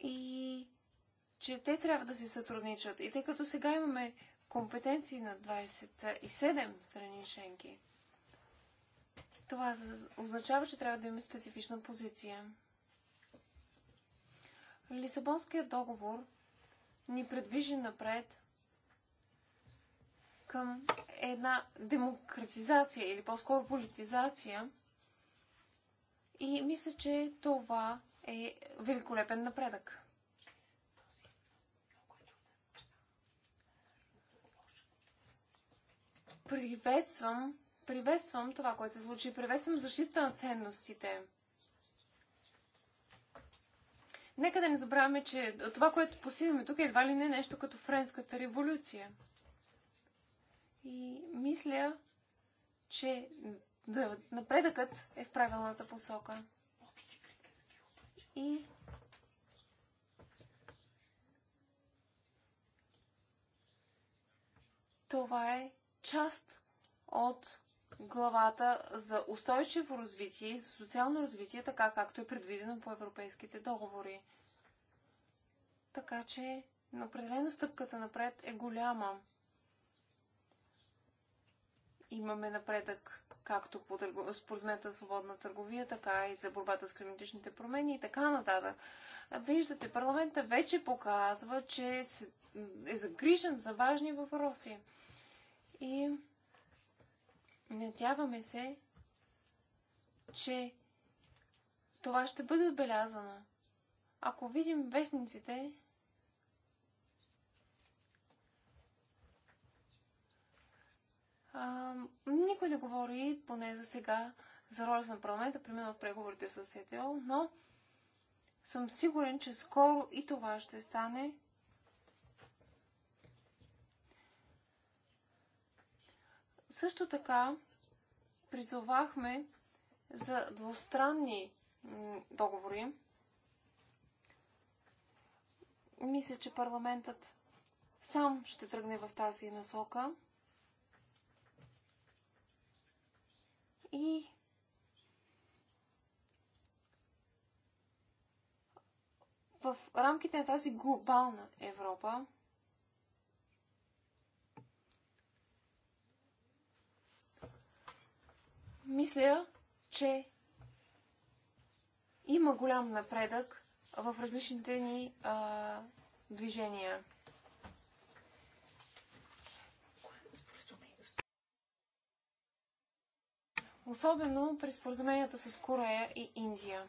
И че те трябва да си сътрудничат. И тъй като сега имаме компетенции на 27 страни членки, това означава, че трябва да имаме специфична позиция. Лисабонският договор ни предвижи напред към една демократизация или по-скоро политизация. И мисля, че това е великолепен напредък. приветствам, приветствам това, което се случи. Приветствам защита на ценностите. Нека да не забравяме, че това, което посидаме тук, едва ли не е нещо като Френската революция. И мисля, че да, напредъкът е в правилната посока. И това е част от главата за устойчиво развитие и за социално развитие, така както е предвидено по европейските договори. Така че, на определено стъпката напред е голяма. Имаме напредък както по търго... за свободна търговия, така и за борбата с климатичните промени и така нататък. Виждате, парламента вече показва, че е загрижен за важни въпроси. И надяваме се, че това ще бъде отбелязано. Ако видим вестниците, а, никой не говори, поне за сега, за ролята на парламента, примерно в преговорите с ЕТО, но съм сигурен, че скоро и това ще стане. Също така призовахме за двустранни договори. Мисля, че парламентът сам ще тръгне в тази насока. И в рамките на тази глобална Европа Мисля, че има голям напредък в различните ни а, движения. Особено при споразуменията с Корея и Индия.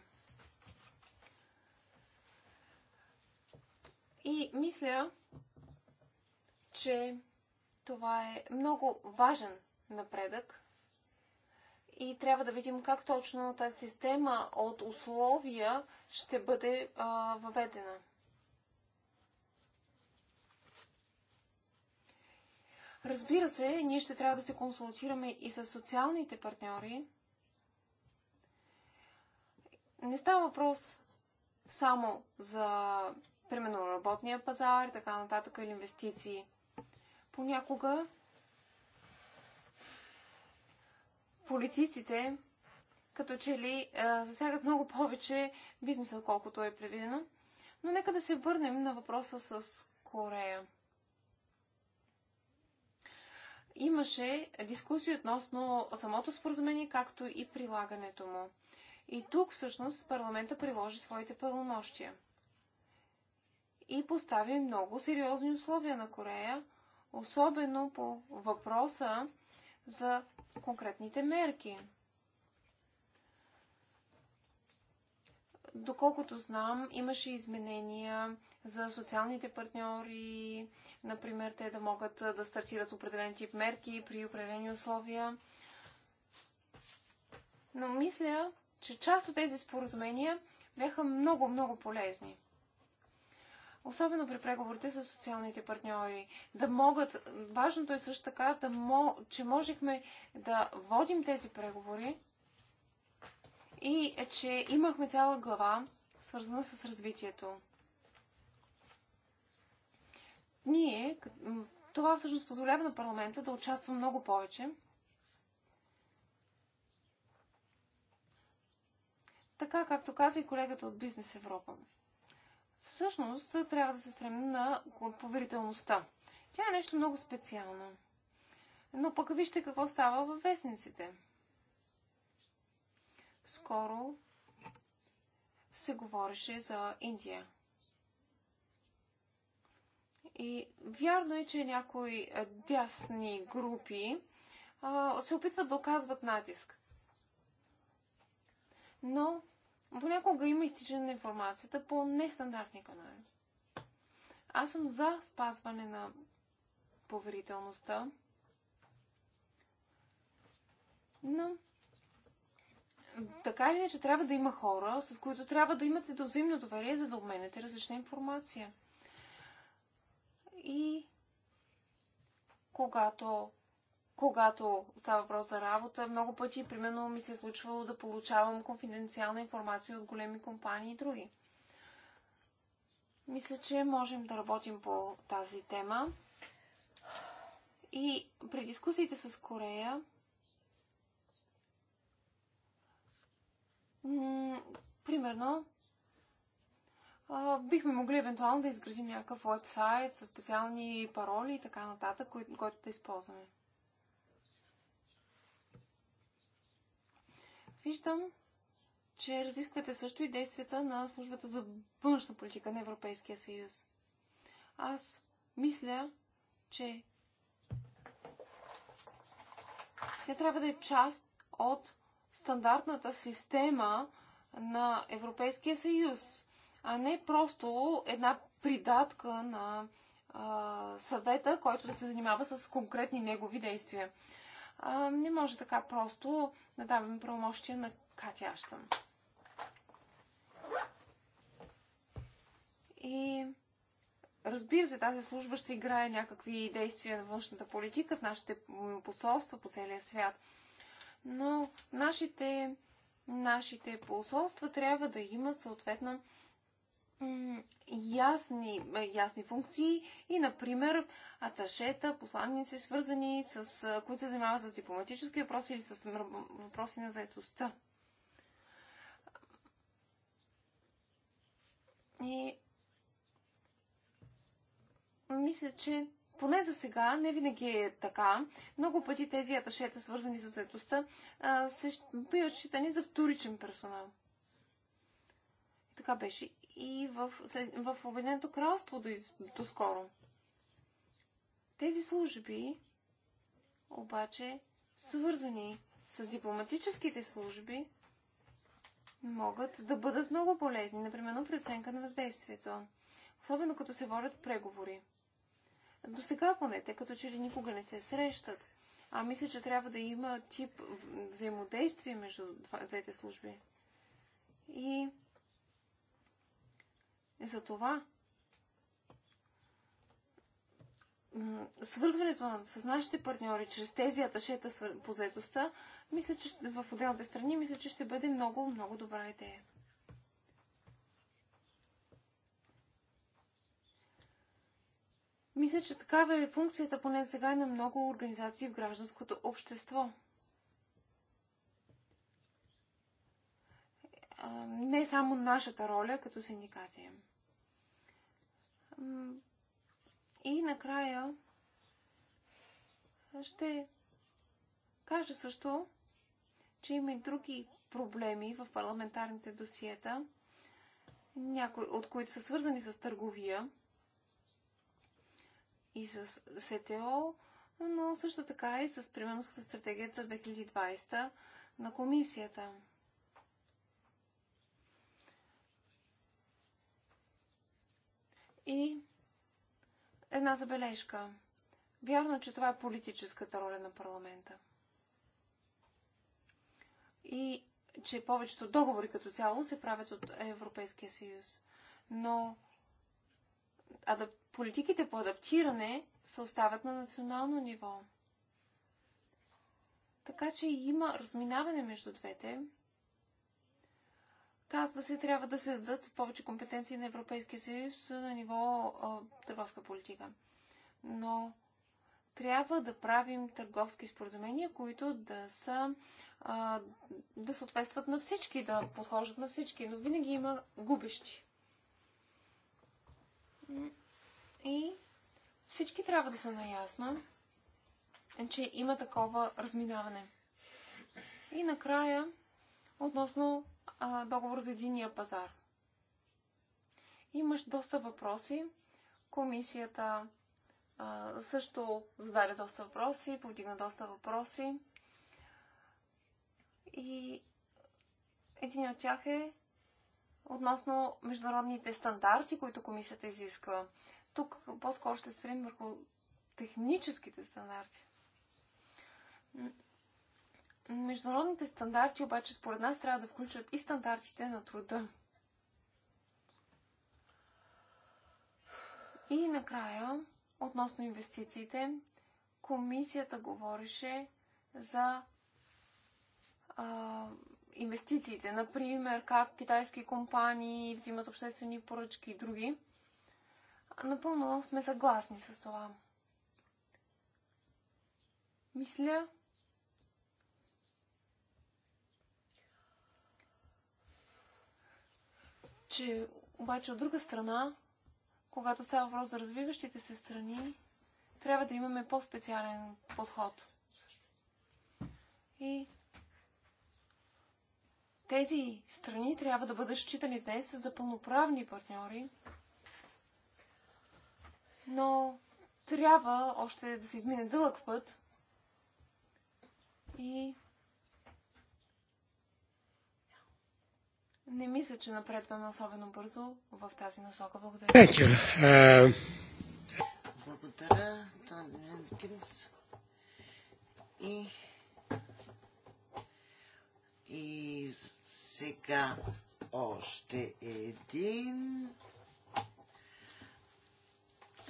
И мисля, че това е много важен напредък и трябва да видим как точно тази система от условия ще бъде а, въведена. Разбира се, ние ще трябва да се консултираме и с социалните партньори. Не става въпрос само за, примерно, работния пазар, така нататък, или инвестиции. Понякога политиците като че ли засягат много повече бизнеса, отколкото е предвидено. Но нека да се върнем на въпроса с Корея. Имаше дискусии относно самото споразумение, както и прилагането му. И тук всъщност парламента приложи своите пълномощия. И постави много сериозни условия на Корея, особено по въпроса за конкретните мерки. Доколкото знам, имаше изменения за социалните партньори, например, те да могат да стартират определен тип мерки при определени условия. Но мисля, че част от тези споразумения бяха много, много полезни особено при преговорите с социалните партньори. Да могат, важното е също така, да мо, че можехме да водим тези преговори и че имахме цяла глава, свързана с развитието. Ние, това всъщност позволява на парламента да участва много повече. Така, както каза и колегата от Бизнес Европа всъщност трябва да се спрем на поверителността. Тя е нещо много специално. Но пък вижте какво става във вестниците. Скоро се говореше за Индия. И вярно е, че някои дясни групи а, се опитват да оказват натиск. Но понякога има изтичане на информацията по нестандартни канали. Аз съм за спазване на поверителността, но така или иначе трябва да има хора, с които трябва да имате дозимно доверие, за да обменяте различна информация. И когато когато става въпрос за работа, много пъти, примерно, ми се е случвало да получавам конфиденциална информация от големи компании и други. Мисля, че можем да работим по тази тема. И при дискусиите с Корея примерно, бихме могли евентуално да изградим някакъв вебсайт с специални пароли и така нататък, който да използваме. Виждам, че разисквате също и действията на службата за външна политика на Европейския съюз. Аз мисля, че тя трябва да е част от стандартната система на Европейския съюз, а не просто една придатка на а, съвета, който да се занимава с конкретни негови действия а, не може така просто да даваме правомощия на Катя Аштън. И разбира се, тази служба ще играе някакви действия на външната политика в нашите посолства по целия свят. Но нашите, нашите посолства трябва да имат съответно ясни, ясни функции и, например, аташета, посланници, свързани с, които се занимават с дипломатически въпроси или с въпроси на заедостта. И мисля, че поне за сега не винаги е така. Много пъти тези аташета, свързани с заедостта, биват считани за вторичен персонал. Така беше и в, в Обединеното кралство до, до скоро. Тези служби, обаче, свързани с дипломатическите служби, могат да бъдат много полезни, например, преценка на въздействието, особено като се водят преговори. До сега поне, те като че ли никога не се срещат, а мисля, че трябва да има тип взаимодействие между двете служби. И за това, свързването с нашите партньори чрез тези аташета по заедостта, мисля, че в отделните страни, мисля, че ще бъде много, много добра идея. Мисля, че такава е функцията поне сега и на много организации в гражданското общество – не само нашата роля като синдикати. И накрая ще кажа също, че има и други проблеми в парламентарните досиета, някои от които са свързани с търговия и с СТО, но също така и с, примерно, с стратегията 2020 на комисията. И една забележка. Вярно, че това е политическата роля на парламента. И че повечето договори като цяло се правят от Европейския съюз. Но адап... политиките по адаптиране се оставят на национално ниво. Така че има разминаване между двете Казва се, трябва да се дадат повече компетенции на Европейския съюз на ниво а, търговска политика. Но трябва да правим търговски споразумения, които да са а, да съответстват на всички, да подхождат на всички, но винаги има губещи. И всички трябва да са наясно, че има такова разминаване. И накрая, относно а, договор за единия пазар. Имаш доста въпроси. Комисията а, също зададе доста въпроси, повдигна доста въпроси. И един от тях е относно международните стандарти, които комисията изисква. Тук по-скоро ще спрем върху техническите стандарти. Международните стандарти обаче според нас трябва да включват и стандартите на труда. И накрая, относно инвестициите, комисията говореше за а, инвестициите. Например, как китайски компании взимат обществени поръчки и други. Напълно сме съгласни с това. Мисля, че обаче от друга страна, когато става въпрос за развиващите се страни, трябва да имаме по-специален подход. И тези страни трябва да бъдат считани днес за пълноправни партньори, но трябва още да се измине дълъг път и Не мисля, че напредваме особено бързо в тази насока. Благодаря. Е, Благодаря, Тони Ренкинс. И, и сега още един.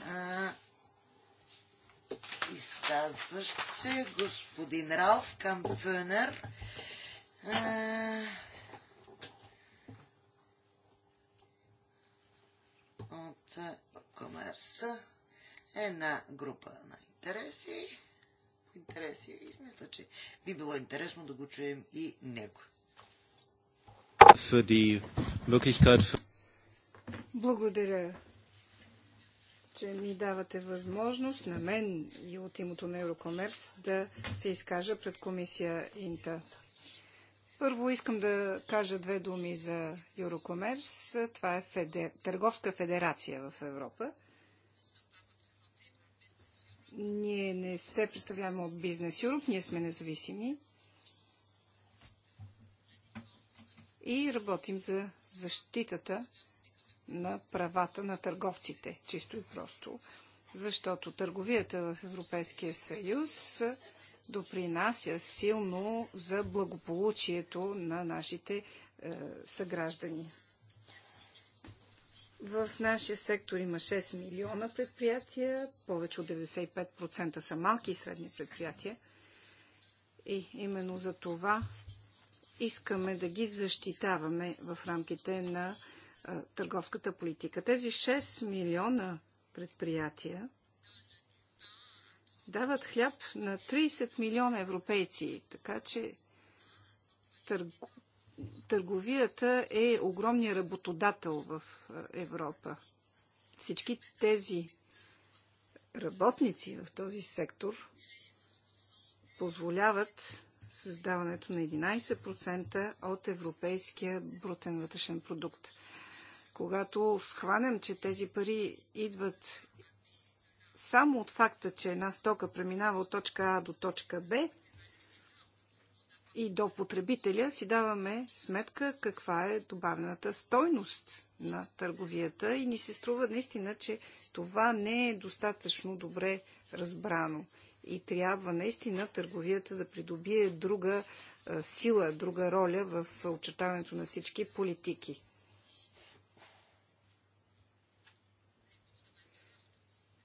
А, изказващ се господин Ралф Камфънер. А, от Комерс една група на интереси. Интереси и мисля, че би било интересно да го чуем и него. Благодаря, че ми давате възможност на мен и от името на Еврокомерс да се изкажа пред комисия Инта. Първо искам да кажа две думи за Юрокомерс. Това е федер... търговска федерация в Европа. Ние не се представляваме от Бизнес Юруп, ние сме независими и работим за защитата на правата на търговците, чисто и просто. Защото търговията в Европейския съюз допринася силно за благополучието на нашите е, съграждани. В нашия сектор има 6 милиона предприятия, повече от 95% са малки и средни предприятия. И именно за това искаме да ги защитаваме в рамките на е, търговската политика. Тези 6 милиона предприятия дават хляб на 30 милиона европейци. Така че търг... търговията е огромният работодател в е, Европа. Всички тези работници в този сектор позволяват създаването на 11% от европейския брутен вътрешен продукт. Когато схванем, че тези пари идват само от факта, че една стока преминава от точка А до точка Б и до потребителя, си даваме сметка каква е добавената стойност на търговията и ни се струва наистина, че това не е достатъчно добре разбрано. И трябва наистина търговията да придобие друга сила, друга роля в очертаването на всички политики.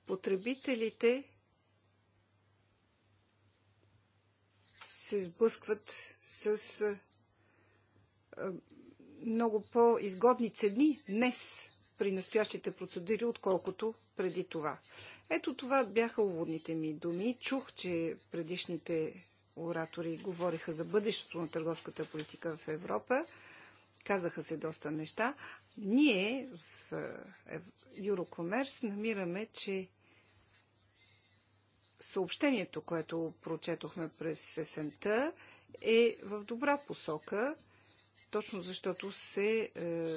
потребителите се сблъскват с много по-изгодни цени днес при настоящите процедури, отколкото преди това. Ето това бяха уводните ми думи. Чух, че предишните оратори говориха за бъдещето на търговската политика в Европа. Казаха се доста неща. Ние в Юрокомерс намираме, че съобщението, което прочетохме през Есента е в добра посока точно защото се е,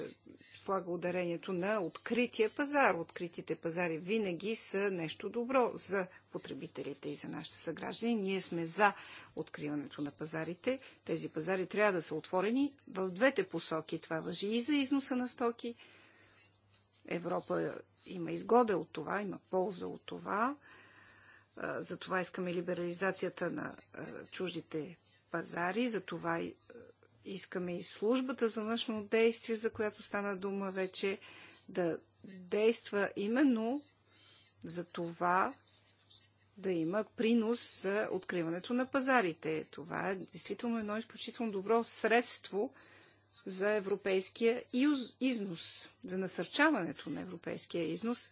слага ударението на открития пазар. Откритите пазари винаги са нещо добро за потребителите и за нашите съграждани. Ние сме за откриването на пазарите. Тези пазари трябва да са отворени в двете посоки. Това въжи и за износа на стоки. Европа има изгода от това, има полза от това. Е, затова искаме либерализацията на е, чуждите пазари, затова е, Искаме и службата за външно действие, за която стана дума вече, да действа именно за това да има принос за откриването на пазарите. Това е действително едно изключително добро средство за европейския износ, за насърчаването на европейския износ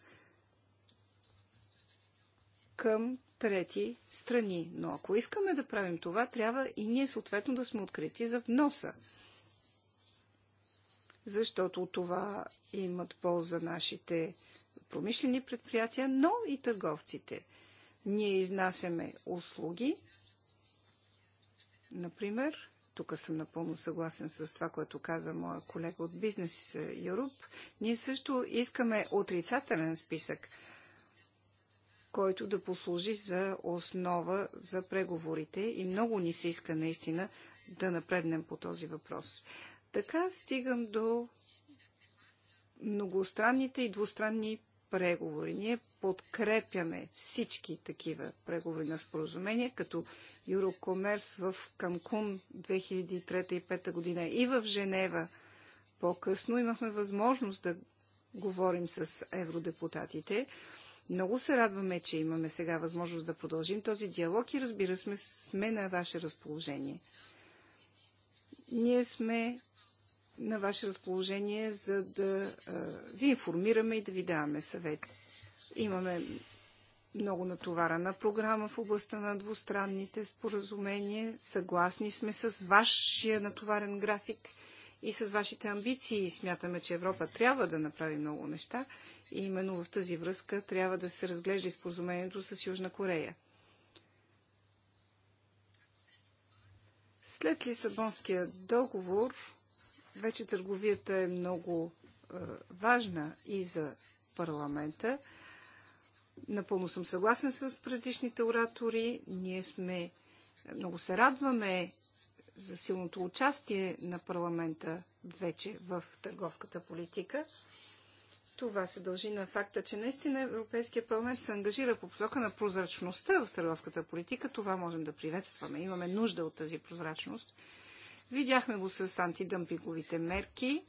към трети страни. Но ако искаме да правим това, трябва и ние съответно да сме открити за вноса. Защото това имат полза нашите промишлени предприятия, но и търговците. Ние изнасяме услуги, например, тук съм напълно съгласен с това, което каза моя колега от Бизнес Юруп, ние също искаме отрицателен списък – който да послужи за основа за преговорите и много ни се иска наистина да напреднем по този въпрос. Така стигам до многостранните и двустранни преговори. Ние подкрепяме всички такива преговори на споразумение, като Юрокомерс в Канкун 2003 и 2005 година и в Женева по-късно имахме възможност да говорим с евродепутатите. Много се радваме, че имаме сега възможност да продължим този диалог и разбира сме, сме на ваше разположение. Ние сме на ваше разположение, за да а, ви информираме и да ви даваме съвет. Имаме много натоварена програма в областта на двустранните споразумения. Съгласни сме с вашия натоварен график – и с вашите амбиции. Смятаме, че Европа трябва да направи много неща и именно в тази връзка трябва да се разглежда споразумението с Южна Корея. След Лисабонския договор вече търговията е много е, важна и за парламента. Напълно съм съгласен с предишните оратори. Ние сме много се радваме за силното участие на парламента вече в търговската политика. Това се дължи на факта, че наистина Европейския парламент се ангажира по посока на прозрачността в търговската политика. Това можем да приветстваме. Имаме нужда от тази прозрачност. Видяхме го с антидъмпинговите мерки.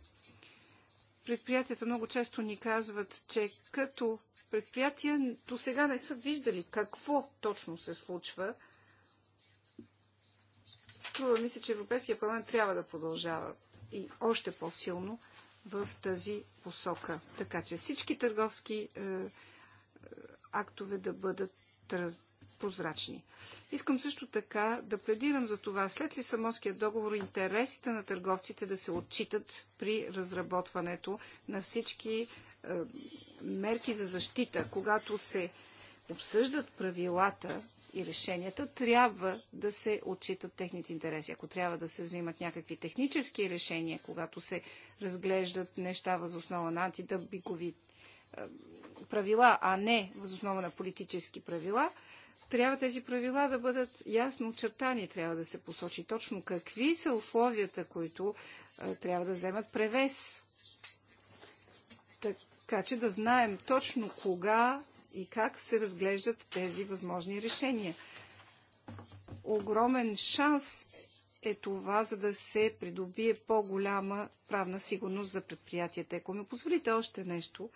Предприятията много често ни казват, че като предприятия до сега не са виждали какво точно се случва – Струва ми се, че Европейския парламент трябва да продължава и още по-силно в тази посока. Така че всички търговски е, е актове да бъдат раз, прозрачни. Искам също така да пледирам за това, след Лисамонския договор, интересите на търговците да се отчитат при разработването на всички е, мерки за защита, когато се обсъждат правилата и решенията, трябва да се отчитат техните интереси. Ако трябва да се взимат някакви технически решения, когато се разглеждат неща възоснова на антидъбикови е, правила, а не възоснова на политически правила, трябва тези правила да бъдат ясно очертани, трябва да се посочи точно какви са условията, които е, трябва да вземат превес. Така че да знаем точно кога и как се разглеждат тези възможни решения. Огромен шанс е това, за да се придобие по-голяма правна сигурност за предприятията. Ако ми позволите още нещо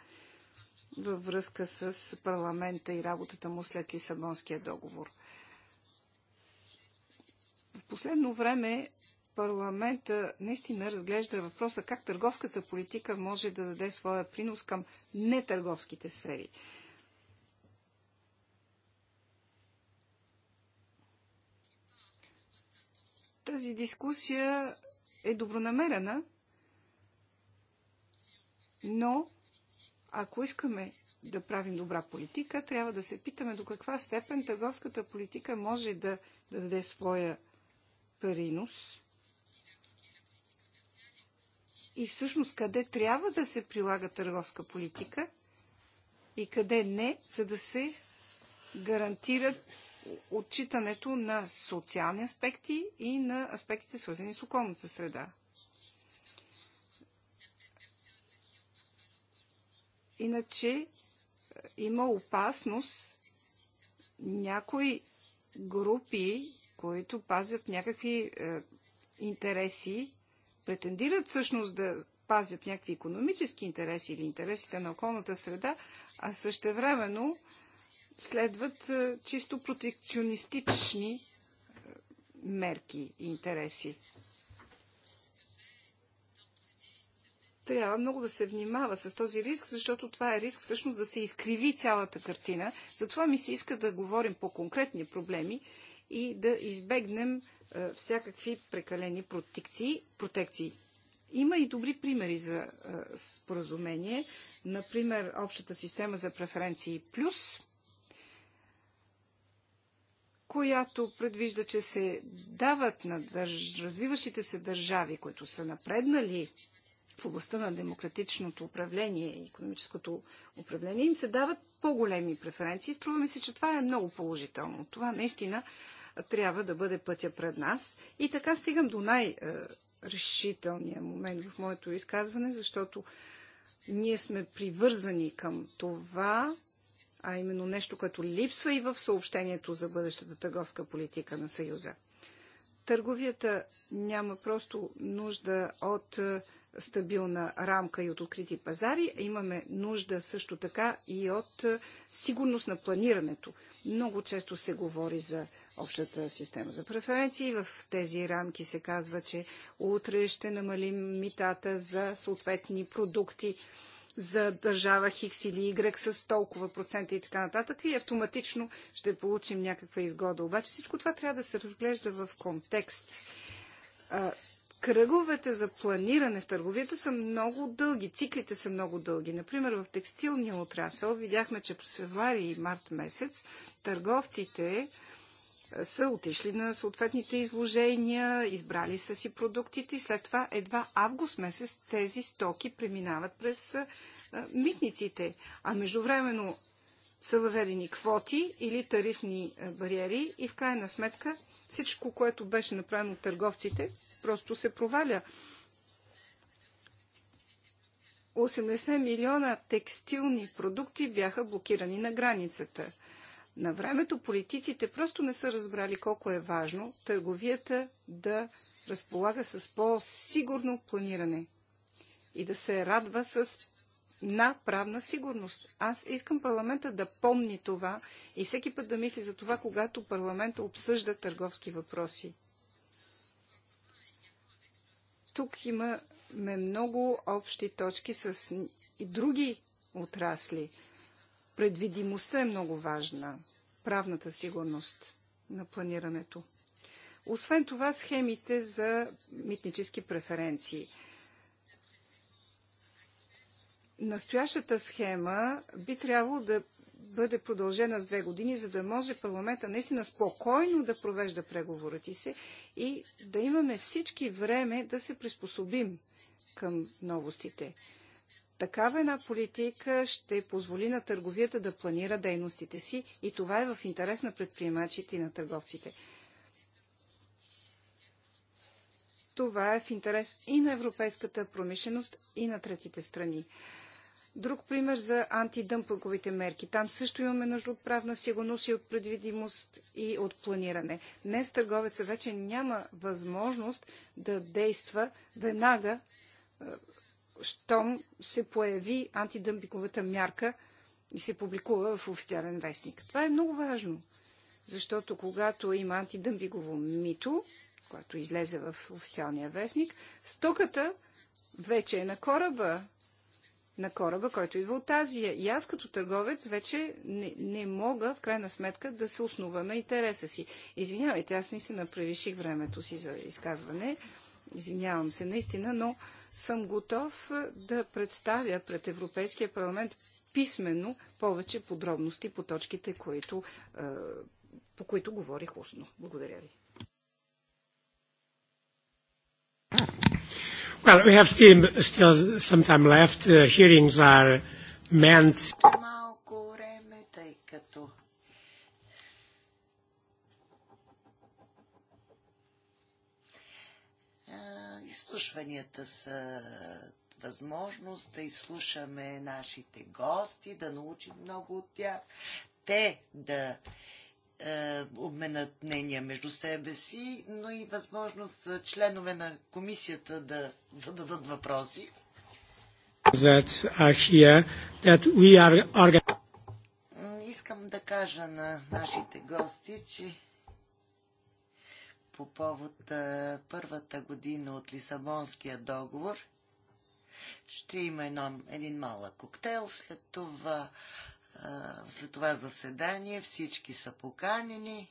във връзка с парламента и работата му след Лисабонския договор. В последно време парламента наистина разглежда въпроса как търговската политика може да даде своя принос към нетърговските сфери. Тази дискусия е добронамерена, но ако искаме да правим добра политика, трябва да се питаме до каква степен търговската политика може да, да даде своя принос и всъщност къде трябва да се прилага търговска политика и къде не, за да се гарантират отчитането на социални аспекти и на аспектите свързани с околната среда. Иначе е, има опасност някои групи, които пазят някакви е, интереси, претендират всъщност да пазят някакви економически интереси или интересите на околната среда, а същевременно времено следват е, чисто протекционистични е, мерки и интереси. Трябва много да се внимава с този риск, защото това е риск всъщност да се изкриви цялата картина. Затова ми се иска да говорим по конкретни проблеми и да избегнем е, всякакви прекалени протекции. протекции. Има и добри примери за е, споразумение. Например, общата система за преференции плюс – която предвижда, че се дават на държ... развиващите се държави, които са напреднали в областта на демократичното управление и економическото управление, им се дават по-големи преференции. Струва ми се, че това е много положително. Това наистина трябва да бъде пътя пред нас. И така стигам до най-решителния момент в моето изказване, защото ние сме привързани към това а именно нещо, което липсва и в съобщението за бъдещата търговска политика на Съюза. Търговията няма просто нужда от е, стабилна рамка и от открити пазари, имаме нужда също така и от е, сигурност на планирането. Много често се говори за общата система за преференции. В тези рамки се казва, че утре ще намалим митата за съответни продукти за държава Хикс или Y с толкова процента и така нататък и автоматично ще получим някаква изгода. Обаче всичко това трябва да се разглежда в контекст. Кръговете за планиране в търговията са много дълги, циклите са много дълги. Например, в текстилния отрасъл видяхме, че през февруари и март месец търговците са отишли на съответните изложения, избрали са си продуктите и след това едва август месец тези стоки преминават през митниците. А междувременно са въведени квоти или тарифни бариери и в крайна сметка всичко, което беше направено от търговците, просто се проваля. 80 милиона текстилни продукти бяха блокирани на границата. На времето политиците просто не са разбрали колко е важно търговията да разполага с по-сигурно планиране и да се радва с на правна сигурност. Аз искам парламента да помни това и всеки път да мисли за това, когато парламента обсъжда търговски въпроси. Тук имаме много общи точки с и други отрасли. Предвидимостта е много важна. Правната сигурност на планирането. Освен това, схемите за митнически преференции. Настоящата схема би трябвало да бъде продължена с две години, за да може парламента наистина спокойно да провежда преговорите си и да имаме всички време да се приспособим към новостите. Такава една политика ще позволи на търговията да планира дейностите си и това е в интерес на предприемачите и на търговците. Това е в интерес и на европейската промишленост и на третите страни. Друг пример за антидъмпинговите мерки. Там също имаме нужда от правна сигурност и от предвидимост и от планиране. Днес търговеца вече няма възможност да действа веднага щом се появи антидъмпиковата мярка и се публикува в официален вестник. Това е много важно, защото когато има антидъмпигово мито, което излезе в официалния вестник, стоката вече е на кораба, на кораба, който идва от Азия. И аз като търговец вече не, не мога, в крайна сметка, да се основа на интереса си. Извинявайте, аз не се превиших времето си за изказване. Извинявам се наистина, но съм готов е, да представя пред Европейския парламент писменно повече подробности по точките, които, е, по които говорих устно. Благодаря ви. Well, we have still some time left. Uh, hearings are meant. изслушванията са възможност да изслушаме нашите гости, да научим много от тях, те да е, обменят мнения между себе си, но и възможност за членове на комисията да зададат въпроси. Искам да кажа на нашите гости, че по повод а, първата година от Лисабонския договор. Ще има едно, един малък коктейл. След това, а, след това заседание всички са поканени.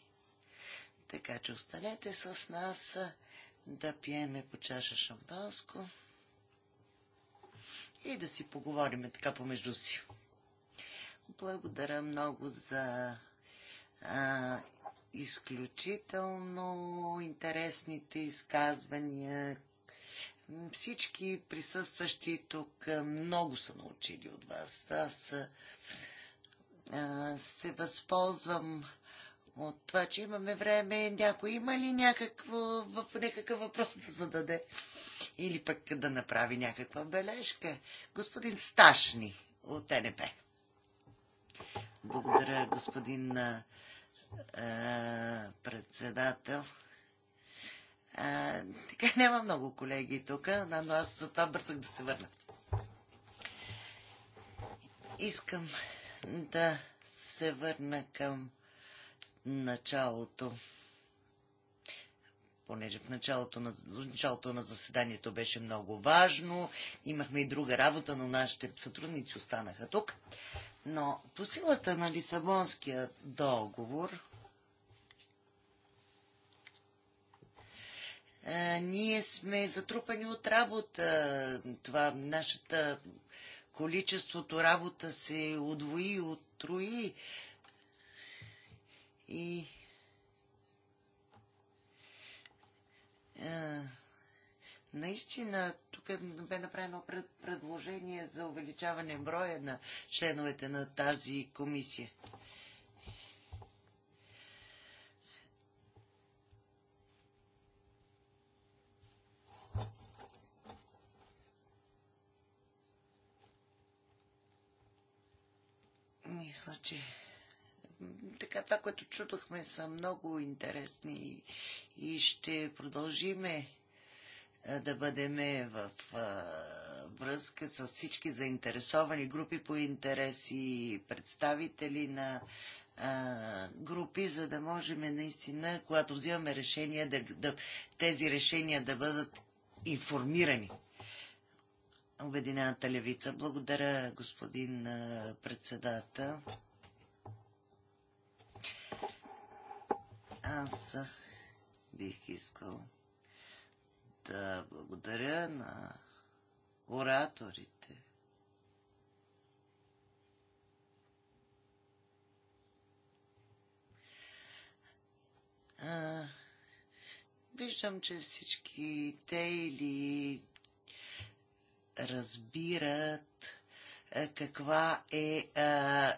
Така че останете с нас а, да пиеме по чаша шампанско и да си поговорим така помежду си. Благодаря много за а, изключително интересните изказвания. Всички присъстващи тук много са научили от вас. Аз а, се възползвам от това, че имаме време. Някой има ли някакво, някакъв въпрос да зададе? Или пък да направи някаква бележка? Господин Сташни от ТНП. Благодаря, господин председател. А, така няма много колеги тук, но аз за това бързах да се върна. Искам да се върна към началото. Понеже в началото на, началото на заседанието беше много важно, имахме и друга работа, но нашите сътрудници останаха тук. Но по силата на Лисабонския договор е, ние сме затрупани от работа. Това нашата количеството работа се удвои, оттрои. И Наистина, тук бе направено предложение за увеличаване броя на членовете на тази комисия. Мисля, че така това, което чудохме, са много интересни и ще продължиме да бъдем в връзка с всички заинтересовани групи по интереси, представители на групи, за да можем наистина, когато взимаме решения, да, да, тези решения да бъдат информирани. Обединената левица. Благодаря, господин председател. Аз бих искал да благодаря на ораторите. А, виждам, че всички те или разбират каква е а,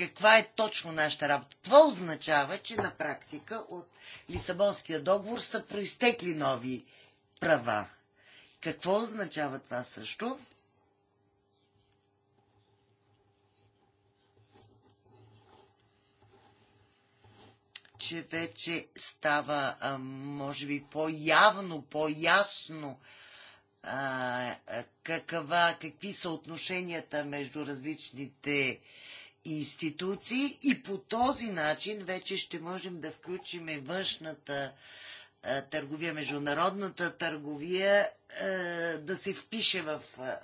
каква е точно нашата работа. Това означава, че на практика от Лисабонския договор са проистекли нови права. Какво означава това също? че вече става, а, може би, по-явно, по-ясно какви са отношенията между различните институции и по този начин вече ще можем да включим и външната а, търговия, международната търговия а, да се впише в а,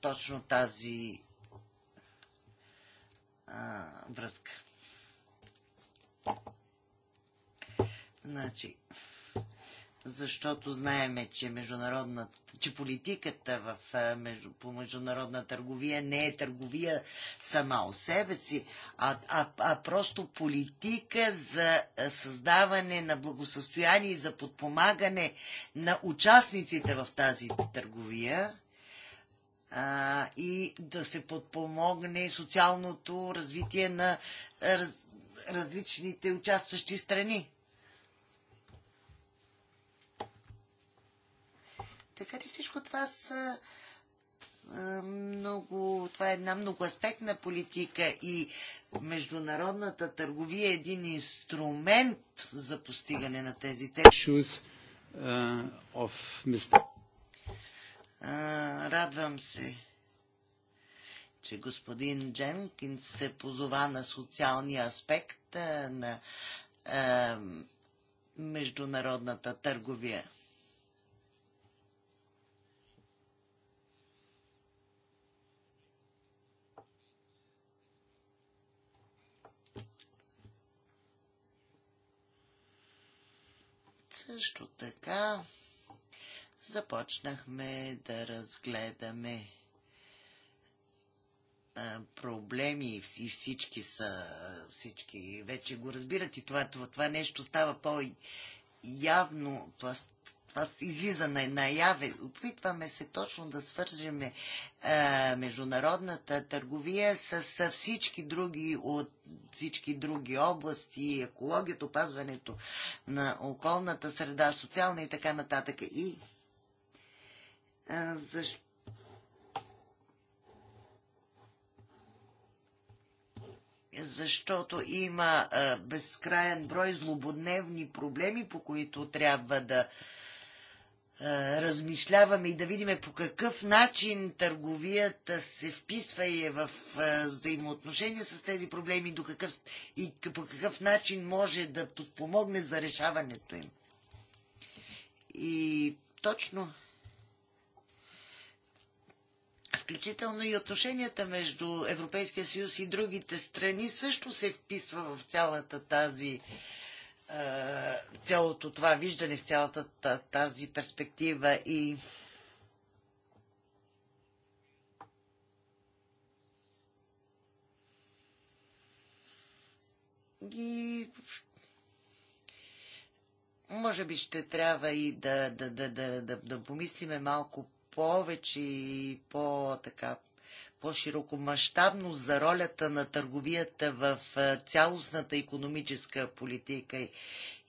точно тази връзка. Значи, защото знаеме, че, че политиката в, по международна търговия не е търговия сама о себе си, а, а, а просто политика за създаване на благосъстояние и за подпомагане на участниците в тази търговия а, и да се подпомогне социалното развитие на раз, различните участващи страни. Така че всичко това са много, това е една многоаспектна политика и международната търговия е един инструмент за постигане на тези цели. Радвам се, че господин Дженкинс се позова на социалния аспект на uh, международната търговия. Също така започнахме да разгледаме проблеми и всички са, всички вече го разбират и това, това, това нещо става по-явно, това това излизане наяве. Опитваме се точно да свържеме а, е, международната търговия с, с всички други от всички други области, екологията, опазването на околната среда, социална и така нататък. И а, е, защо защото има а, е, безкраен брой злободневни проблеми, по които трябва да, размишляваме и да видим по какъв начин търговията се вписва и е в взаимоотношения с тези проблеми до какъв, и по какъв начин може да помогне за решаването им. И точно включително и отношенията между Европейския съюз и другите страни също се вписва в цялата тази е, цялото това виждане, в цялата тази перспектива и и може би ще трябва и да, да, да, да, да, да помислиме малко повече и по-така по-широкомащабно за ролята на търговията в цялостната економическа политика.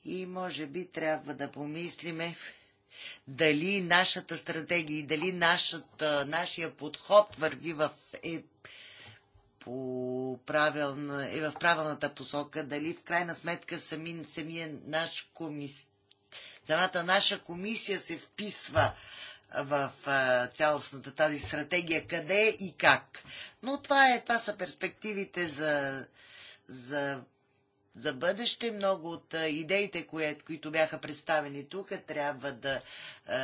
И може би трябва да помислиме дали нашата стратегия и дали нашата, нашия подход върви в, е, по правилна, е в правилната посока, дали в крайна сметка сами, самия наш комис... самата наша комисия се вписва в цялостната тази стратегия, къде и как. Но това, е, това са перспективите за, за, за бъдеще. Много от идеите, кое, които бяха представени тук, трябва да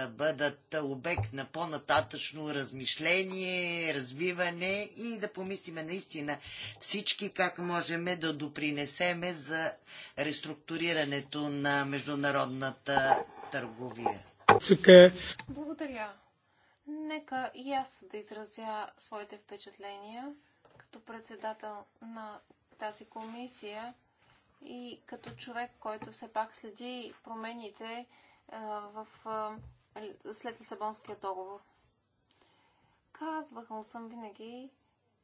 бъдат обект на по-нататъчно размишление, развиване и да помислиме наистина всички как можем да допринесеме за реструктурирането на международната търговия. Благодаря. Нека и аз да изразя своите впечатления като председател на тази комисия и като човек, който все пак следи промените е, в, е, след Лисабонския договор. Казвахъл съм винаги,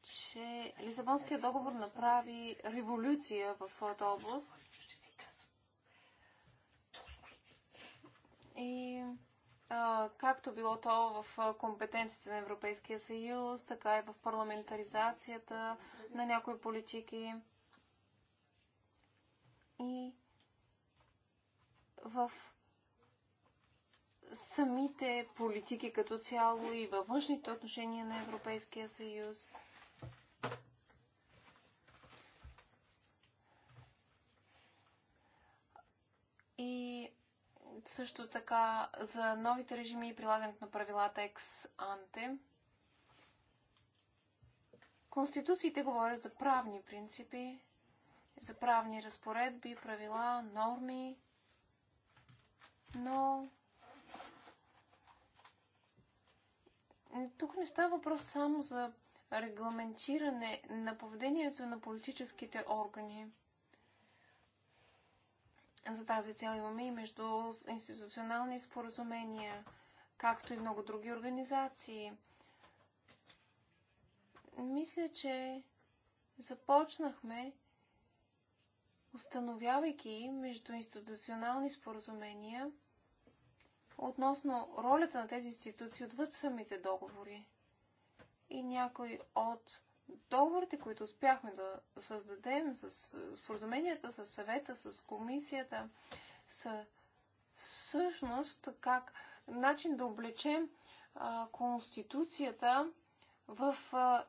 че Лисабонския договор направи революция в своята област – И а, както било то в компетенциите на Европейския съюз, така и в парламентаризацията на някои политики. И в самите политики като цяло и във външните отношения на Европейския съюз. И също така за новите режими и прилагането на правилата ex ante. Конституциите говорят за правни принципи, за правни разпоредби, правила, норми, но тук не става въпрос само за регламентиране на поведението на политическите органи. За тази цел имаме и между институционални споразумения, както и много други организации. Мисля, че започнахме, установявайки между институционални споразумения относно ролята на тези институции отвъд самите договори. И някои от договорите, които успяхме да създадем, с споразуменията, с съвета, с комисията, са всъщност как начин да облечем а, конституцията в а,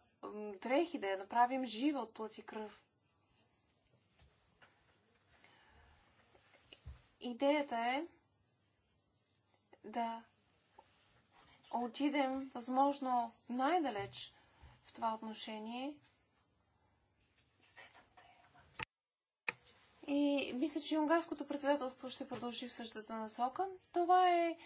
дрехи, да я направим жива от плът и кръв. Идеята е да отидем възможно най-далеч това отношение. И мисля, че унгарското председателство ще продължи в същата насока. Това е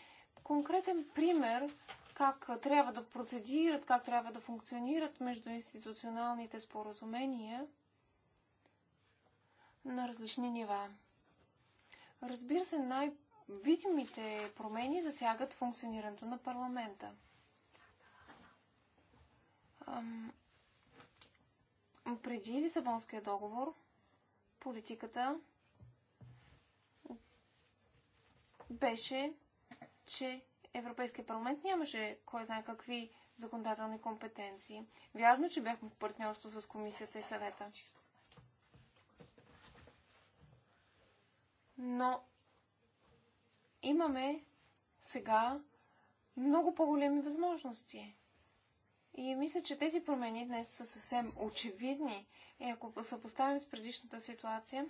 конкретен пример как трябва да процедират, как трябва да функционират между институционалните споразумения на различни нива. Разбира се, най-видимите промени засягат функционирането на парламента преди Лисабонския договор политиката беше, че Европейския парламент нямаше кой знае какви законодателни компетенции. Вярно, че бяхме в партньорство с комисията и съвета. Но имаме сега много по-големи възможности. И мисля, че тези промени днес са съвсем очевидни. И ако се поставим с предишната ситуация,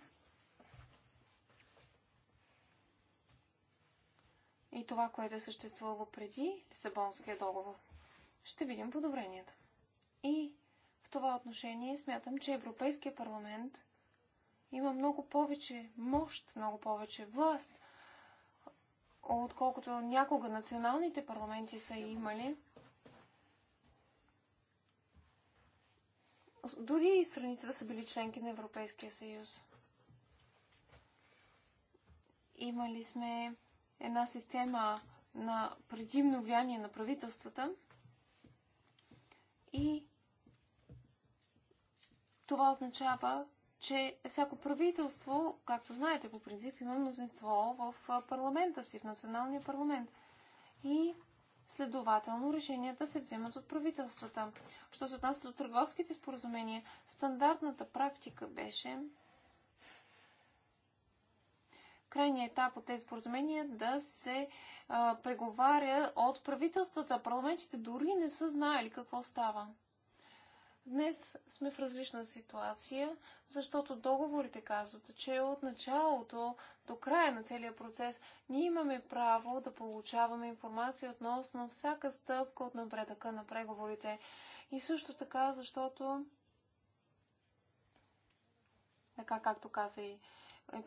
и това, което е съществувало преди Лисабонския договор, ще видим подобренията. И в това отношение смятам, че Европейския парламент има много повече мощ, много повече власт, отколкото някога националните парламенти са имали. дори и страните да са били членки на Европейския съюз. Имали сме една система на предимно влияние на правителствата и това означава, че всяко правителство, както знаете по принцип, има мнозинство в парламента си, в националния парламент. И Следователно, решенията се вземат от правителствата. Що се отнася до търговските споразумения, стандартната практика беше крайният етап от тези споразумения да се а, преговаря от правителствата. Парламентите дори не са знаели какво става. Днес сме в различна ситуация, защото договорите казват, че от началото до края на целия процес ние имаме право да получаваме информация относно всяка стъпка от напредъка на преговорите. И също така, защото, така както каза и,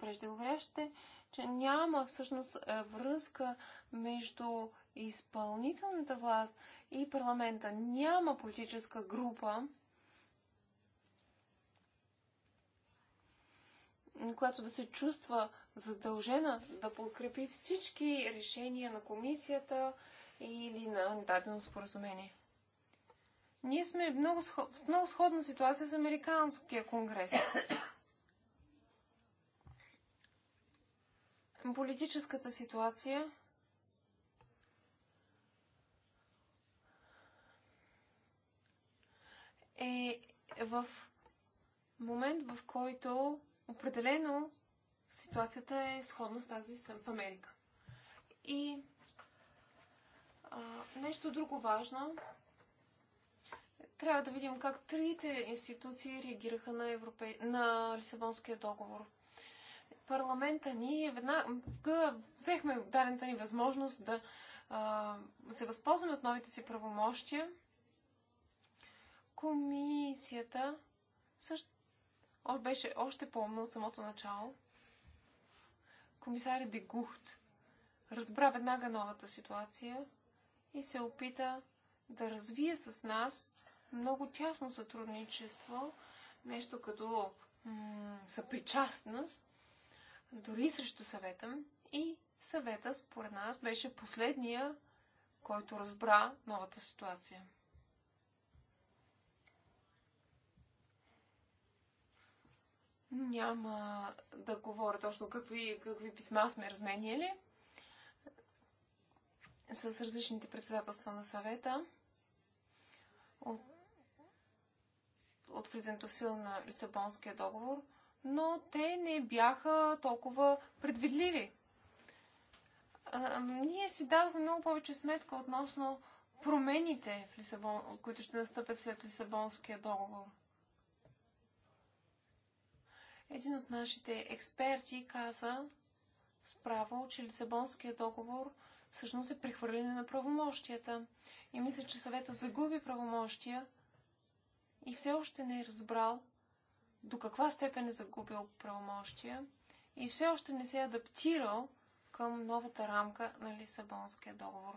преждеговорящите, че няма всъщност е, връзка между изпълнителната власт и парламента. Няма политическа група, която да се чувства задължена да подкрепи всички решения на комисията или на дадено споразумение. Ние сме много, в много сходна ситуация с Американския конгрес. Политическата ситуация е в момент, в който Определено ситуацията е сходна с тази в Америка. И а, нещо друго важно. Трябва да видим как трите институции реагираха на, Европе... на Лисабонския договор. Парламента ние веднага взехме дадената ни възможност да а, се възползваме от новите си правомощия. Комисията също беше още по-умно от самото начало. Комисар Дегухт разбра веднага новата ситуация и се опита да развие с нас много тясно сътрудничество, нещо като съпричастност, дори срещу съвета. И съвета, според нас, беше последния, който разбра новата ситуация. Няма да говоря точно какви, какви писма сме разменили с различните председателства на съвета от, от влизането в сила на Лисабонския договор, но те не бяха толкова предвидливи. А, ние си дадохме много повече сметка относно промените, в Лисабон, които ще настъпят след Лисабонския договор – един от нашите експерти каза справо, че Лисабонският договор всъщност е прехвърляне на правомощията. И мисля, че съвета загуби правомощия и все още не е разбрал до каква степен е загубил правомощия и все още не се е адаптирал към новата рамка на Лисабонския договор.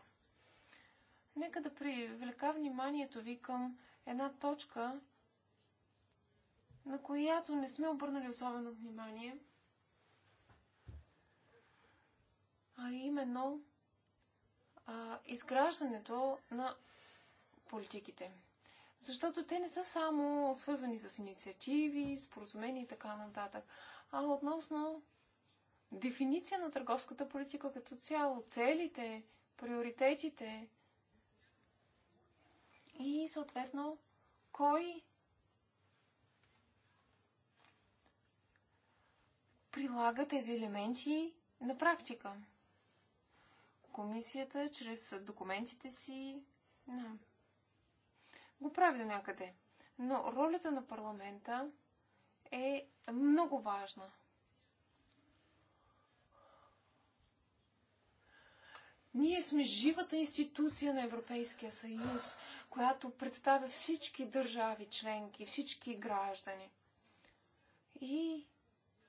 Нека да привлека вниманието ви към една точка, на която не сме обърнали особено внимание, а именно а, изграждането на политиките. Защото те не са само свързани с инициативи, споразумения и така нататък, а относно дефиниция на търговската политика като цяло, целите, приоритетите и съответно кой прилага тези елементи на практика. Комисията, чрез документите си, да, го прави до някъде. Но ролята на парламента е много важна. Ние сме живата институция на Европейския съюз, която представя всички държави членки, всички граждани. И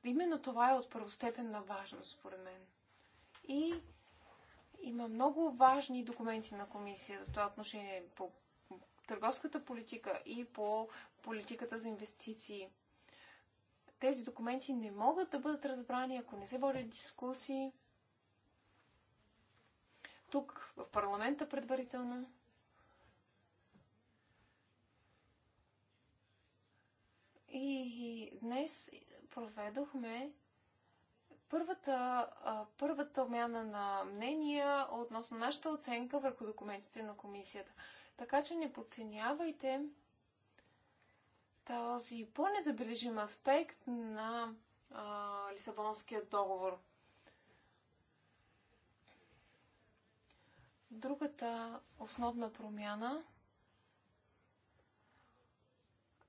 именно това е от първостепенна важност, според мен. И има много важни документи на комисията в това отношение по търговската политика и по политиката за инвестиции. Тези документи не могат да бъдат разбрани, ако не се водят дискусии тук, в парламента предварително. И днес проведохме първата, първата обмяна на мнения относно нашата оценка върху документите на комисията. Така че не подценявайте този по-незабележим аспект на а, Лисабонския договор. Другата основна промяна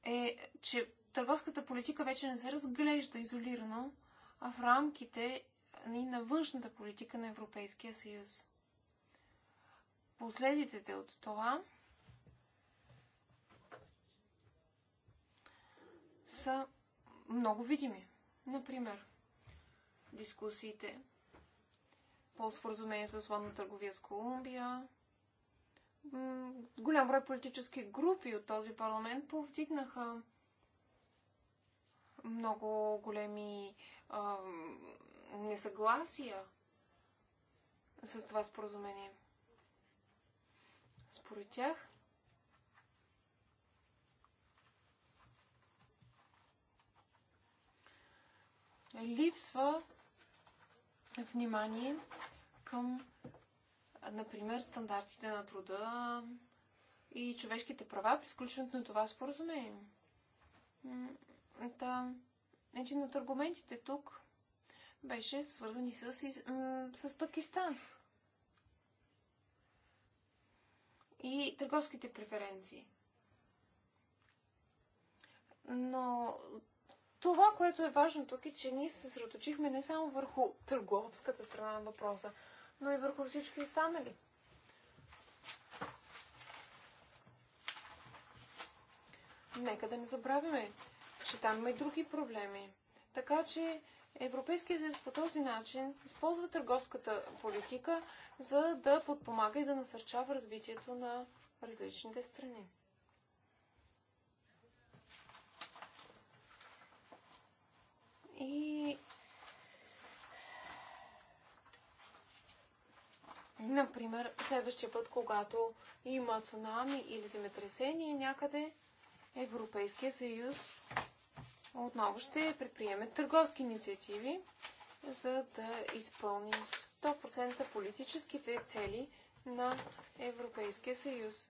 е, че търговската политика вече не се разглежда изолирано, а в рамките и на външната политика на Европейския съюз. Последиците от това са много видими. Например, дискусиите по споразумение с свободна търговия с Колумбия. Голям брой политически групи от този парламент повдигнаха много големи а, несъгласия с това споразумение. Според тях, липсва внимание към, например, стандартите на труда и човешките права при сключването на това споразумение. Та, един от аргументите тук беше свързани с, с Пакистан. И търговските преференции. Но това, което е важно тук е, че ние се съсредоточихме не само върху търговската страна на въпроса, но и върху всички останали. Нека да не забравяме, че там има и други проблеми. Така че Европейския съюз по този начин използва търговската политика, за да подпомага и да насърчава развитието на различните страни. И Например, следващия път, когато има цунами или земетресение някъде, Европейския съюз отново ще предприеме търговски инициативи, за да изпълним 100% политическите цели на Европейския съюз.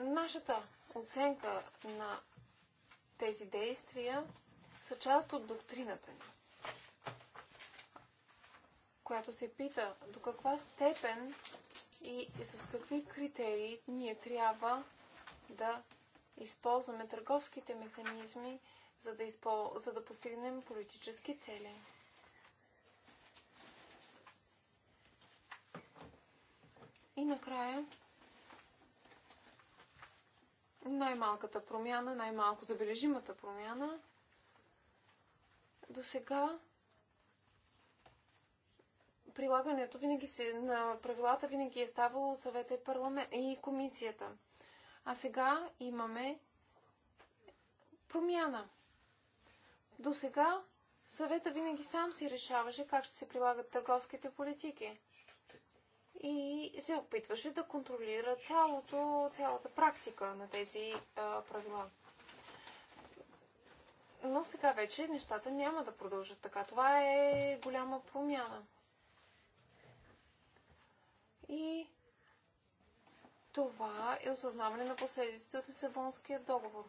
Нашата оценка на тези действия са част от доктрината ни, която се пита до каква степен и с какви критерии ние трябва да използваме търговските механизми, за да, изпол... за да постигнем политически цели. И накрая най-малката промяна, най-малко забележимата промяна до сега прилагането винаги се, на правилата винаги е ставало съвета и, парламент, и комисията. А сега имаме промяна. До сега съвета винаги сам си решаваше как ще се прилагат търговските политики. И се опитваше да контролира цялото, цялата практика на тези а, правила. Но сега вече нещата няма да продължат така. Това е голяма промяна. И това е осъзнаване на последиците от Лисабонския договор.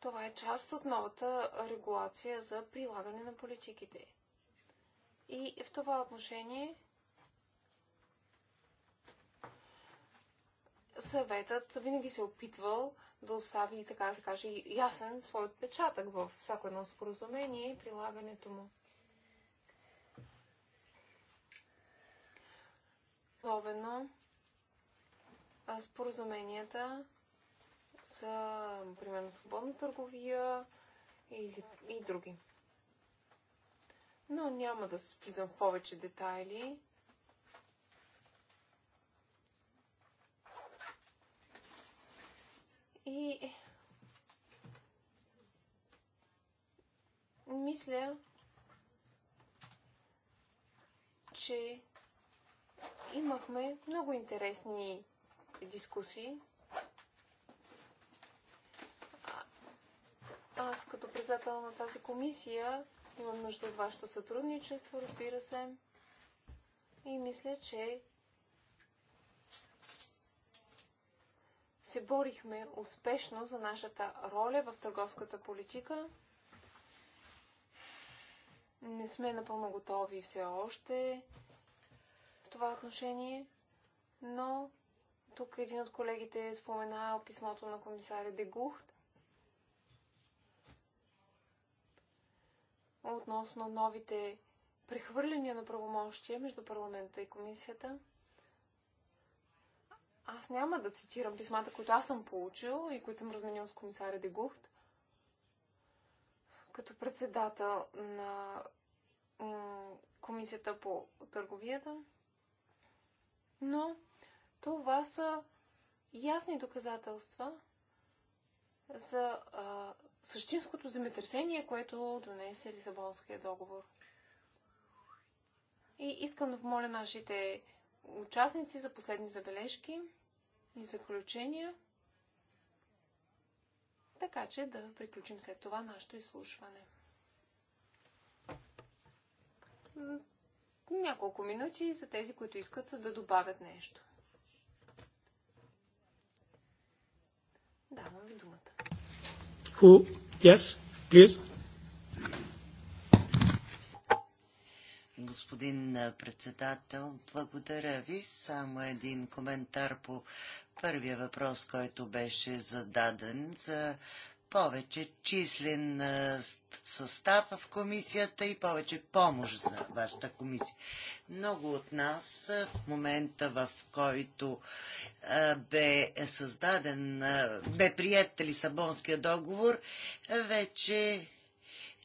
Това е част от новата регулация за прилагане на политиките. И в това отношение съветът винаги се е опитвал да остави, така да се каже, ясен свой отпечатък в всяко едно споразумение и прилагането му. Особено споразуменията за, примерно, свободна търговия и, и други. Но няма да се влизам в повече детайли. И мисля, че Имахме много интересни дискусии. Аз като председател на тази комисия имам нужда от вашето сътрудничество, разбира се. И мисля, че се борихме успешно за нашата роля в търговската политика. Не сме напълно готови все още това отношение, но тук един от колегите е споменал писмото на комисаря Дегухт относно новите прехвърляния на правомощия между парламента и комисията. Аз няма да цитирам писмата, които аз съм получил и които съм разменил с комисаря Дегухт. Като председател на комисията по търговията, но това са ясни доказателства за а, същинското земетресение, което донесе Лисабонския договор. И искам да помоля нашите участници за последни забележки и заключения, така че да приключим след това нашето изслушване няколко минути за тези, които искат да добавят нещо. Давам ви думата. Who? Yes, please. Господин председател, благодаря ви. Само един коментар по първия въпрос, който беше зададен за повече числен състав в комисията и повече помощ за вашата комисия. Много от нас в момента, в който бе създаден, бе прият Лисабонския договор, вече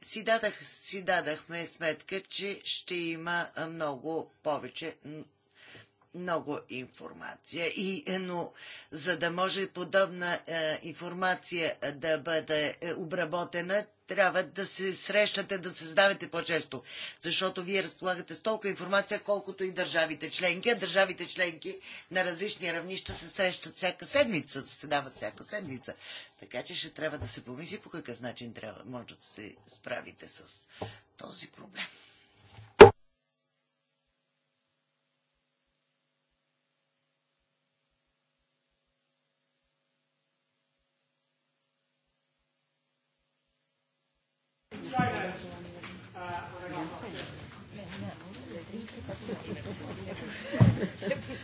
си, дадах, си дадахме сметка, че ще има много повече много информация. И, е, но за да може подобна е, информация е, да бъде е, обработена, трябва да се срещате, да се създавате по-често. Защото вие разполагате с толкова информация, колкото и държавите членки. А държавите членки на различни равнища се срещат всяка седмица, се дават всяка седмица. Така че ще трябва да се помисли по какъв начин трябва, може да се справите с този проблем.